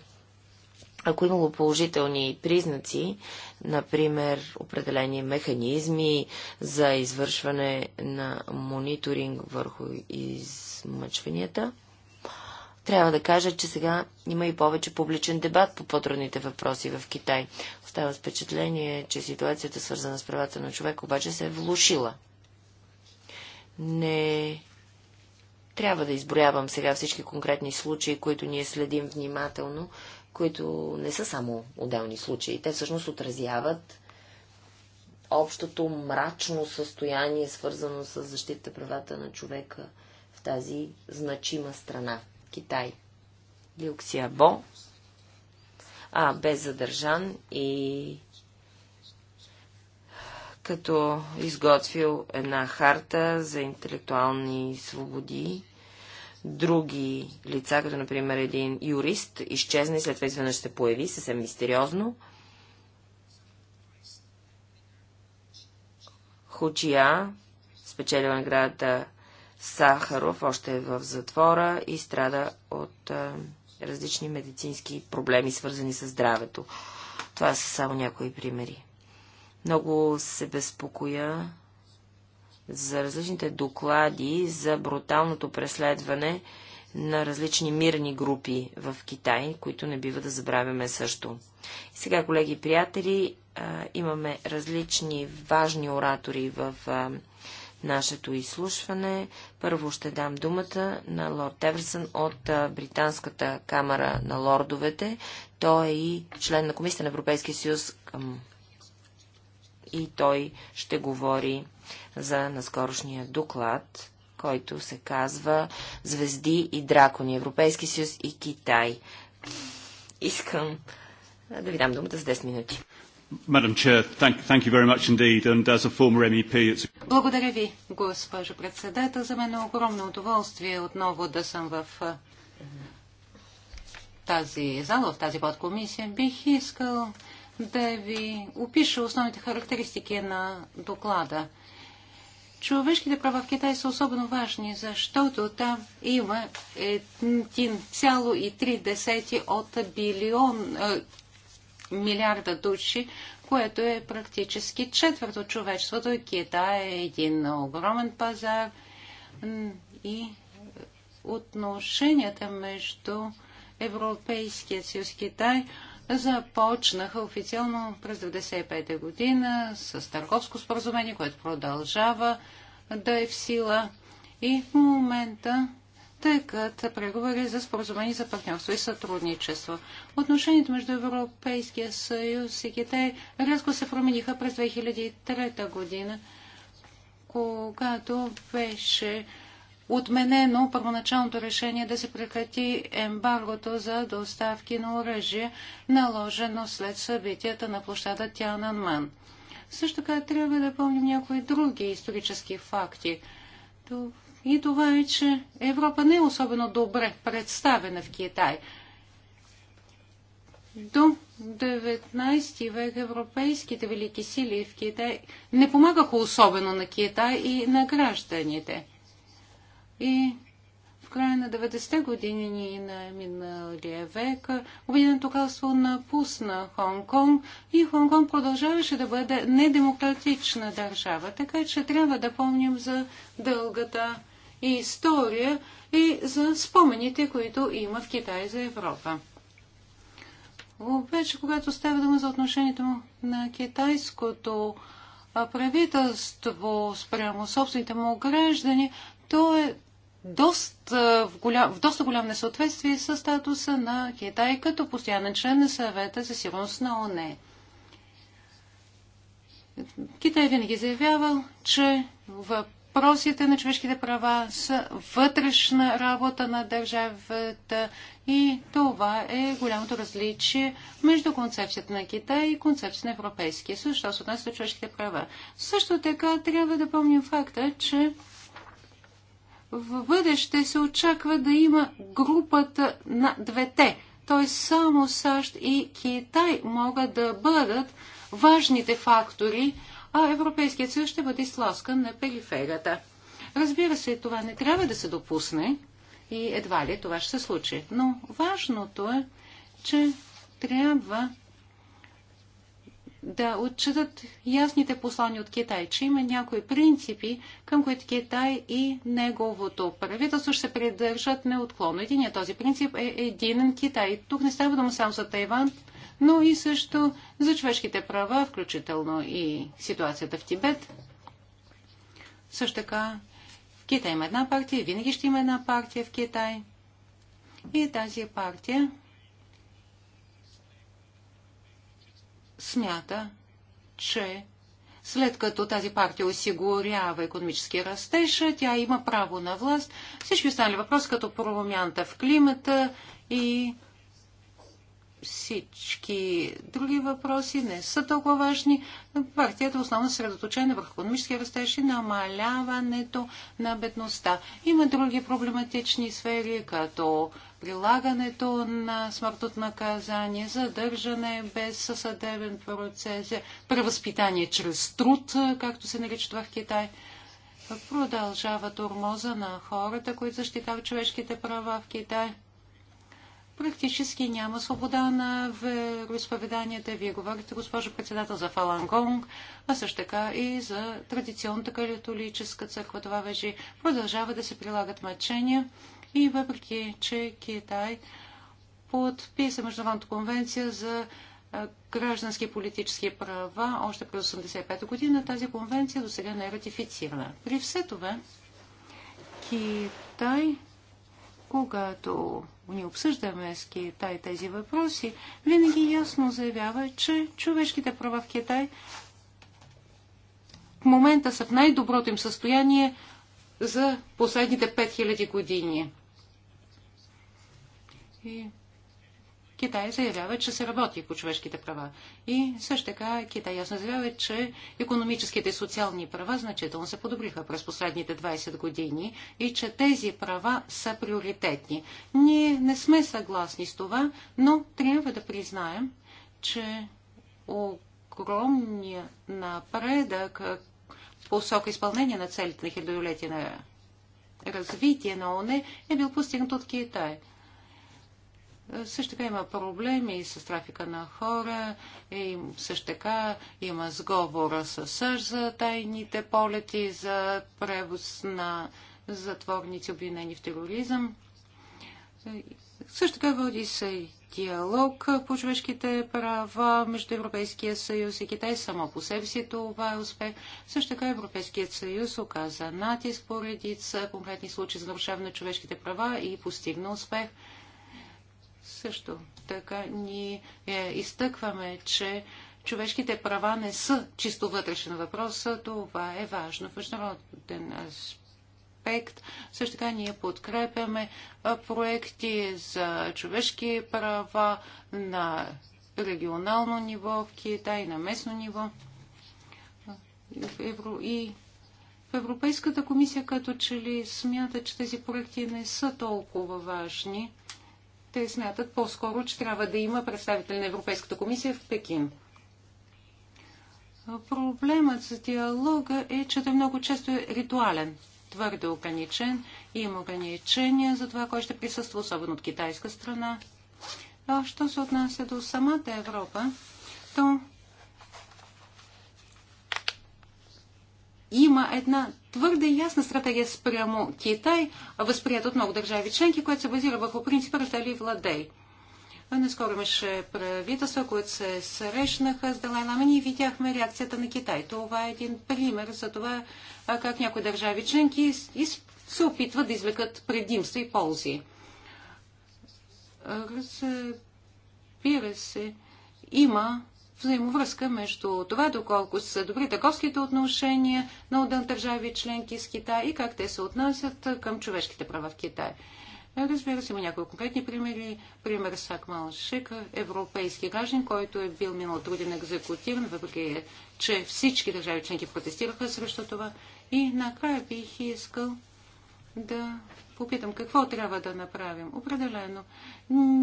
ако имало положителни признаци, например определени механизми за извършване на мониторинг върху измъчванията, трябва да кажа, че сега има и повече публичен дебат по по-трудните въпроси в Китай. Остава впечатление, че ситуацията, свързана с правата на човек, обаче се е влушила. Не трябва да изброявам сега всички конкретни случаи, които ние следим внимателно, които не са само отделни случаи. Те всъщност отразяват общото мрачно състояние, свързано с защита правата на човека в тази значима страна. Китай. Лю Ксиабо, а, без задържан и като изготвил една харта за интелектуални свободи. Други лица, като например един юрист, изчезна и след това изведнъж се появи съвсем мистериозно. Хучия спечелил наградата Сахаров още е в затвора и страда от различни медицински проблеми, свързани с здравето. Това са само някои примери. Много се безпокоя за различните доклади за бруталното преследване на различни мирни групи в Китай, които не бива да забравяме също. И сега, колеги и приятели, имаме различни важни оратори в нашето изслушване. Първо ще дам думата на лорд Еверсън от Британската камера на лордовете. Той е и член на Комисията на Европейския съюз към и той ще говори за наскорошния доклад, който се казва Звезди и дракони, Европейски съюз и Китай. Искам да ви дам думата за 10 минути. Благодаря ви, госпожо председател. За мен е огромно удоволствие отново да съм в тази зала, в тази подкомисия. Бих искал да ви опиша основните характеристики на доклада. Човешките права в Китай са особено важни, защото там има 1,3 от билион, милиарда души, което е практически четвърт от човечеството. Китай е един огромен пазар и отношенията между Европейския съюз Китай започнаха официално през 1995 година с търговско споразумение, което продължава да е в сила. И в момента текат преговори за споразумение за партньорство и сътрудничество. Отношението между Европейския съюз и Китай резко се промениха през 2003 година, когато беше отменено първоначалното решение да се прекрати ембаргото за доставки на оръжие, наложено след събитията на площада Тянанман. Също така трябва да помним някои други исторически факти. Това и това е, че Европа не е особено добре представена в Китай. До 19 век европейските велики сили в Китай не помагаха особено на Китай и на гражданите. И в края на 90-те години и на миналия век Обединеното кралство напусна Хонг-Конг и Хонг-Конг продължаваше да бъде недемократична държава. Така че трябва да помним за дългата и история и за спомените, които има в Китай за Европа. Обаче, когато става дума за отношението на китайското правителство спрямо собствените му граждани, то е доста в, голям, в доста голям несъответствие с статуса на Китай като постоянен член на съвета за сигурност на ОНЕ. Китай винаги е заявявал, че в въпросите на човешките права са вътрешна работа на държавата и това е голямото различие между концепцията на Китай и концепцията на Европейския съюз, що се отнася до човешките права. Също така трябва да помним факта, че в бъдеще се очаква да има групата на двете. Т.е. само САЩ и Китай могат да бъдат важните фактори а Европейският съюз ще бъде сласкан на периферията. Разбира се, това не трябва да се допусне и едва ли това ще се случи. Но важното е, че трябва да отчитат ясните послания от Китай, че има някои принципи, към които Китай и неговото правителство ще се придържат неотклонно. Единият този принцип е единен Китай. Тук не става дума само за Тайван, но и също за човешките права, включително и ситуацията в Тибет. Също така в Китай има една партия, винаги ще има една партия в Китай. И тази партия смята, че след като тази партия осигурява економически растеж, тя има право на власт. Всички останали въпроси, като промяната в климата и всички други въпроси не са толкова важни. Партията е основно средоточена върху економически растеж и намаляването на бедността. Има други проблематични сфери, като прилагането на смъртното наказание, задържане без съдебен процес, превъзпитание чрез труд, както се нарича това в Китай. Продължава тормоза на хората, които защитават човешките права в Китай практически няма свобода на вероисповеданията. Вие говорите, госпожо председател, за Фалангонг, а също така и за традиционната католическа църква. Това вече продължава да се прилагат мъчения и въпреки, че Китай подписа Международната конвенция за граждански и политически права още през 1985 година, тази конвенция до сега не е ратифицирана. При все това Китай, когато ние обсъждаме с Китай тези въпроси, винаги ясно заявява, че човешките права в Китай в момента са в най-доброто им състояние за последните 5000 години. И Китай заявява, че се работи по човешките права. И също така Китай ясно заявява, че економическите и социални права значително се подобриха през последните 20 години и че тези права са приоритетни. Ние не сме съгласни с това, но трябва да признаем, че огромния напредък посока изпълнение на целите на хилядолетие на развитие на ОНЕ е бил постигнат от Китай. Е, също така има проблеми и с трафика на хора, и също така има сговора с САЩ за тайните полети, за превоз на затворници, обвинени в тероризъм. Е, също така води се и диалог по човешките права между Европейския съюз и Китай. Само по себе си това е успех. Също така Европейският съюз оказа натиск по редица конкретни случаи за нарушаване на човешките права и постигна успех – също така ние е, изтъкваме, че човешките права не са чисто вътрешен въпрос. Това е важно в международен аспект. Също така ние подкрепяме проекти за човешки права на регионално ниво в Китай, на местно ниво. В Евро... И в Европейската комисия като че ли смята, че тези проекти не са толкова важни те смятат по-скоро, че трябва да има представител на Европейската комисия в Пекин. Проблемът с диалога е, че той много често е ритуален, твърде ограничен. Има ограничения за това, кой ще присъства, особено от китайска страна. А що се отнася до самата Европа, то има една твърде ясна стратегия спрямо Китай, възприят от много държави членки, което се базира върху принципа раздели владей. Наскоро имаше правителства, които се срещнаха с Далай Лама и видяхме реакцията на Китай. Това е един пример за това как някои държави членки се опитват да извлекат предимства и ползи. Разбира се, има взаимовръзка между това, доколко са добри търговските отношения на отдел държави членки с Китай и как те се отнасят към човешките права в Китай. Разбира се, има някои конкретни примери. Пример Сакмал Акмал европейски граждан, който е бил минал труден екзекутиван, въпреки че всички държави членки протестираха срещу това. И накрая бих искал да попитам какво трябва да направим. Определено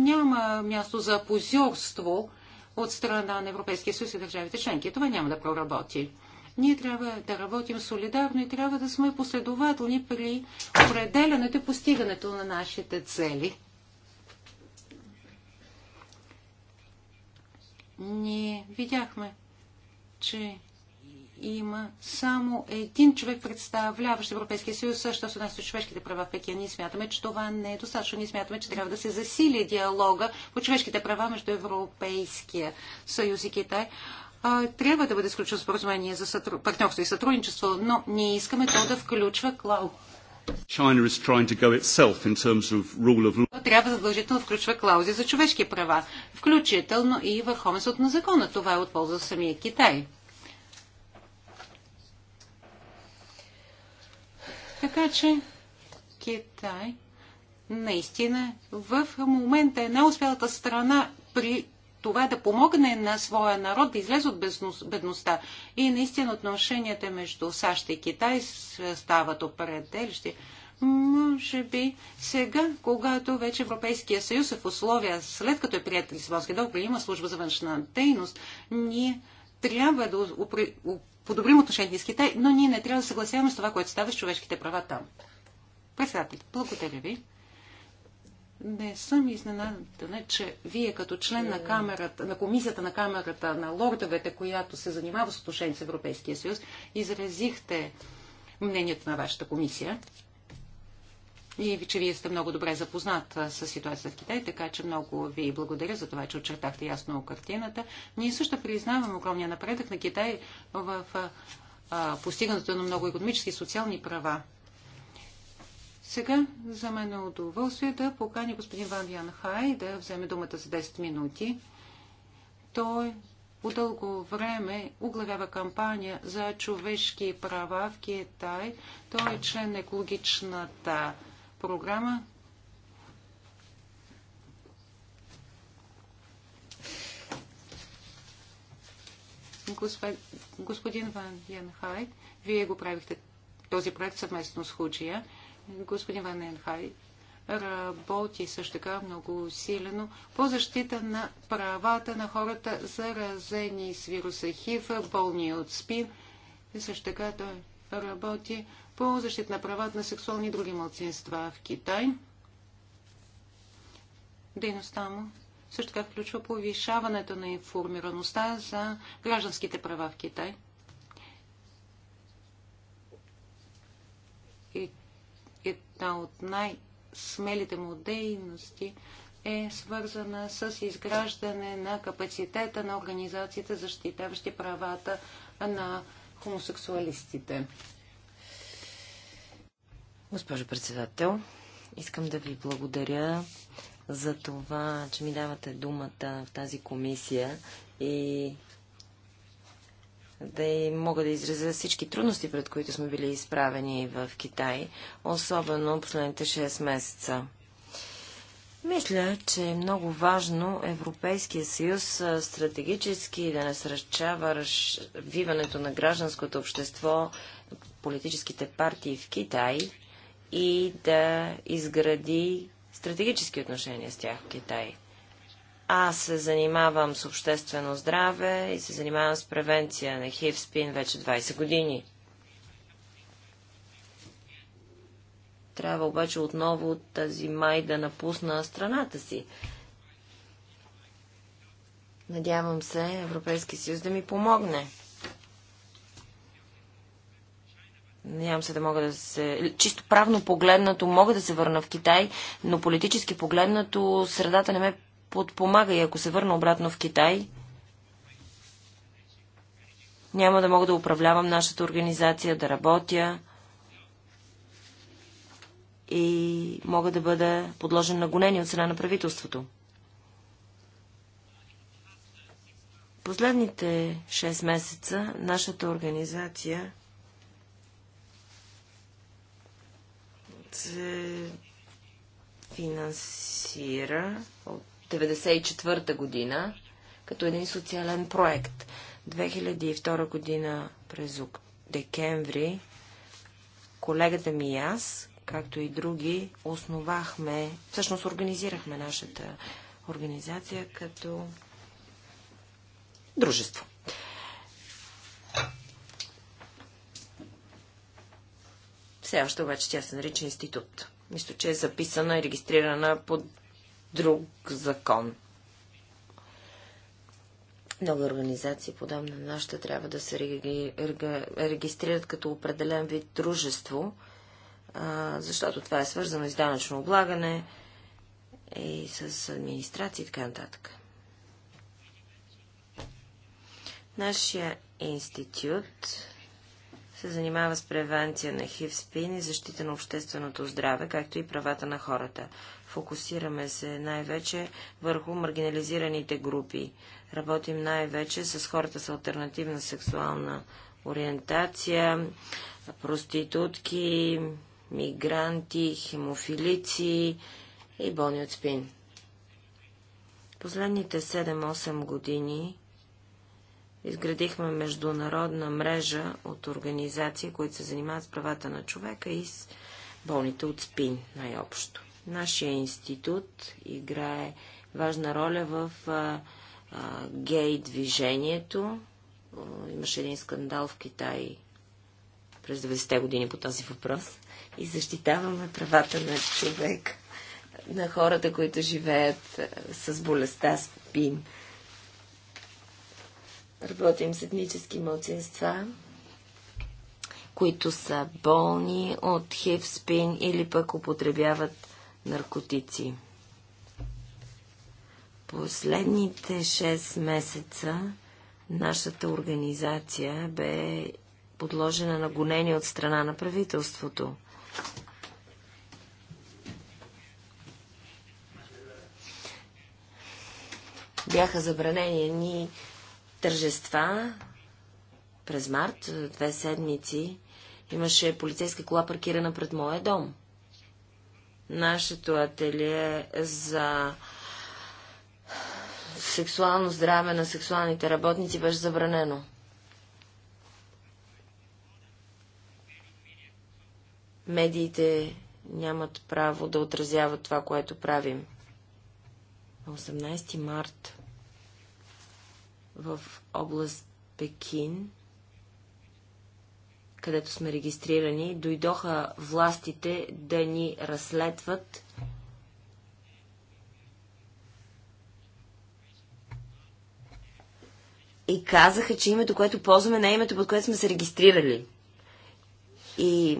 няма място за позорство от страна на Европейския съюз и държавите членки. Това няма да проработи. Ние трябва да работим солидарно и трябва да сме последователни при определянето и постигането на нашите цели. Ние видяхме, че има само един човек, представляващ Европейския съюз, що се отнася човешките права в Пекин. Ние смятаме, че това не е достатъчно. Ние смятаме, че трябва да се засили диалога по човешките права между Европейския съюз и Китай. Трябва да бъде сключено споразумение за сътру... партньорство и сътрудничество, но ние искаме то да включва клау. Of... Трябва задължително включва клаузи за човешки права, включително и върховенството на закона. Това е от полза за самия Китай. Така че Китай наистина в момента е най-успялата страна при това да помогне на своя народ да излезе от бедността. И наистина отношенията между САЩ и Китай стават определящи. Може би сега, когато вече Европейския съюз е в условия, след като е прият Лисабонски договор, има служба за външна дейност, ние трябва да подобрим отношения с Китай, но ние не трябва да съгласяваме с това, което става с човешките права там. Председател, благодаря ви. Не съм изненадана, че вие като член на, камерата, на комисията на камерата на лордовете, която се занимава с отношения с Европейския съюз, изразихте мнението на вашата комисия. И че вие сте много добре запознат с ситуацията в Китай, така че много ви благодаря за това, че очертахте ясно картината. Ние също признаваме огромния напредък на Китай в постигането на много економически и социални права. Сега за мен е удоволствие да покани господин Ван Ян Хай да вземе думата за 10 минути. Той от дълго време оглавява кампания за човешки права в Китай. Той е член на екологичната програма. Господин Ван Янхай, вие го правихте този проект съвместно с Худжия. Господин Ван Янхай работи също така много усилено по защита на правата на хората заразени с вируса ХИВ, болни от СПИН. И също така той работи по защита на правата на сексуални и други младсинства в Китай. Дейността му също така включва повишаването на информираността за гражданските права в Китай. И една от най-смелите му дейности е свързана с изграждане на капацитета на организацията, защитаващи правата на хомосексуалистите. Госпожо председател, искам да ви благодаря за това, че ми давате думата в тази комисия и да и мога да изразя всички трудности, пред които сме били изправени в Китай, особено последните 6 месеца. Мисля, че е много важно Европейския съюз стратегически да насръчава развиването на гражданското общество, политическите партии в Китай и да изгради стратегически отношения с тях в Китай. Аз се занимавам с обществено здраве и се занимавам с превенция на хив спин вече 20 години. Трябва обаче отново тази май да напусна страната си. Надявам се Европейски съюз да ми помогне. Надявам се да мога да се... Чисто правно погледнато мога да се върна в Китай, но политически погледнато средата не ме подпомага и ако се върна обратно в Китай, няма да мога да управлявам нашата организация, да работя и мога да бъда подложен на гонение от страна на правителството. Последните 6 месеца нашата организация се финансира от 1994-та година като един социален проект. 2002 година през декември колегата ми и аз, както и други, основахме, всъщност организирахме нашата организация като дружество. Все още обаче тя се нарича институт. Мисля, че е записана и регистрирана под друг закон. Много организации, подобно на нашата, трябва да се регистрират като определен вид дружество, защото това е свързано с данъчно облагане и с администрация и така нататък. Нашия институт се занимава с превенция на хив спин и защита на общественото здраве, както и правата на хората. Фокусираме се най-вече върху маргинализираните групи. Работим най-вече с хората с альтернативна сексуална ориентация, проститутки, мигранти, хемофилици и болни от спин. Последните 7-8 години Изградихме международна мрежа от организации, които се занимават с правата на човека и с болните от спин най-общо. Нашия институт играе важна роля в а, а, гей движението. имаше един скандал в Китай през 90-те години по този въпрос. И защитаваме правата на човек, на хората, които живеят с болестта спин. Работим с етнически младсинства, които са болни от хив, спин или пък употребяват наркотици. Последните 6 месеца нашата организация бе подложена на гонени от страна на правителството. Бяха забранени ни тържества през март, две седмици, имаше полицейска кола паркирана пред моя дом. Нашето ателие за сексуално здраве на сексуалните работници беше забранено. Медиите нямат право да отразяват това, което правим. На 18 март в област Пекин, където сме регистрирани, дойдоха властите да ни разследват и казаха, че името, което ползваме, не е името, под което сме се регистрирали. И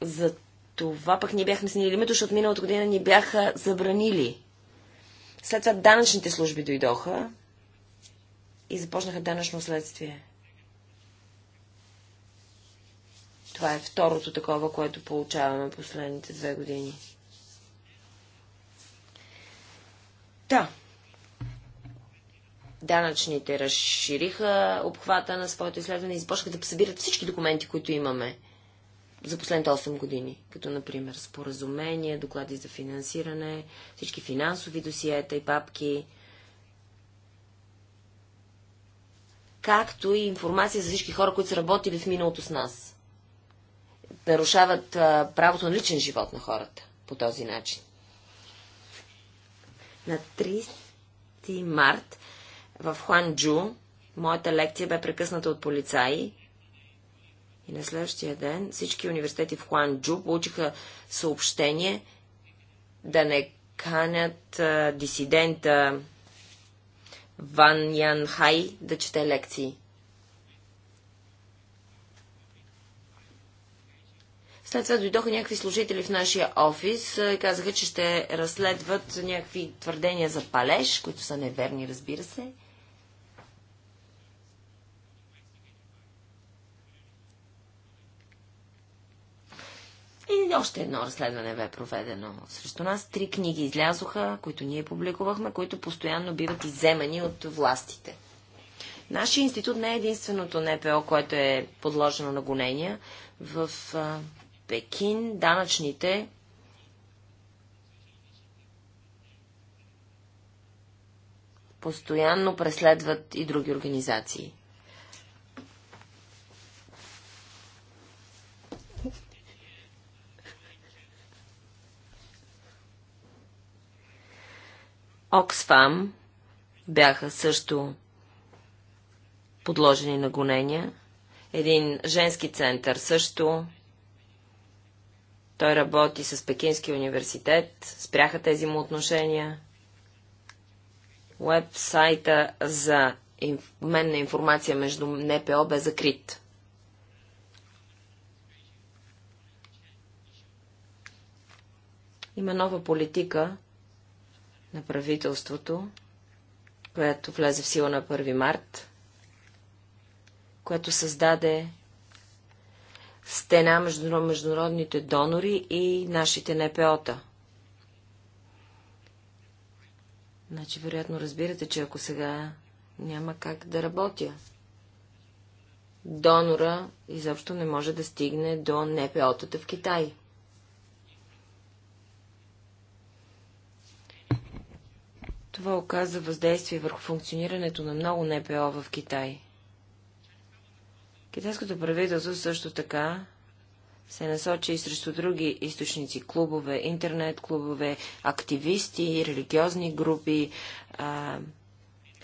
за това пък ние бяхме снили името, защото миналата година ни бяха забранили. След това данъчните служби дойдоха и започнаха данъчно следствие. Това е второто такова, което получаваме последните две години. Да. Данъчните разшириха обхвата на своето изследване и започнаха да събират всички документи, които имаме за последните 8 години, като например споразумения, доклади за финансиране, всички финансови досиета и папки, както и информация за всички хора, които са работили в миналото с нас. Нарушават а, правото на личен живот на хората по този начин. На 30 март в Хуанджу моята лекция бе прекъсната от полицаи и на следващия ден всички университети в Хуанджу получиха съобщение да не канят а, дисидента Ван Ян Хай да чете лекции. След това дойдоха някакви служители в нашия офис и казаха, че ще разследват някакви твърдения за палеж, които са неверни, разбира се. И още едно разследване бе проведено. Срещу нас три книги излязоха, които ние публикувахме, които постоянно биват иземани от властите. Нашия институт не е единственото НПО, което е подложено на гонения. В а, Пекин данъчните постоянно преследват и други организации. Оксфам бяха също подложени на гонения. Един женски център също. Той работи с Пекински университет. Спряха тези му отношения. Уебсайта за мен на информация между НПО бе закрит. Има нова политика на правителството, която влезе в сила на 1 март, което създаде стена между международните донори и нашите НПО-та. Значи, вероятно, разбирате, че ако сега няма как да работя. Донора изобщо не може да стигне до НПО-тата в Китай. това оказа въздействие върху функционирането на много НПО в Китай. Китайското правителство също така се насочи и срещу други източници, клубове, интернет клубове, активисти, религиозни групи, а,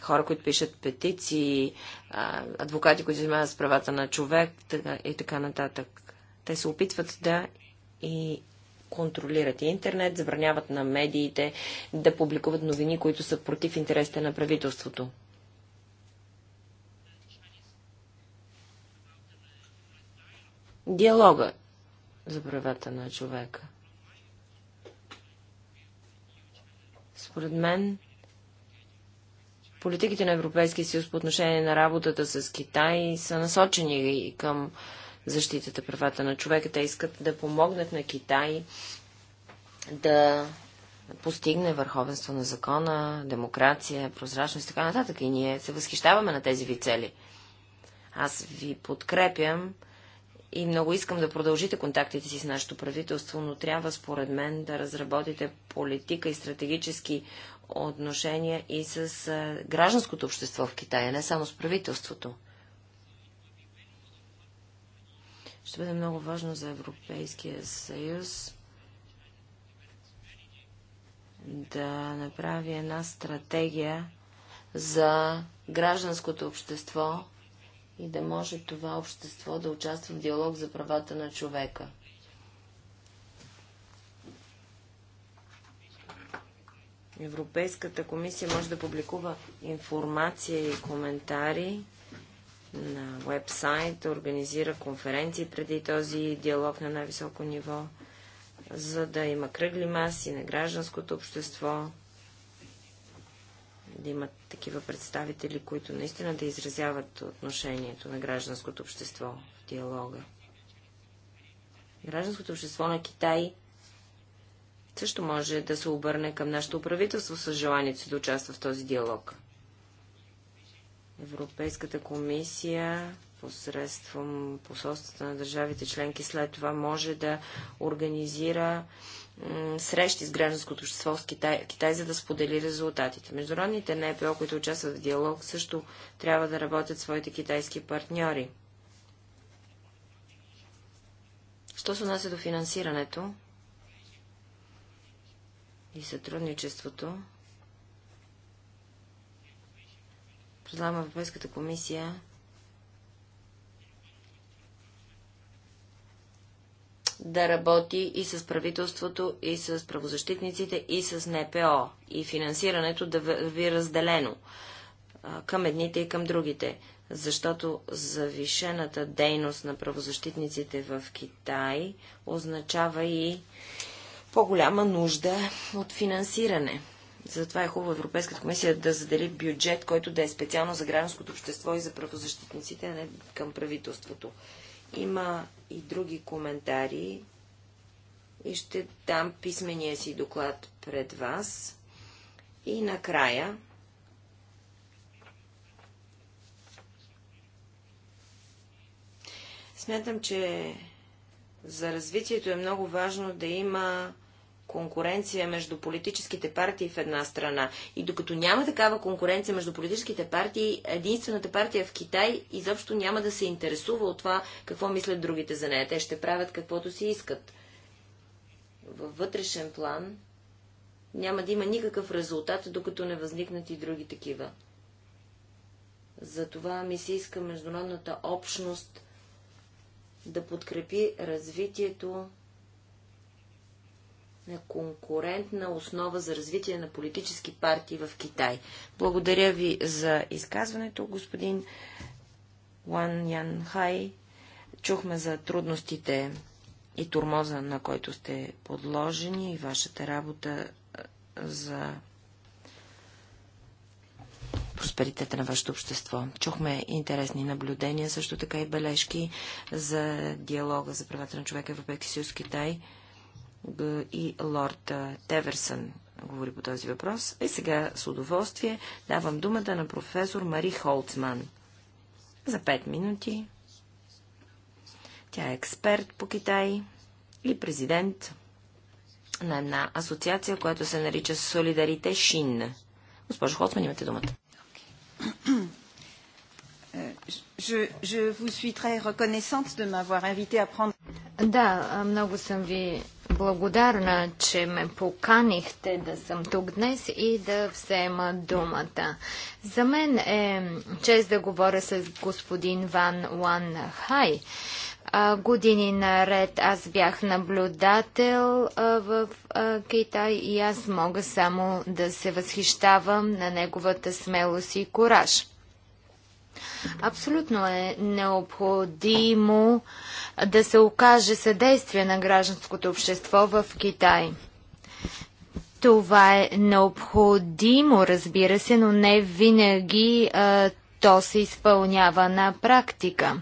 хора, които пишат петиции, а, адвокати, които занимават с правата на човек така, и така нататък. Те се опитват да и контролират и интернет, забраняват на медиите да публикуват новини, които са против интересите на правителството. Диалога за правата на човека. Според мен, политиките на Европейския съюз по отношение на работата с Китай са насочени към защитата правата на човека. Те искат да помогнат на Китай да постигне върховенство на закона, демокрация, прозрачност и така нататък. И ние се възхищаваме на тези ви цели. Аз ви подкрепям и много искам да продължите контактите си с нашето правителство, но трябва според мен да разработите политика и стратегически отношения и с гражданското общество в Китая, не само с правителството. ще бъде много важно за Европейския съюз да направи една стратегия за гражданското общество и да може това общество да участва в диалог за правата на човека. Европейската комисия може да публикува информация и коментари на вебсайт, организира конференции преди този диалог на най-високо ниво, за да има кръгли маси на гражданското общество, да имат такива представители, които наистина да изразяват отношението на гражданското общество в диалога. Гражданското общество на Китай също може да се обърне към нашето правителство с желанието да участва в този диалог. Европейската комисия посредством посолствата на държавите членки след това може да организира срещи с гражданското общество с Китай, Китай, за да сподели резултатите. Международните НПО, които участват в диалог, също трябва да работят своите китайски партньори. Що се отнася до финансирането и сътрудничеството, Познавам Европейската комисия да работи и с правителството, и с правозащитниците, и с НПО. И финансирането да ви разделено към едните и към другите. Защото завишената дейност на правозащитниците в Китай означава и по-голяма нужда от финансиране. Затова е хубаво Европейската комисия да задели бюджет, който да е специално за гражданското общество и за правозащитниците, а не към правителството. Има и други коментари и ще дам писмения си доклад пред вас. И накрая смятам, че за развитието е много важно да има конкуренция между политическите партии в една страна. И докато няма такава конкуренция между политическите партии, единствената партия в Китай изобщо няма да се интересува от това какво мислят другите за нея. Те ще правят каквото си искат. Във вътрешен план няма да има никакъв резултат, докато не възникнат и други такива. Затова ми се иска международната общност да подкрепи развитието на конкурентна основа за развитие на политически партии в Китай. Благодаря ви за изказването, господин Уан Ян Хай. Чухме за трудностите и турмоза, на който сте подложени и вашата работа за просперитета на вашето общество. Чухме интересни наблюдения, също така и бележки за диалога за правата на човека Европейски съюз Китай и лорд Теверсън говори по този въпрос. И сега с удоволствие давам думата на професор Мари Холцман. За 5 минути. Тя е експерт по Китай и президент на една асоциация, която се нарича Солидарите Шин. Госпожо Холцман, имате думата. Е, е, да, много съм ви благодарна, че ме поканихте да съм тук днес и да взема думата. За мен е чест да говоря с господин Ван Уан Хай. години наред аз бях наблюдател в Китай и аз мога само да се възхищавам на неговата смелост и кораж. Абсолютно е необходимо да се окаже съдействие на гражданското общество в Китай. Това е необходимо, разбира се, но не винаги а, то се изпълнява на практика.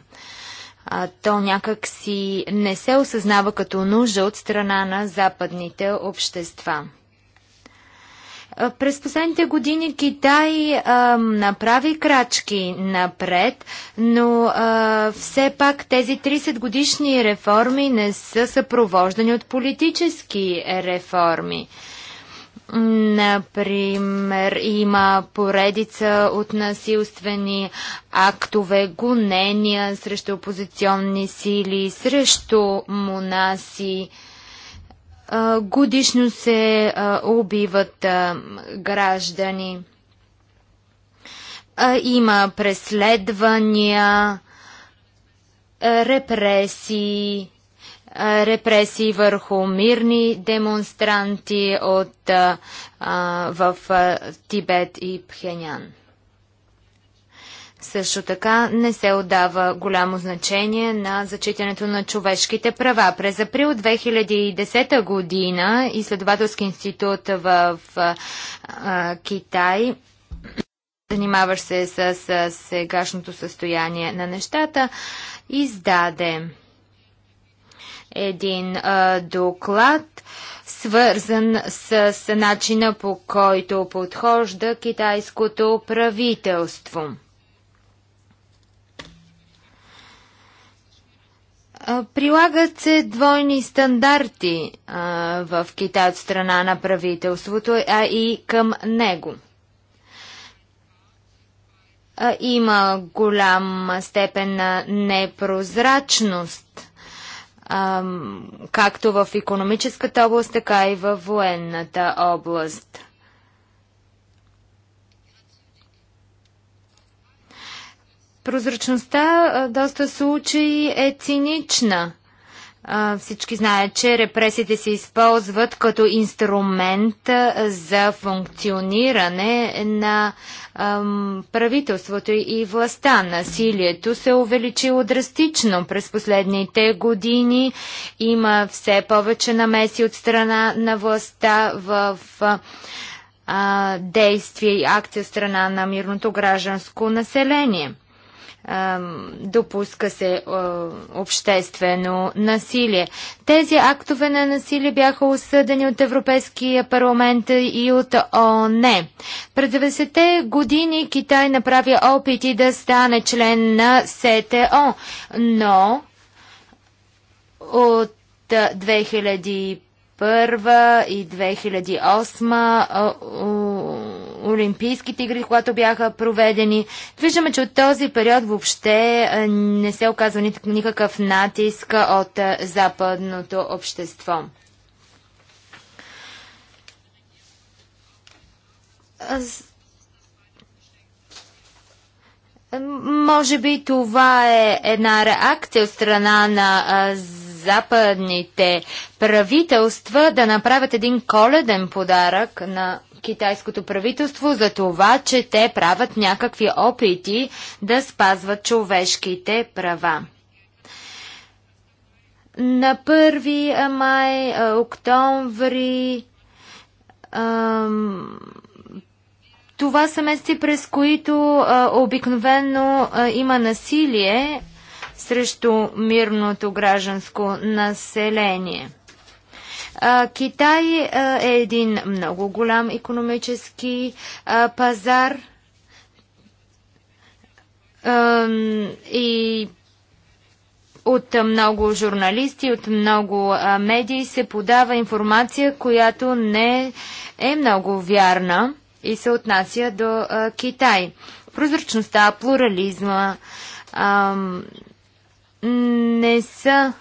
А, то някак си не се осъзнава като нужда от страна на западните общества. Е, през последните години Китай а, е, направи крачки напред, но а, е, все пак тези 30 годишни реформи не са съпровождани от политически реформи. Например, има поредица от насилствени актове, гонения срещу опозиционни сили, срещу монаси годишно се убиват граждани. Има преследвания, репресии, репресии върху мирни демонстранти от, в Тибет и Пхенян. Също така не се отдава голямо значение на зачитането на човешките права. През април 2010 година изследователски институт в а, Китай занимаваш се с, с сегашното състояние на нещата, издаде един а, доклад, свързан с, с начина по който подхожда китайското правителство. Прилагат се двойни стандарти в Китай от страна на правителството, а и към него. има голям степен на непрозрачност, както в економическата област, така и в военната област. Прозрачността в доста случаи е цинична. Всички знаят, че репресиите се използват като инструмент за функциониране на правителството и властта. Насилието се е увеличило драстично през последните години. Има все повече намеси от страна на властта в действия и акция страна на мирното гражданско население допуска се обществено насилие. Тези актове на насилие бяха осъдени от Европейския парламент и от ООН. През 90-те години Китай направи опити да стане член на СТО, но от 2001 и 2008 Олимпийските игри, когато бяха проведени. Виждаме, че от този период въобще не се оказва никакъв натиск от западното общество. Може би това е една реакция от страна на западните правителства да направят един коледен подарък на китайското правителство за това, че те правят някакви опити да спазват човешките права. На 1 май, октомври, това са месеци, през които обикновено има насилие срещу мирното гражданско население. Китай е един много голям економически пазар и от много журналисти, от много медии се подава информация, която не е много вярна и се отнася до Китай. Прозрачността, плурализма не са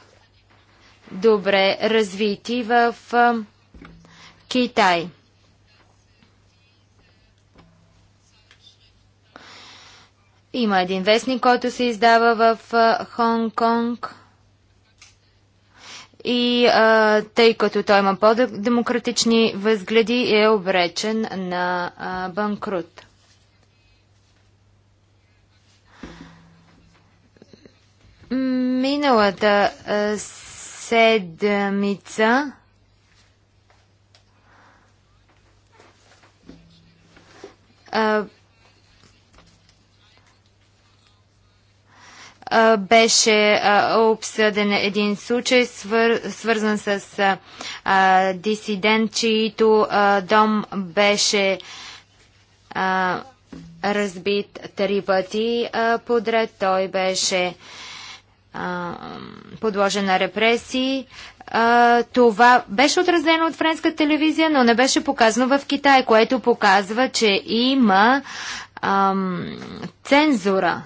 добре развити в Китай. Има един вестник, който се издава в Хонг-Конг. И а, тъй като той има по-демократични възгледи, е обречен на а, банкрут. Миналата а, седмица беше обсъден един случай, свързан с дисидент, чието дом беше разбит три пъти подред. Той беше подложен на репресии. А, това беше отразено от френска телевизия, но не беше показано в Китай, което показва, че има ам, цензура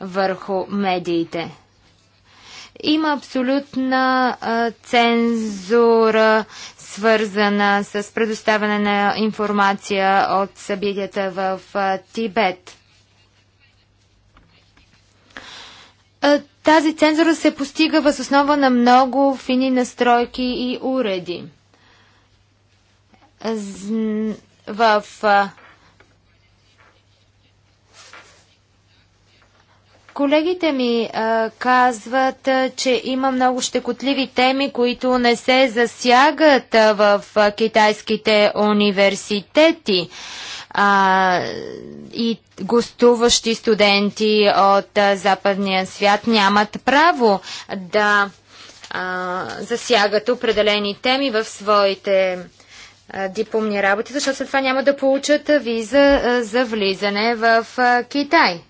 върху медиите. Има абсолютна а, цензура, свързана с предоставяне на информация от събитията в а, Тибет. А, тази цензура се постига въз основа на много фини настройки и уреди. В Колегите ми а, казват, а, че има много щекотливи теми, които не се засягат а, в а, китайските университети а, и гостуващи студенти от а, западния свят нямат право да а, засягат определени теми в своите дипломни работи, защото след това няма да получат виза за влизане в Китай.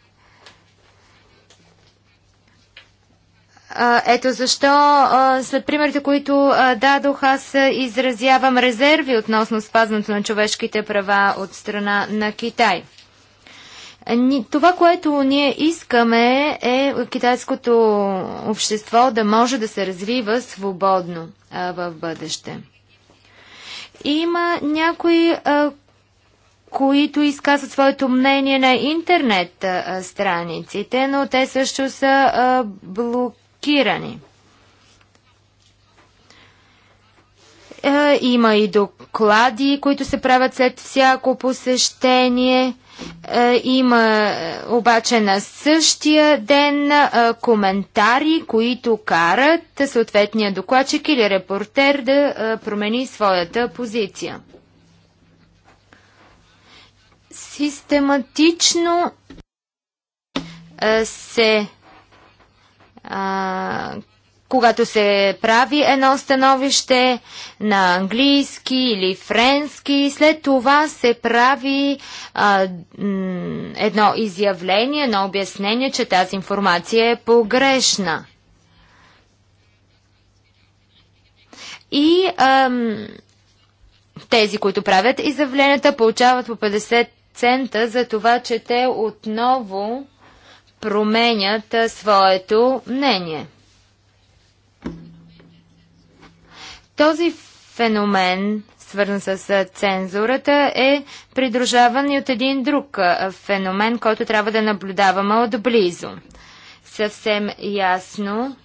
Ето защо след примерите, които дадох, аз изразявам резерви относно спазването на човешките права от страна на Китай. Това, което ние искаме е китайското общество да може да се развива свободно в бъдеще. Има някои, които изказват своето мнение на интернет страниците, но те също са блокирани блокирани. Е, има и доклади, които се правят след всяко посещение. Е, има е, обаче на същия ден коментари, които карат съответния докладчик или репортер да промени своята позиция. Систематично се а, когато се прави едно становище на английски или френски, след това се прави а, едно изявление, едно обяснение, че тази информация е погрешна. И ам, тези, които правят изявленията, получават по 50 цента за това, че те отново променят своето мнение. Този феномен, свързан с цензурата, е придружаван и от един друг феномен, който трябва да наблюдаваме отблизо. Съвсем ясно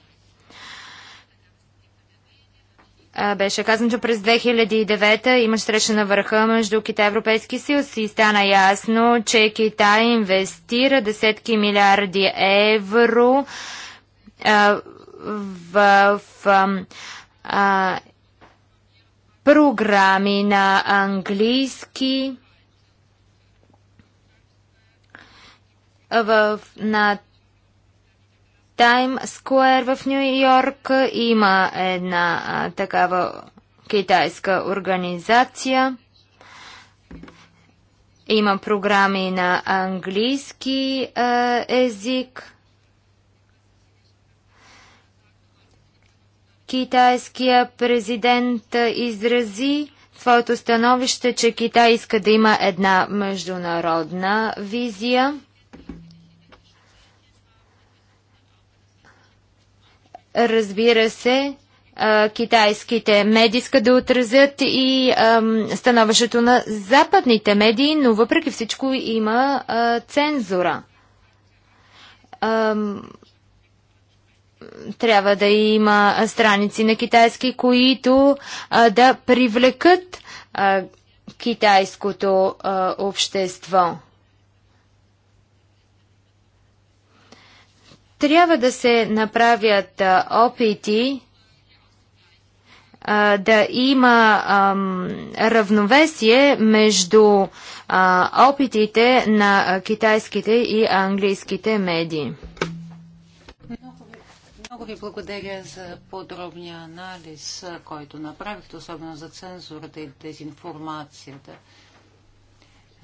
беше казано, че през 2009 имаше среща на върха между Китай и Европейски съюз и стана ясно, че Китай инвестира десетки милиарди евро а, в, в а, програми на английски в, на Тайм Скуер в Нью Йорк има една а, такава китайска организация. Има програми на английски а, език. Китайския президент изрази твоето становище, че Китай иска да има една международна визия. Разбира се, китайските медии искат да отразят и становището на западните медии, но въпреки всичко има цензура. Трябва да има страници на китайски, които да привлекат китайското общество. Трябва да се направят а, опити а, да има а, равновесие между опитите на китайските и английските медии. Много ви, много ви благодаря за подробния анализ, който направихте, особено за цензурата и дезинформацията.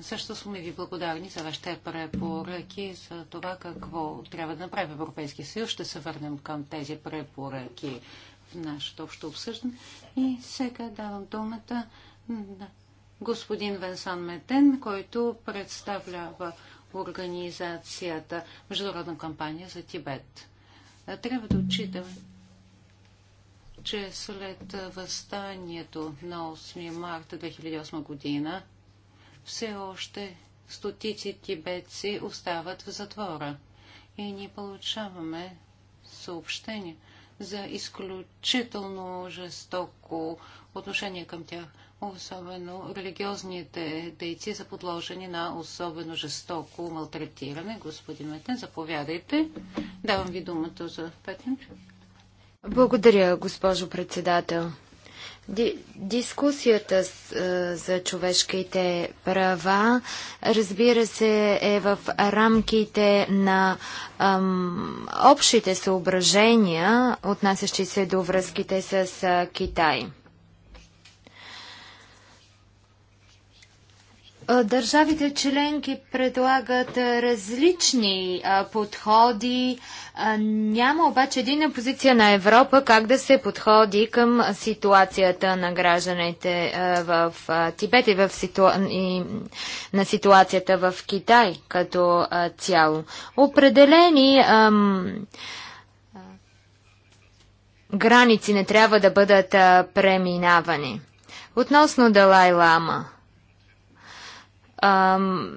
Също сме ви благодарни за вашите препоръки, за това какво трябва да направи Европейския съюз. Ще се върнем към тези препоръки в нашето общо обсъждане. И сега давам думата на господин Венсан Метен, който представлява организацията Международна кампания за Тибет. Трябва да отчитаме, че след възстанието на 8 марта 2008 година все още стотици тибетци остават в затвора. И ние получаваме съобщения за изключително жестоко отношение към тях. Особено религиозните дейци са подложени на особено жестоко малтретиране. Господин Метен, заповядайте. Давам ви думата за петен. Благодаря, госпожо председател. Дискусията за човешките права, разбира се, е в рамките на ам, общите съображения, отнасящи се до връзките с Китай. Държавите членки предлагат различни подходи. няма обаче единна позиция на Европа как да се подходи към ситуацията на гражданите в Тибет и, в ситу... и на ситуацията в Китай като цяло. Определени ам, граници не трябва да бъдат преминавани. Относно Далай Лама –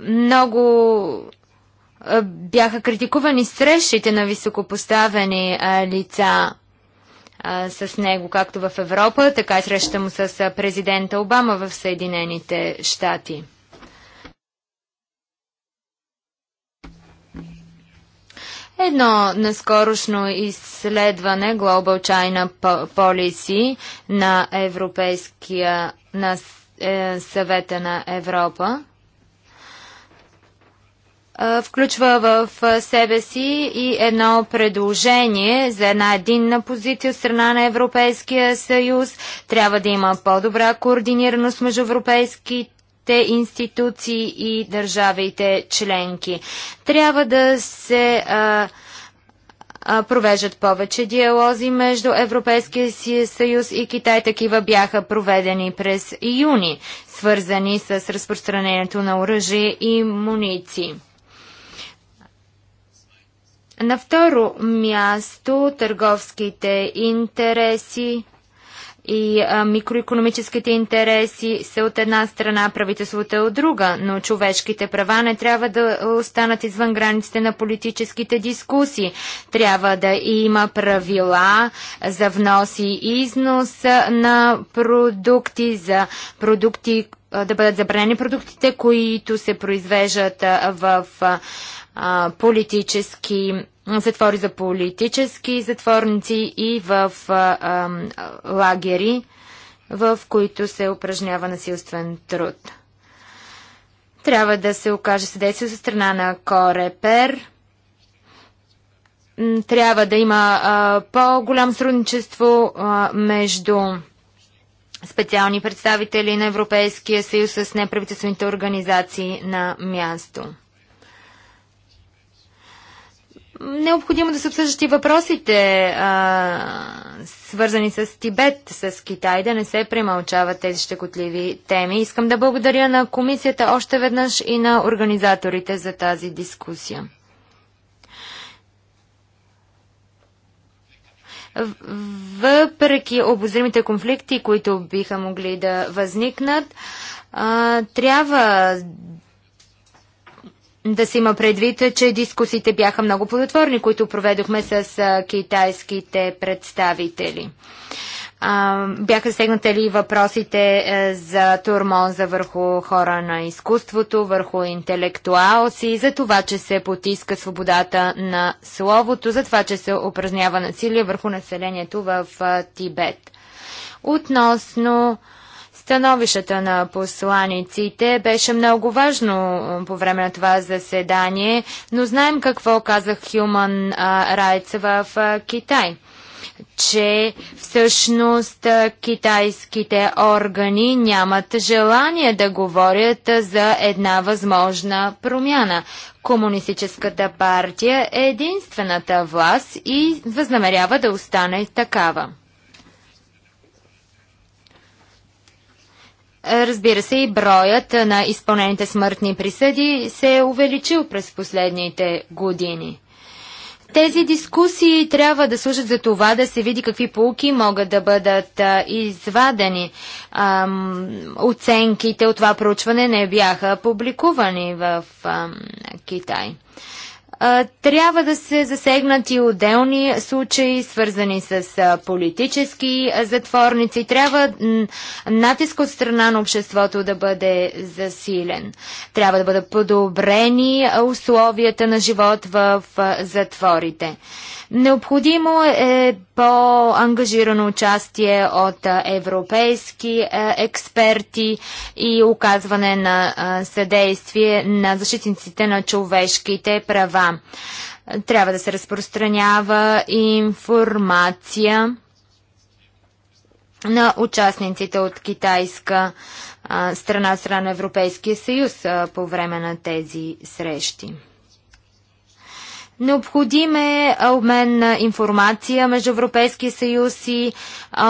много бяха критикувани срещите на високопоставени лица с него, както в Европа, така и среща му с президента Обама в Съединените щати. Едно наскорошно изследване Global China Policy на Европейския на е, съвета на Европа включва в себе си и едно предложение за една единна позиция от страна на Европейския съюз. Трябва да има по-добра координираност между европейските институции и държавите членки. Трябва да се а, провежат повече диалози между Европейския съюз и Китай. Такива бяха проведени през юни, свързани с разпространението на оръжие и муниции. На второ място търговските интереси и микроекономическите интереси са от една страна, правителството е от друга, но човешките права не трябва да останат извън границите на политическите дискусии. Трябва да има правила за внос и износ на продукти, за продукти да бъдат забранени продуктите, които се произвеждат в политически затвори за политически затворници и в а, а, лагери, в които се упражнява насилствен труд. Трябва да се окаже съдействие за страна на Корепер. Трябва да има по-голям а, между специални представители на Европейския съюз с неправителствените организации на място. Необходимо да се обсъждат и въпросите, а, свързани с Тибет, с Китай, да не се премълчават тези щекотливи теми. Искам да благодаря на комисията още веднъж и на организаторите за тази дискусия. Въпреки обозримите конфликти, които биха могли да възникнат, а, трябва да се има предвид, че дискусите бяха много плодотворни, които проведохме с китайските представители. А, бяха стегнати ли въпросите е, за турмоза върху хора на изкуството, върху интелектуалци, за това, че се потиска свободата на словото, за това, че се упражнява насилие върху населението в Тибет. Относно Становищата на посланиците беше много важно по време на това заседание, но знаем какво каза Human Rights в Китай че всъщност китайските органи нямат желание да говорят за една възможна промяна. Комунистическата партия е единствената власт и възнамерява да остане такава. Разбира се, и броят на изпълнените смъртни присъди се е увеличил през последните години. Тези дискусии трябва да служат за това да се види какви полуки могат да бъдат а, извадени. Ам, оценките от това проучване не бяха публикувани в ам, Китай. Трябва да се засегнат и отделни случаи, свързани с политически затворници. Трябва натиск от страна на обществото да бъде засилен. Трябва да бъдат подобрени условията на живот в затворите. Необходимо е по-ангажирано участие от европейски експерти и оказване на съдействие на защитниците на човешките права. Трябва да се разпространява информация на участниците от китайска страна, страна на Европейския съюз по време на тези срещи. Необходим е обмен на информация между Европейския съюз и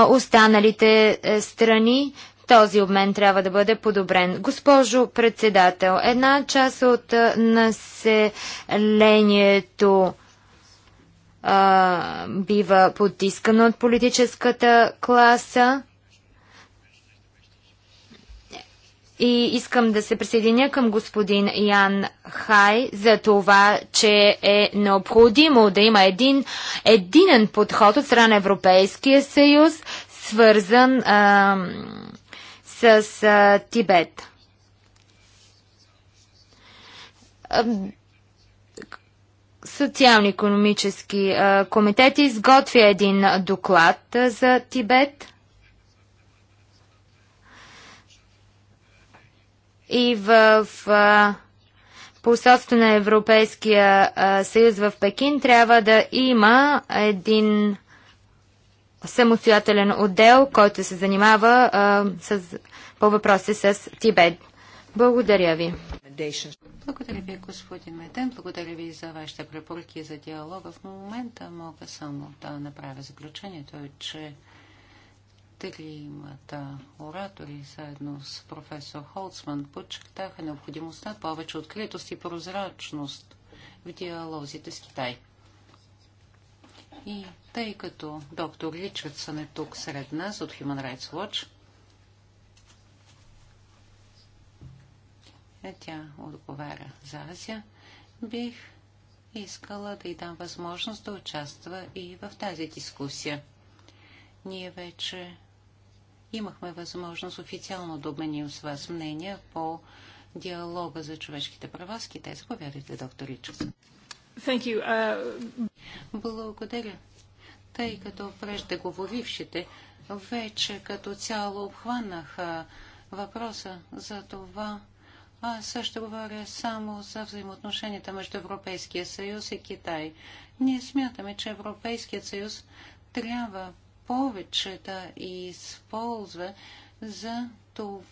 останалите е, страни. Този обмен трябва да бъде подобрен. Госпожо председател, една част от населението а, бива потискано от политическата класа. И искам да се присъединя към господин Ян Хай за това, че е необходимо да има един единен подход от страна Европейския съюз, свързан а, с а, Тибет. Социално-економически комитет изготвя един доклад за Тибет – и в посолство на Европейския съюз в Пекин трябва да има един самостоятелен отдел, който се занимава а, с, по въпроси с Тибет. Благодаря ви. Благодаря ви, господин Метен. Благодаря ви за вашите препоръки за диалога. В момента мога само да направя заключението, е, че Тримата оратори, заедно с професор Холцман, подчертаха необходимостта повече откритост и прозрачност в диалозите с Китай. И тъй като доктор Ричардсън е тук сред нас от Human Rights Watch, е, тя отговаря за Азия, бих искала да й дам възможност да участва и в тази дискусия. Ние вече имахме възможност официално да обменим с вас мнения по диалога за човешките права с Китай. Заповядайте, доктор Ричардсън. Uh... Благодаря. Тъй като преждеговорившите вече като цяло обхванаха въпроса за това, А също говоря само за взаимоотношенията между Европейския съюз и Китай. Ние смятаме, че Европейският съюз трябва повече да използва за това,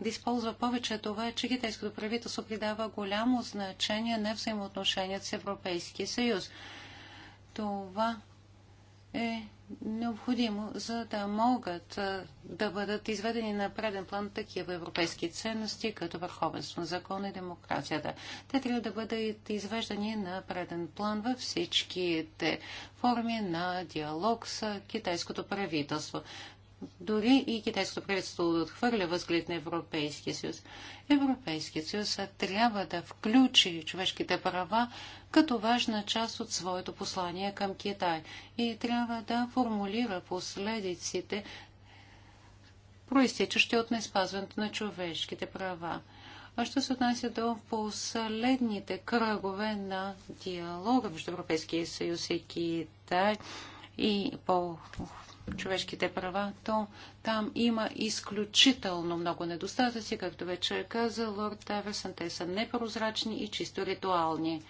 да използва повече това, че китайското правителство придава голямо значение на взаимоотношенията с Европейския съюз. Това е необходимо, за да могат да бъдат изведени на преден план такива европейски ценности, като върховенство на закона и демокрацията. Те трябва да бъдат извеждани на преден план във всичките форми на диалог с китайското правителство. Дори и китайското правителство да отхвърля възглед на Европейския съюз. Европейският съюз трябва да включи човешките права като важна част от своето послание към Китай и трябва да формулира последиците, проистичащи от неспазването на човешките права. А що се отнася до последните кръгове на диалога между Европейския съюз и Китай и по човешките права, то там има изключително много недостатъци, както вече е казал Лорд Таверсън. Те са непрозрачни и чисто ритуални.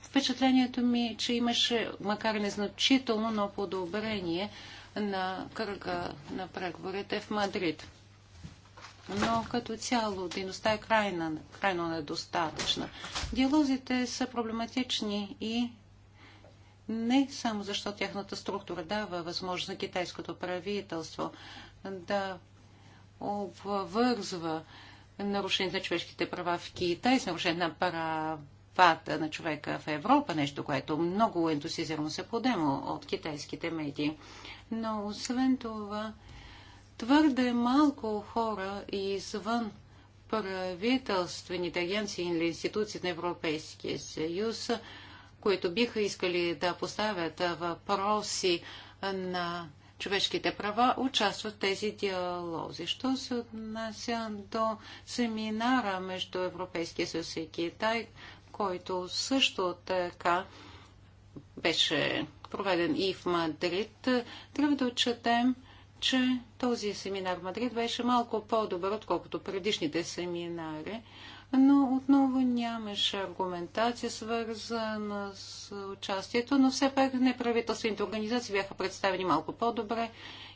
Впечатлението ми е, че имаше, макар и незначително, но подобрение на кръга на преговорите в Мадрид. Но като цяло дейността е крайна, крайно недостатъчна. Диалозите са проблематични и не само защото тяхната структура дава възможност на китайското правителство да обвързва нарушението на човешките права в Китай с нарушение на правата на човека в Европа, нещо, което много ентусиазирано се подема от китайските медии. Но освен това, твърде малко хора извън правителствените агенции или институции на Европейския съюз които биха искали да поставят въпроси на човешките права, участват в тези диалози. Що се отнася до семинара между Европейския съюз и Китай, който също така беше проведен и в Мадрид, трябва да отчетем, че този семинар в Мадрид беше малко по-добър, отколкото предишните семинари но отново нямаше аргументация свързана с участието, но все пак неправителствените организации бяха представени малко по-добре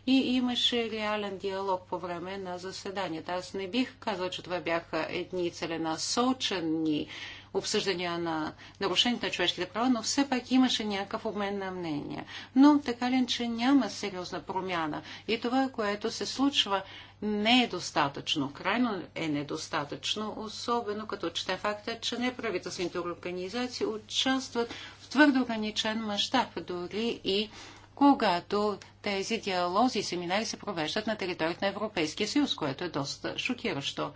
и имаше реален диалог по време на заседанията. Аз не бих казал, че това бяха едни целенасочени обсъждания на нарушението на човешките права, но все пак имаше някакъв обмен на мнения. Но така ли, че няма сериозна промяна и това, което се случва, не е достатъчно, крайно е недостатъчно, особено като чете факта, че неправителствените организации участват в твърдо ограничен мащаб, дори и когато тези диалози и семинари се провеждат на територията на Европейския съюз, което е доста шокиращо.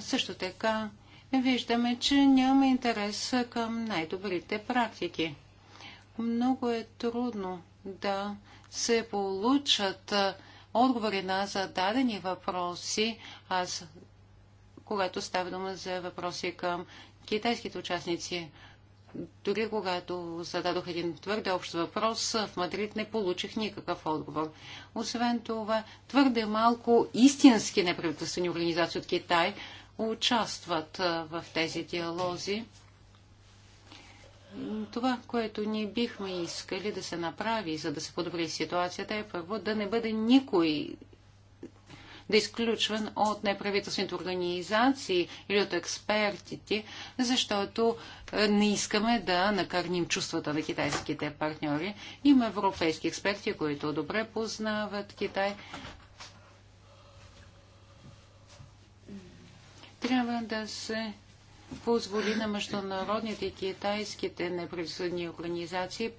Също така виждаме, че няма интерес към най-добрите практики. Много е трудно да се получат отговори на зададени въпроси. Аз, когато става дума за въпроси към китайските участници, дори когато зададох един твърде общ въпрос, в Мадрид не получих никакъв отговор. Освен това, твърде малко истински неправителствени организации от Китай участват в тези диалози. Това, което ние бихме искали да се направи, за да се подобри ситуацията, е първо да не бъде никой да е изключван от неправителствените организации или от експертите, защото не искаме да накърним чувствата на китайските партньори. Има европейски експерти, които добре познават Китай, Трябва да се позволи на международните и китайските неправителствени организации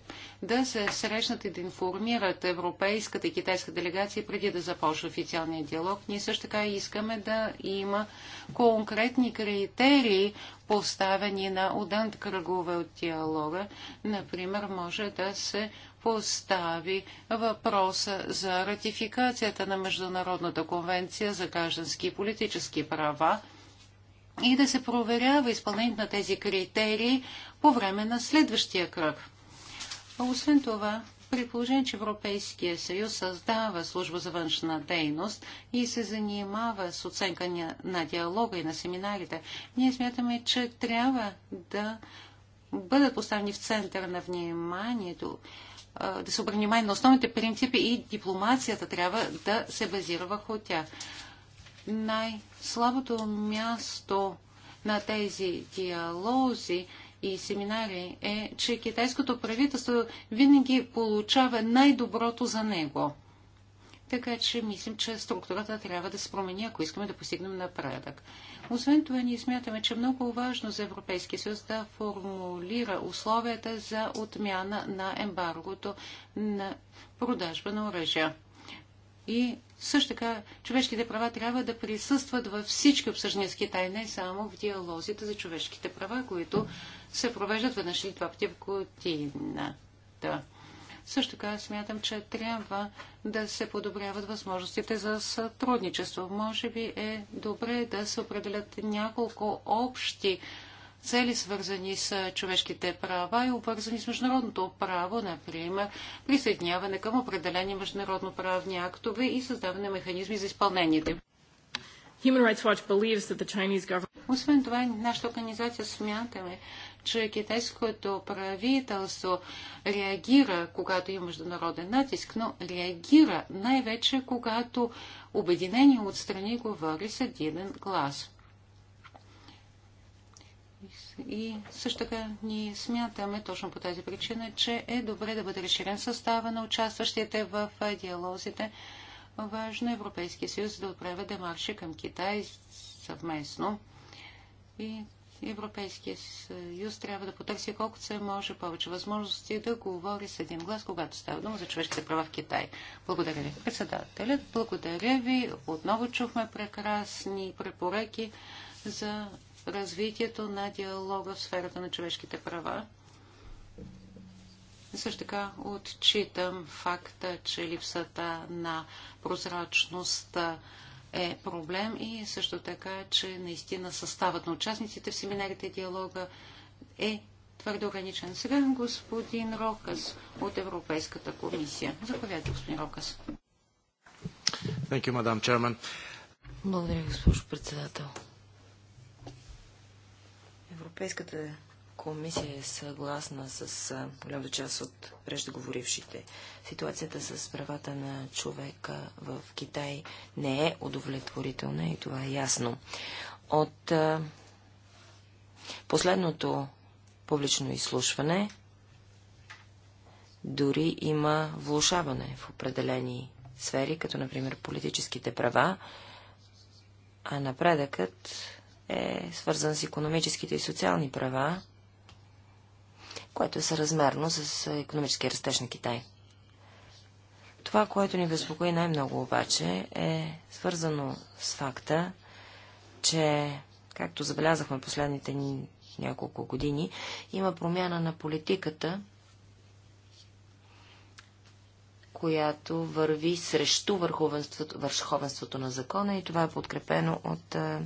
да се срещнат и да информират европейската и китайска делегация преди да започне официалния диалог. Ние също така искаме да има конкретни критерии, поставени на отделните кръгове от диалога. Например, може да се постави въпроса за ратификацията на Международната конвенция за граждански и политически права – и да се проверява изпълнението на тези критерии по време на следващия кръг. Освен това, при положение, че Европейския съюз създава служба за външна дейност и се занимава с оценка на диалога и на семинарите, ние смятаме, че трябва да бъдат поставени в център на вниманието, да се обърне внимание на основните принципи и дипломацията трябва да се базира върху тях най-слабото място на тези диалози и семинари е, че китайското правителство винаги получава най-доброто за него. Така че мислим, че структурата трябва да се промени, ако искаме да постигнем напредък. Освен това, ние смятаме, че е много важно за Европейския съюз да формулира условията за отмяна на ембаргото на продажба на оръжия. И също така, човешките права трябва да присъстват във всички обсъждания с Китай, не само в диалозите за човешките права, които се провеждат веднъж или два пъти в годината. Също така смятам, че трябва да се подобряват възможностите за сътрудничество. Може би е добре да се определят няколко общи цели, свързани с човешките права и обвързани с международното право, например, присъединяване към определени международно-правни актове и създаване на механизми за изпълнението. Human Rights Watch believes that the Chinese Government... Освен това, нашата организация смятаме, че китайското правителство реагира, когато има международен натиск, но реагира най-вече, когато обединение от страни говори с един глас. И също така ние смятаме точно по тази причина, че е добре да бъде разширен състава на участващите в диалозите. Важно е Европейския съюз да отправя демарши към Китай съвместно. И Европейския съюз трябва да потърси колкото се може повече възможности да говори с един глас, когато става дума за човешките права в Китай. Благодаря ви, председателят. Благодаря ви. Отново чухме прекрасни препоръки за развитието на диалога в сферата на човешките права. Също така отчитам факта, че липсата на прозрачност е проблем и също така, че наистина съставът на участниците в семинарите диалога е твърде ограничен. Сега господин Рокас от Европейската комисия. Заповядайте, господин Рокас. Thank you, Благодаря, госпожо председател. Европейската комисия е съгласна с голямата част от преждеговорившите. Ситуацията с правата на човека в Китай не е удовлетворителна и това е ясно. От последното публично изслушване дори има влушаване в определени сфери, като например политическите права, а напредъкът е свързан с економическите и социални права, което е съразмерно с е, економическия растеж на Китай. Това, което ни безпокои най-много обаче, е свързано с факта, че, както забелязахме последните ни няколко години, има промяна на политиката, която върви срещу върховенството, върховенството на закона и това е подкрепено от е,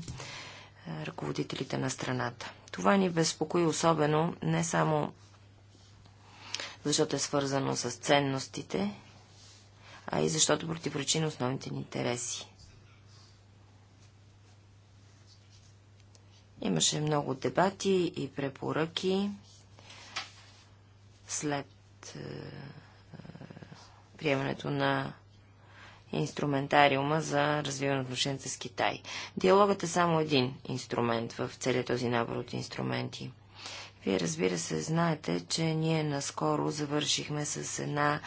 е, ръководителите на страната. Това ни безпокои особено не само защото е свързано с ценностите, а и защото противоречи на основните ни интереси. Имаше много дебати и препоръки след е, е, приемането на инструментариума за развиване на отношенията с Китай. Диалогът е само един инструмент в целият този набор от инструменти. Вие, разбира се, знаете, че ние наскоро завършихме с една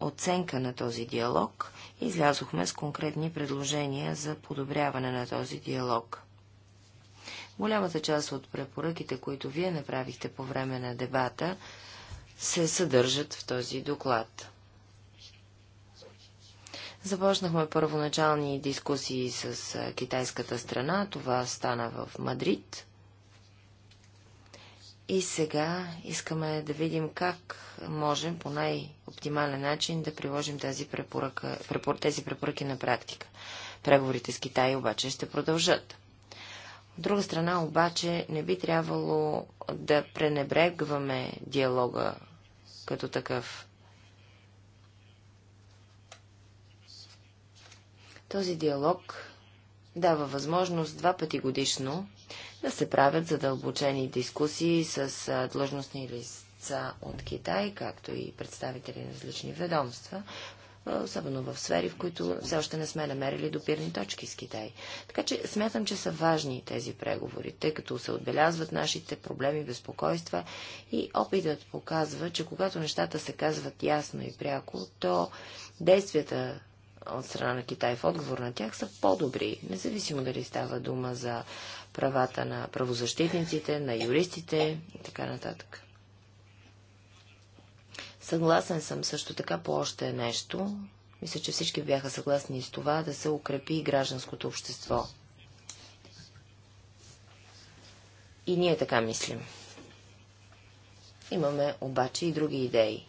оценка на този диалог и излязохме с конкретни предложения за подобряване на този диалог. Голямата част от препоръките, които вие направихте по време на дебата, се съдържат в този доклад. Започнахме първоначални дискусии с китайската страна. Това стана в Мадрид. И сега искаме да видим как можем по най-оптимален начин да приложим тази препоръка, препор, тези препоръки на практика. Преговорите с Китай обаче ще продължат. От друга страна обаче не би трябвало да пренебрегваме диалога като такъв. Този диалог дава възможност два пъти годишно да се правят задълбочени дискусии с длъжностни лица от Китай, както и представители на различни ведомства, особено в сфери, в които все още не сме намерили допирни точки с Китай. Така че смятам, че са важни тези преговори, тъй като се отбелязват нашите проблеми, безпокойства и опитът показва, че когато нещата се казват ясно и пряко, то действията от страна на Китай в отговор на тях са по-добри, независимо дали става дума за правата на правозащитниците, на юристите и така нататък. Съгласен съм също така по още нещо. Мисля, че всички бяха съгласни с това да се укрепи гражданското общество. И ние така мислим. Имаме обаче и други идеи.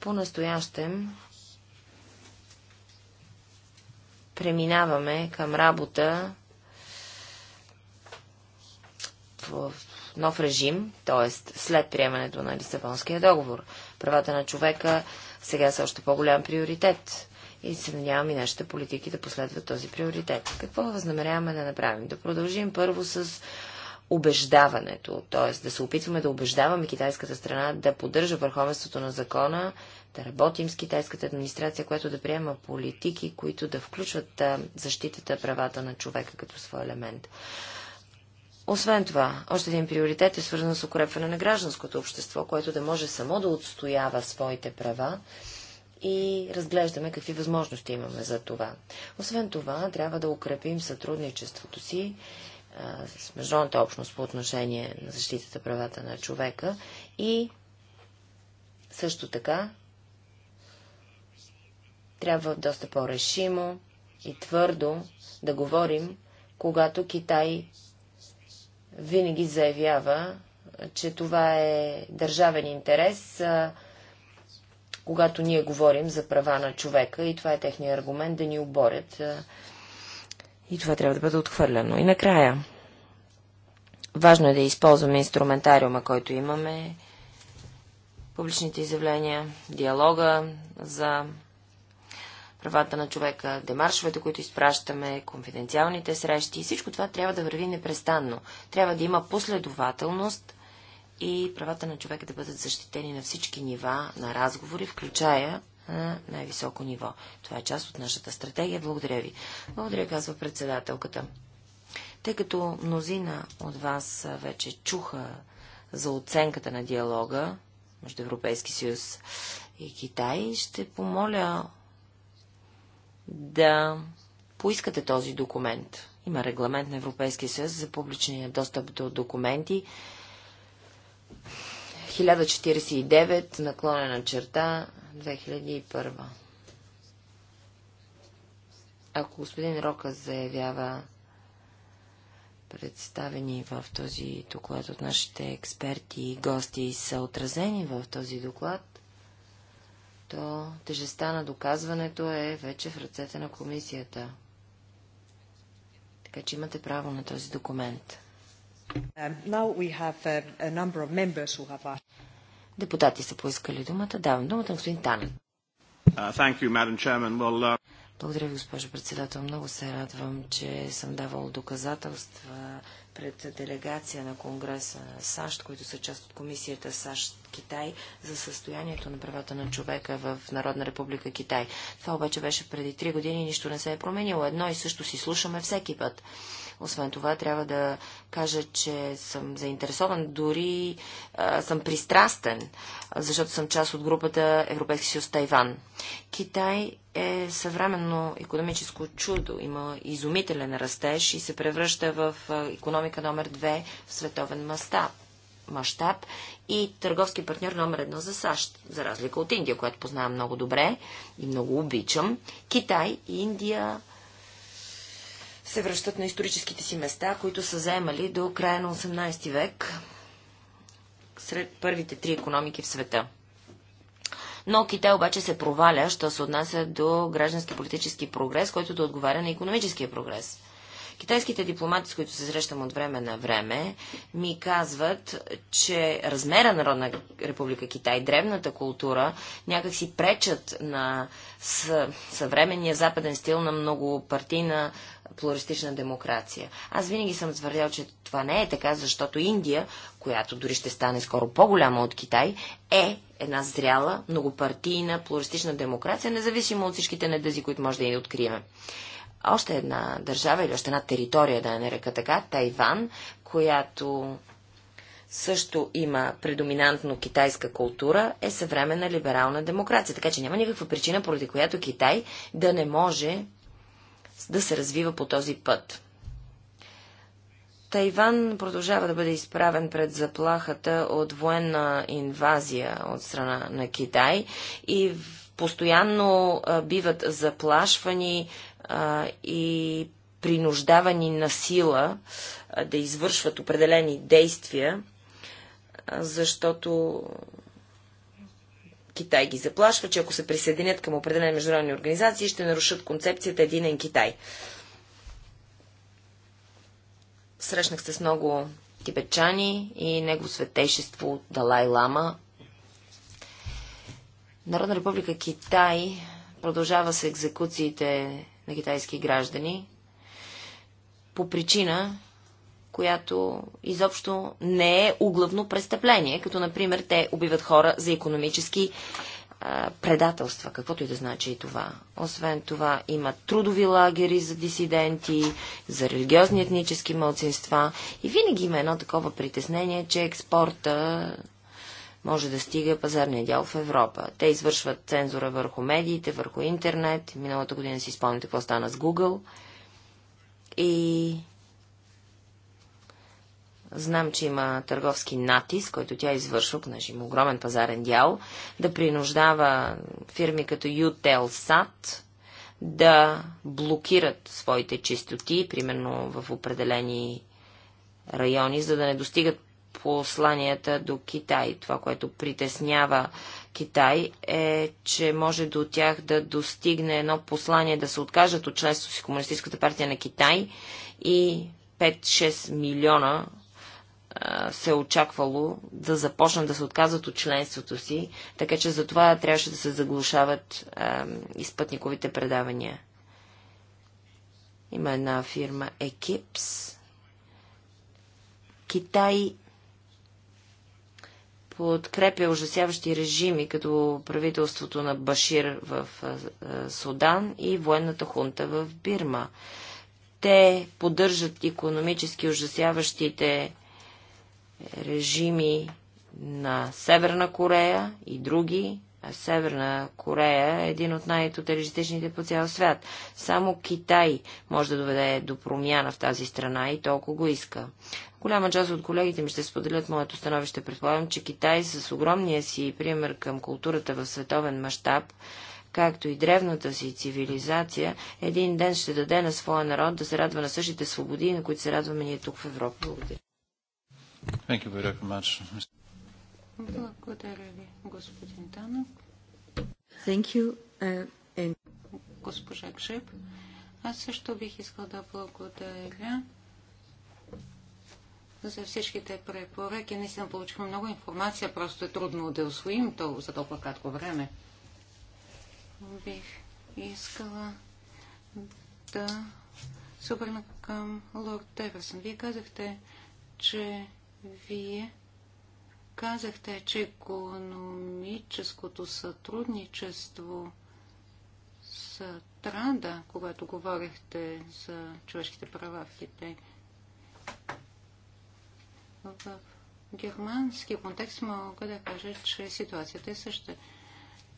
По-настоящем преминаваме към работа в нов режим, т.е. след приемането на Лисабонския договор. Правата на човека сега са още по-голям приоритет и се надявам и нашите политики да последват този приоритет. Какво възнамеряваме да направим? Да продължим първо с убеждаването, т.е. да се опитваме да убеждаваме китайската страна да поддържа върховенството на закона, да работим с китайската администрация, която да приема политики, които да включват защитата правата на човека като свой елемент. Освен това, още един приоритет е свързан с укрепване на гражданското общество, което да може само да отстоява своите права и разглеждаме какви възможности имаме за това. Освен това, трябва да укрепим сътрудничеството си с международната общност по отношение на защитата правата на човека и също така трябва доста по-решимо и твърдо да говорим, когато Китай винаги заявява, че това е държавен интерес, когато ние говорим за права на човека и това е техния аргумент да ни оборят и това трябва да бъде отхвърлено. И накрая, важно е да използваме инструментариума, който имаме, публичните изявления, диалога за правата на човека, демаршовете, които изпращаме, конфиденциалните срещи и всичко това трябва да върви непрестанно. Трябва да има последователност и правата на човека да бъдат защитени на всички нива на разговори, включая на най-високо ниво. Това е част от нашата стратегия. Благодаря ви. Благодаря, казва председателката. Тъй като мнозина от вас вече чуха за оценката на диалога между Европейски съюз и Китай, ще помоля да поискате този документ. Има регламент на Европейския съюз за публичния достъп до документи. 1049 наклонена черта 2001. Ако господин Рока заявява представени в този доклад от нашите експерти и гости са отразени в този доклад, то тежестта на доказването е вече в ръцете на комисията. Така че имате право на този документ. Have, uh, asked... Депутати са поискали думата. Давам думата на господин Танен. Uh, uh, Благодаря ви, госпожо председател. Много се радвам, че съм давал доказателства пред делегация на Конгреса на САЩ, които са част от комисията САЩ-Китай за състоянието на правата на човека в Народна република Китай. Това обаче беше преди три години и нищо не се е променило. Едно и също си слушаме всеки път. Освен това, трябва да кажа, че съм заинтересован, дори а, съм пристрастен, защото съм част от групата Европейски съюз Тайван. Китай е съвременно економическо чудо. Има изумителен растеж и се превръща в економика номер две в световен мащаб мащаб и търговски партньор номер едно за САЩ, за разлика от Индия, която познавам много добре и много обичам. Китай и Индия се връщат на историческите си места, които са заемали до края на 18 век сред първите три економики в света. Но Китай обаче се проваля, що се отнася до граждански политически прогрес, който да отговаря на економическия прогрес. Китайските дипломати, с които се срещам от време на време, ми казват, че размера на Народна република Китай, древната култура, някак си пречат на съвременния западен стил на многопартийна плуристична демокрация. Аз винаги съм твърдял, че това не е така, защото Индия, която дори ще стане скоро по-голяма от Китай, е една зряла, многопартийна, плуристична демокрация, независимо от всичките недъзи, които може да я открием. Още една държава или още една територия, да я нарека така, Тайван, която също има предоминантно китайска култура, е съвременна либерална демокрация. Така че няма никаква причина, поради която Китай да не може да се развива по този път. Тайван продължава да бъде изправен пред заплахата от военна инвазия от страна на Китай и постоянно биват заплашвани и принуждавани на сила да извършват определени действия, защото Китай ги заплашва, че ако се присъединят към определени международни организации, ще нарушат концепцията Единен Китай. Срещнах се с много тибетчани и Него светейшество Далай Лама. Народна република Китай продължава с екзекуциите на китайски граждани по причина, която изобщо не е углавно престъпление, като например те убиват хора за економически а, предателства, каквото и да значи и това. Освен това има трудови лагери за дисиденти, за религиозни етнически мълцинства и винаги има едно такова притеснение, че експорта може да стига пазарния дял в Европа. Те извършват цензура върху медиите, върху интернет. Миналата година си спомните какво стана с Google. И Знам, че има търговски натиск, който тя извършва, понеже има огромен пазарен дял, да принуждава фирми като Utelsat да блокират своите чистоти, примерно в определени райони, за да не достигат посланията до Китай. Това, което притеснява Китай е, че може до тях да достигне едно послание да се откажат от членството си Комунистическата партия на Китай и 5-6 милиона се е очаквало да започнат да се отказват от членството си, така че за това трябваше да се заглушават изпътниковите предавания. Има една фирма Екипс. Китай подкрепя ужасяващи режими, като правителството на Башир в Судан и военната хунта в Бирма. Те поддържат економически ужасяващите режими на Северна Корея и други, а Северна Корея е един от най-тоталистичните по цял свят. Само Китай може да доведе до промяна в тази страна и толкова го иска. Голяма част от колегите ми ще споделят моето становище. Предполагам, че Китай с огромния си пример към културата в световен мащаб, както и древната си цивилизация, един ден ще даде на своя народ да се радва на същите свободи, на които се радваме ние тук в Европа. Благодаря. Thank you very much. Благодаря ви, господин Танов. Thank you. Uh, and... Госпожа Кшеп. Аз също бих искал да благодаря за всичките препоръки. Наистина получихме много информация, просто е трудно да освоим то за толкова кратко време. Бих искала да се обърна към лорд Теверсън. Вие казахте, че вие казахте, че економическото сътрудничество страда, когато говорихте за човешките права в Китай. В германски контекст мога да кажа, че ситуацията е съща.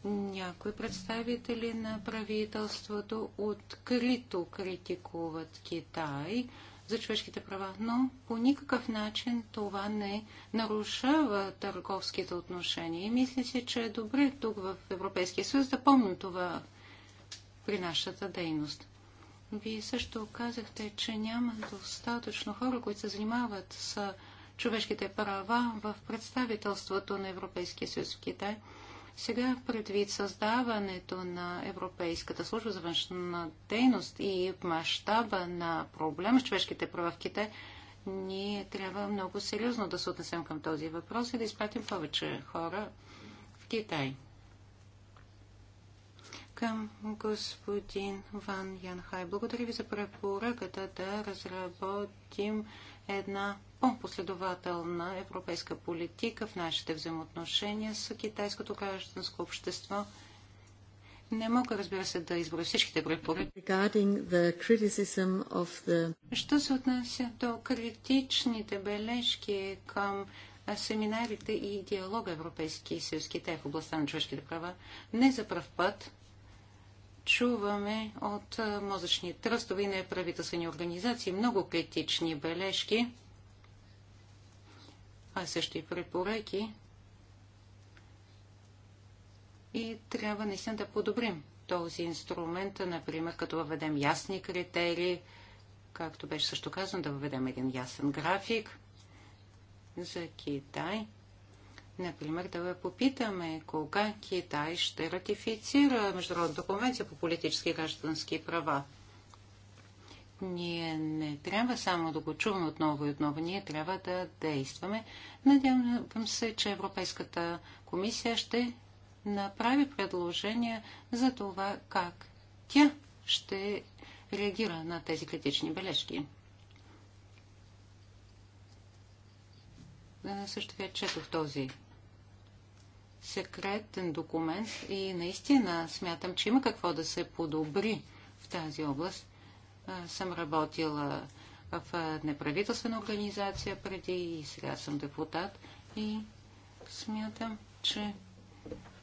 Някои представители на правителството открито критикуват Китай за човешките права, но по никакъв начин това не нарушава търговските отношения. И мисля си, че е добре тук в Европейския съюз да помним това при нашата дейност. Вие също казахте, че няма достатъчно хора, които се занимават с човешките права в представителството на Европейския съюз в Китай. Сега предвид създаването на Европейската служба за външна дейност и мащаба на проблема с човешките права в Китай, ние трябва много сериозно да се отнесем към този въпрос и да изпратим повече хора в Китай. Към господин Ван Янхай. Благодаря ви за препоръката да разработим една по-последователна европейска политика в нашите взаимоотношения с китайското гражданско общество. Не мога, разбира се, да изборя всичките препоръки. Що се отнася до критичните бележки към семинарите и диалога Европейски съюз Китай в областта на човешките права, не за пръв път чуваме от мозъчни тръстове и неправителствени организации много критични бележки, а също и препоръки. И трябва наистина да подобрим този инструмент, например, като въведем ясни критерии, както беше също казано, да въведем един ясен график за Китай – Например, да попитаме кога Китай ще ратифицира Международната конвенция по политически и граждански права. Ние не трябва само да го чуваме отново и отново, ние трябва да действаме. Надявам се, че Европейската комисия ще направи предложения за това как тя ще реагира на тези критични бележки. Също така четох този секретен документ и наистина смятам, че има какво да се подобри в тази област. Съм работила в неправителствена организация преди и сега съм депутат и смятам, че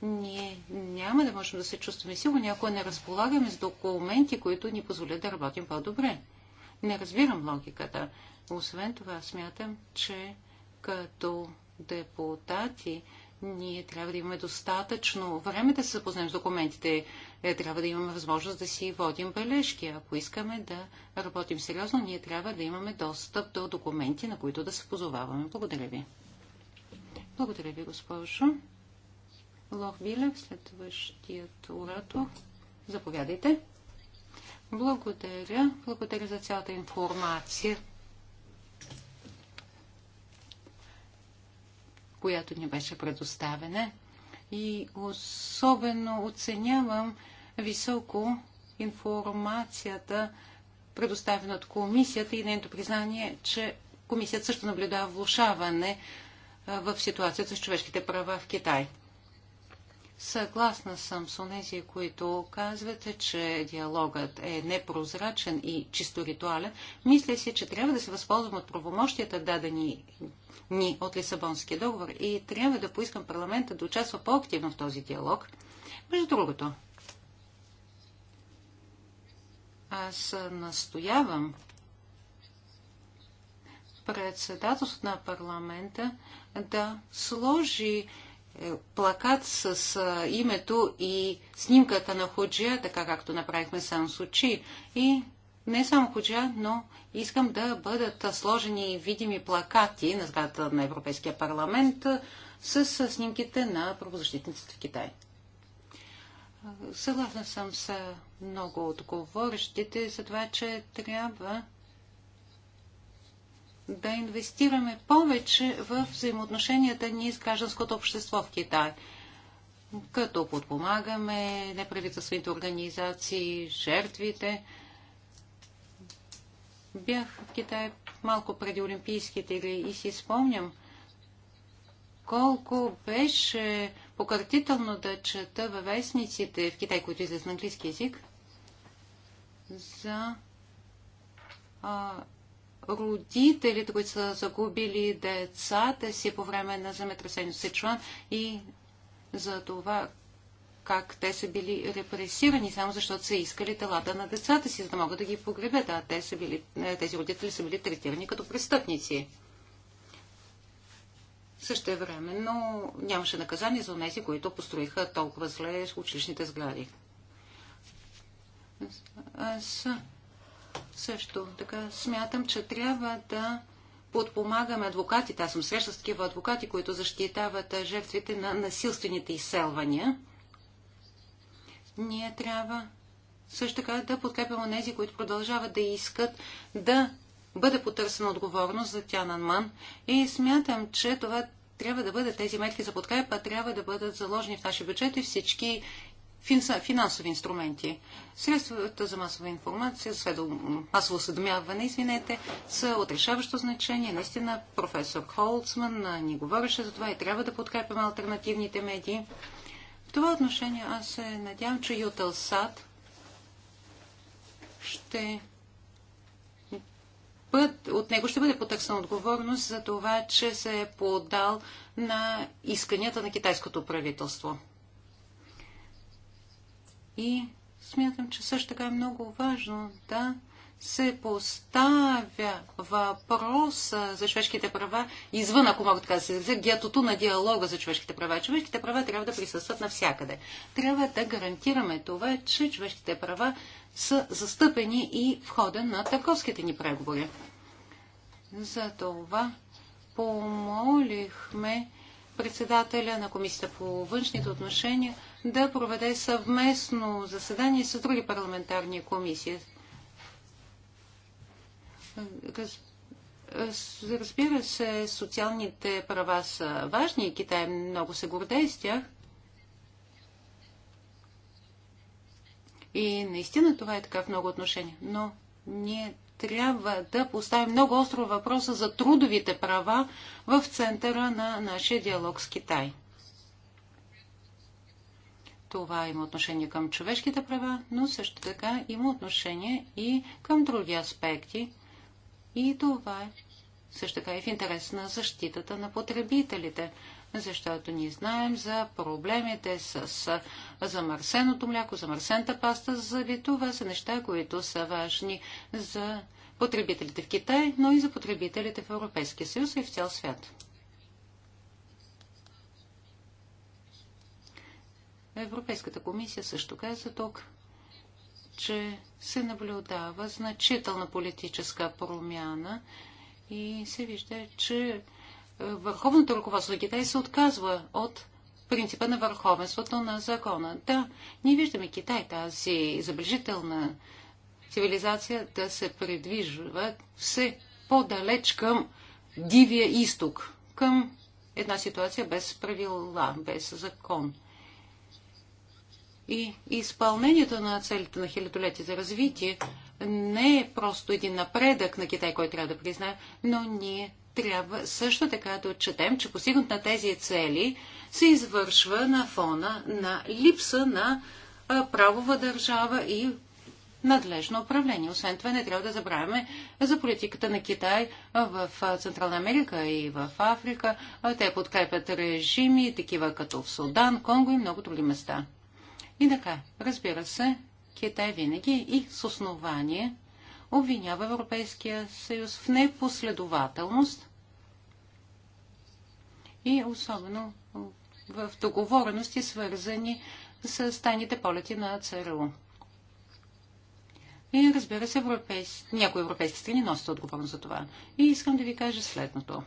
ние няма да можем да се чувстваме сигурни, ако не разполагаме с документи, които ни позволят да работим по-добре. Не разбирам логиката. Освен това, смятам, че като депутати ние трябва да имаме достатъчно време да се запознаем с документите. Е, трябва да имаме възможност да си водим бележки. Ако искаме да работим сериозно, ние трябва да имаме достъп до документи, на които да се позоваваме. Благодаря ви. Благодаря ви, госпожо. Лох Билев, следващият оратор. Заповядайте. Благодаря. Благодаря за цялата информация. която ни беше предоставена. И особено оценявам високо информацията, предоставена от комисията и нейното признание, че комисията също наблюдава влушаване в ситуацията с човешките права в Китай. Съгласна съм с онези, които казвате, че диалогът е непрозрачен и чисто ритуален. Мисля си, че трябва да се възползвам от правомощията дадени ни от Лисабонския договор и трябва да поискам парламента да участва по-активно в този диалог. Между другото, аз настоявам председателството на парламента да сложи е, плакат с името и снимката на Ходжия, така както направихме сам Сучи. И не само Ходжия, но искам да бъдат сложени видими плакати на сградата на Европейския парламент с снимките на правозащитниците в Китай. Съгласна съм с много отговорещите за това, че трябва да инвестираме повече в взаимоотношенията ни с гражданското общество в Китай, като подпомагаме неправителствените организации, жертвите. Бях в Китай малко преди Олимпийските игри и си спомням колко беше пократително да чета във вестниците в Китай, които излезе на английски язик, за а, родителите, които са загубили децата си по време на земетресението чуван. и за това как те са били репресирани, само защото са искали телата на децата си, за да могат да ги погребят. А те са били, е, тези родители са били третирани като престъпници. Също време, но нямаше наказание за тези, които построиха толкова зле училищните сгради. Аз също така смятам, че трябва да подпомагаме адвокатите. Аз съм среща с такива адвокати, които защитават жертвите на насилствените изселвания. Ние трябва също така да подкрепяме тези, които продължават да искат да бъде потърсена отговорност за Тянан Ман. И смятам, че това трябва да бъде, тези метки за подкрепа, трябва да бъдат заложени в нашия бюджет и всички финансови инструменти. Средствата за масова информация, масово съдмяване, извинете, са от решаващо значение. Наистина професор Холцман ни говореше за това и трябва да подкрепяме альтернативните медии. В това отношение аз се надявам, че Ютелсад ще път, от него ще бъде потърсена отговорност за това, че се е подал на исканията на китайското правителство. И смятам, че също така е много важно да се поставя въпрос за човешките права извън, ако мога така да се изразя, гетото на диалога за човешките права. Човешките права трябва да присъстват навсякъде. Трябва да гарантираме това, че човешките права са застъпени и в хода на търговските ни преговори. За това помолихме председателя на Комисията по външните отношения – да проведе съвместно заседание с други парламентарни комисии. Разбира се, социалните права са важни и Китай много се гордее с тях. И наистина това е така в много отношения. Но ние трябва да поставим много остро въпроса за трудовите права в центъра на нашия диалог с Китай. Това има отношение към човешките права, но също така има отношение и към други аспекти. И това е също така и в интерес на защитата на потребителите, защото ние знаем за проблемите с замърсеното мляко, замърсената паста, заради това са неща, които са важни за потребителите в Китай, но и за потребителите в Европейския съюз и в цял свят. Европейската комисия също каза тук, че се наблюдава значителна политическа промяна и се вижда, че е, върховното ръководство на Китай се отказва от принципа на върховенството на закона. Да, ние виждаме Китай, тази забележителна цивилизация, да се придвижва все по-далеч към дивия изток, към една ситуация без правила, без закон. И изпълнението на целите на хилядолетие за развитие не е просто един напредък на Китай, който трябва да признаем, но ние трябва също така да отчетем, че постигнат на тези цели се извършва на фона на липса на правова държава и надлежно управление. Освен това не трябва да забравяме за политиката на Китай в Централна Америка и в Африка. Те подкрепят режими, такива като в Судан, Конго и много други места. И така, разбира се, Китай винаги и с основание обвинява Европейския съюз в непоследователност и особено в договорености, свързани с тайните полети на ЦРУ. И разбира се, европейски, някои европейски страни носят отговорност за това. И искам да ви кажа следното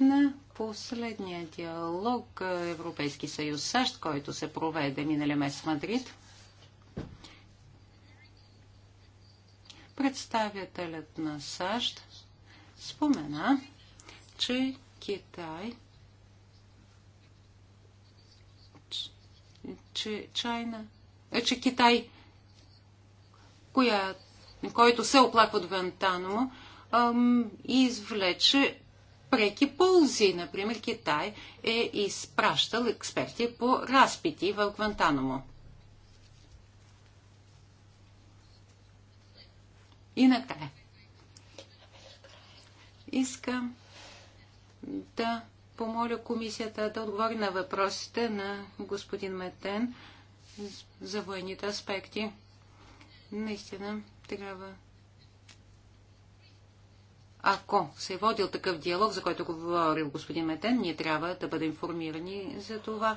на последния диалог е, Европейски съюз САЩ, който се проведе миналия месец в Мадрид. Представителят на САЩ спомена, че Китай че Чайна, е, че Китай, коя, който се оплаква от Вантанамо, извлече преки ползи. Например, Китай е изпращал експерти по разпити в Гвантанамо. И накрая. Искам да помоля комисията да отговори на въпросите на господин Метен за военните аспекти. Наистина трябва ако се е водил такъв диалог, за който говорил господин Метен, ние трябва да бъдем информирани за това.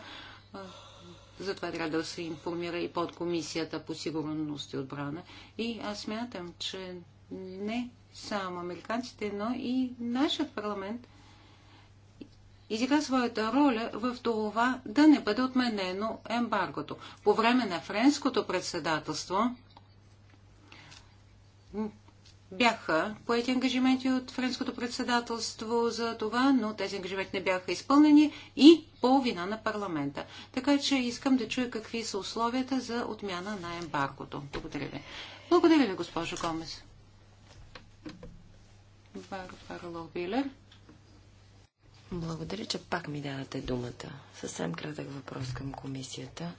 Затова трябва да се информира и под комисията по сигурност и отбрана. И аз смятам, че не само американците, но и нашият парламент изигра своята роля в това да не бъде отменено ембаргото. По време на френското председателство бяха поети ангажименти от френското председателство за това, но тези ангажименти не бяха изпълнени и по вина на парламента. Така че искам да чуя какви са условията за отмяна на ембаркото. Благодаря ви. Благодаря ви, госпожо Гомес. Барбара Лобилер. Благодаря, че пак ми дадате думата. Съвсем кратък въпрос към комисията.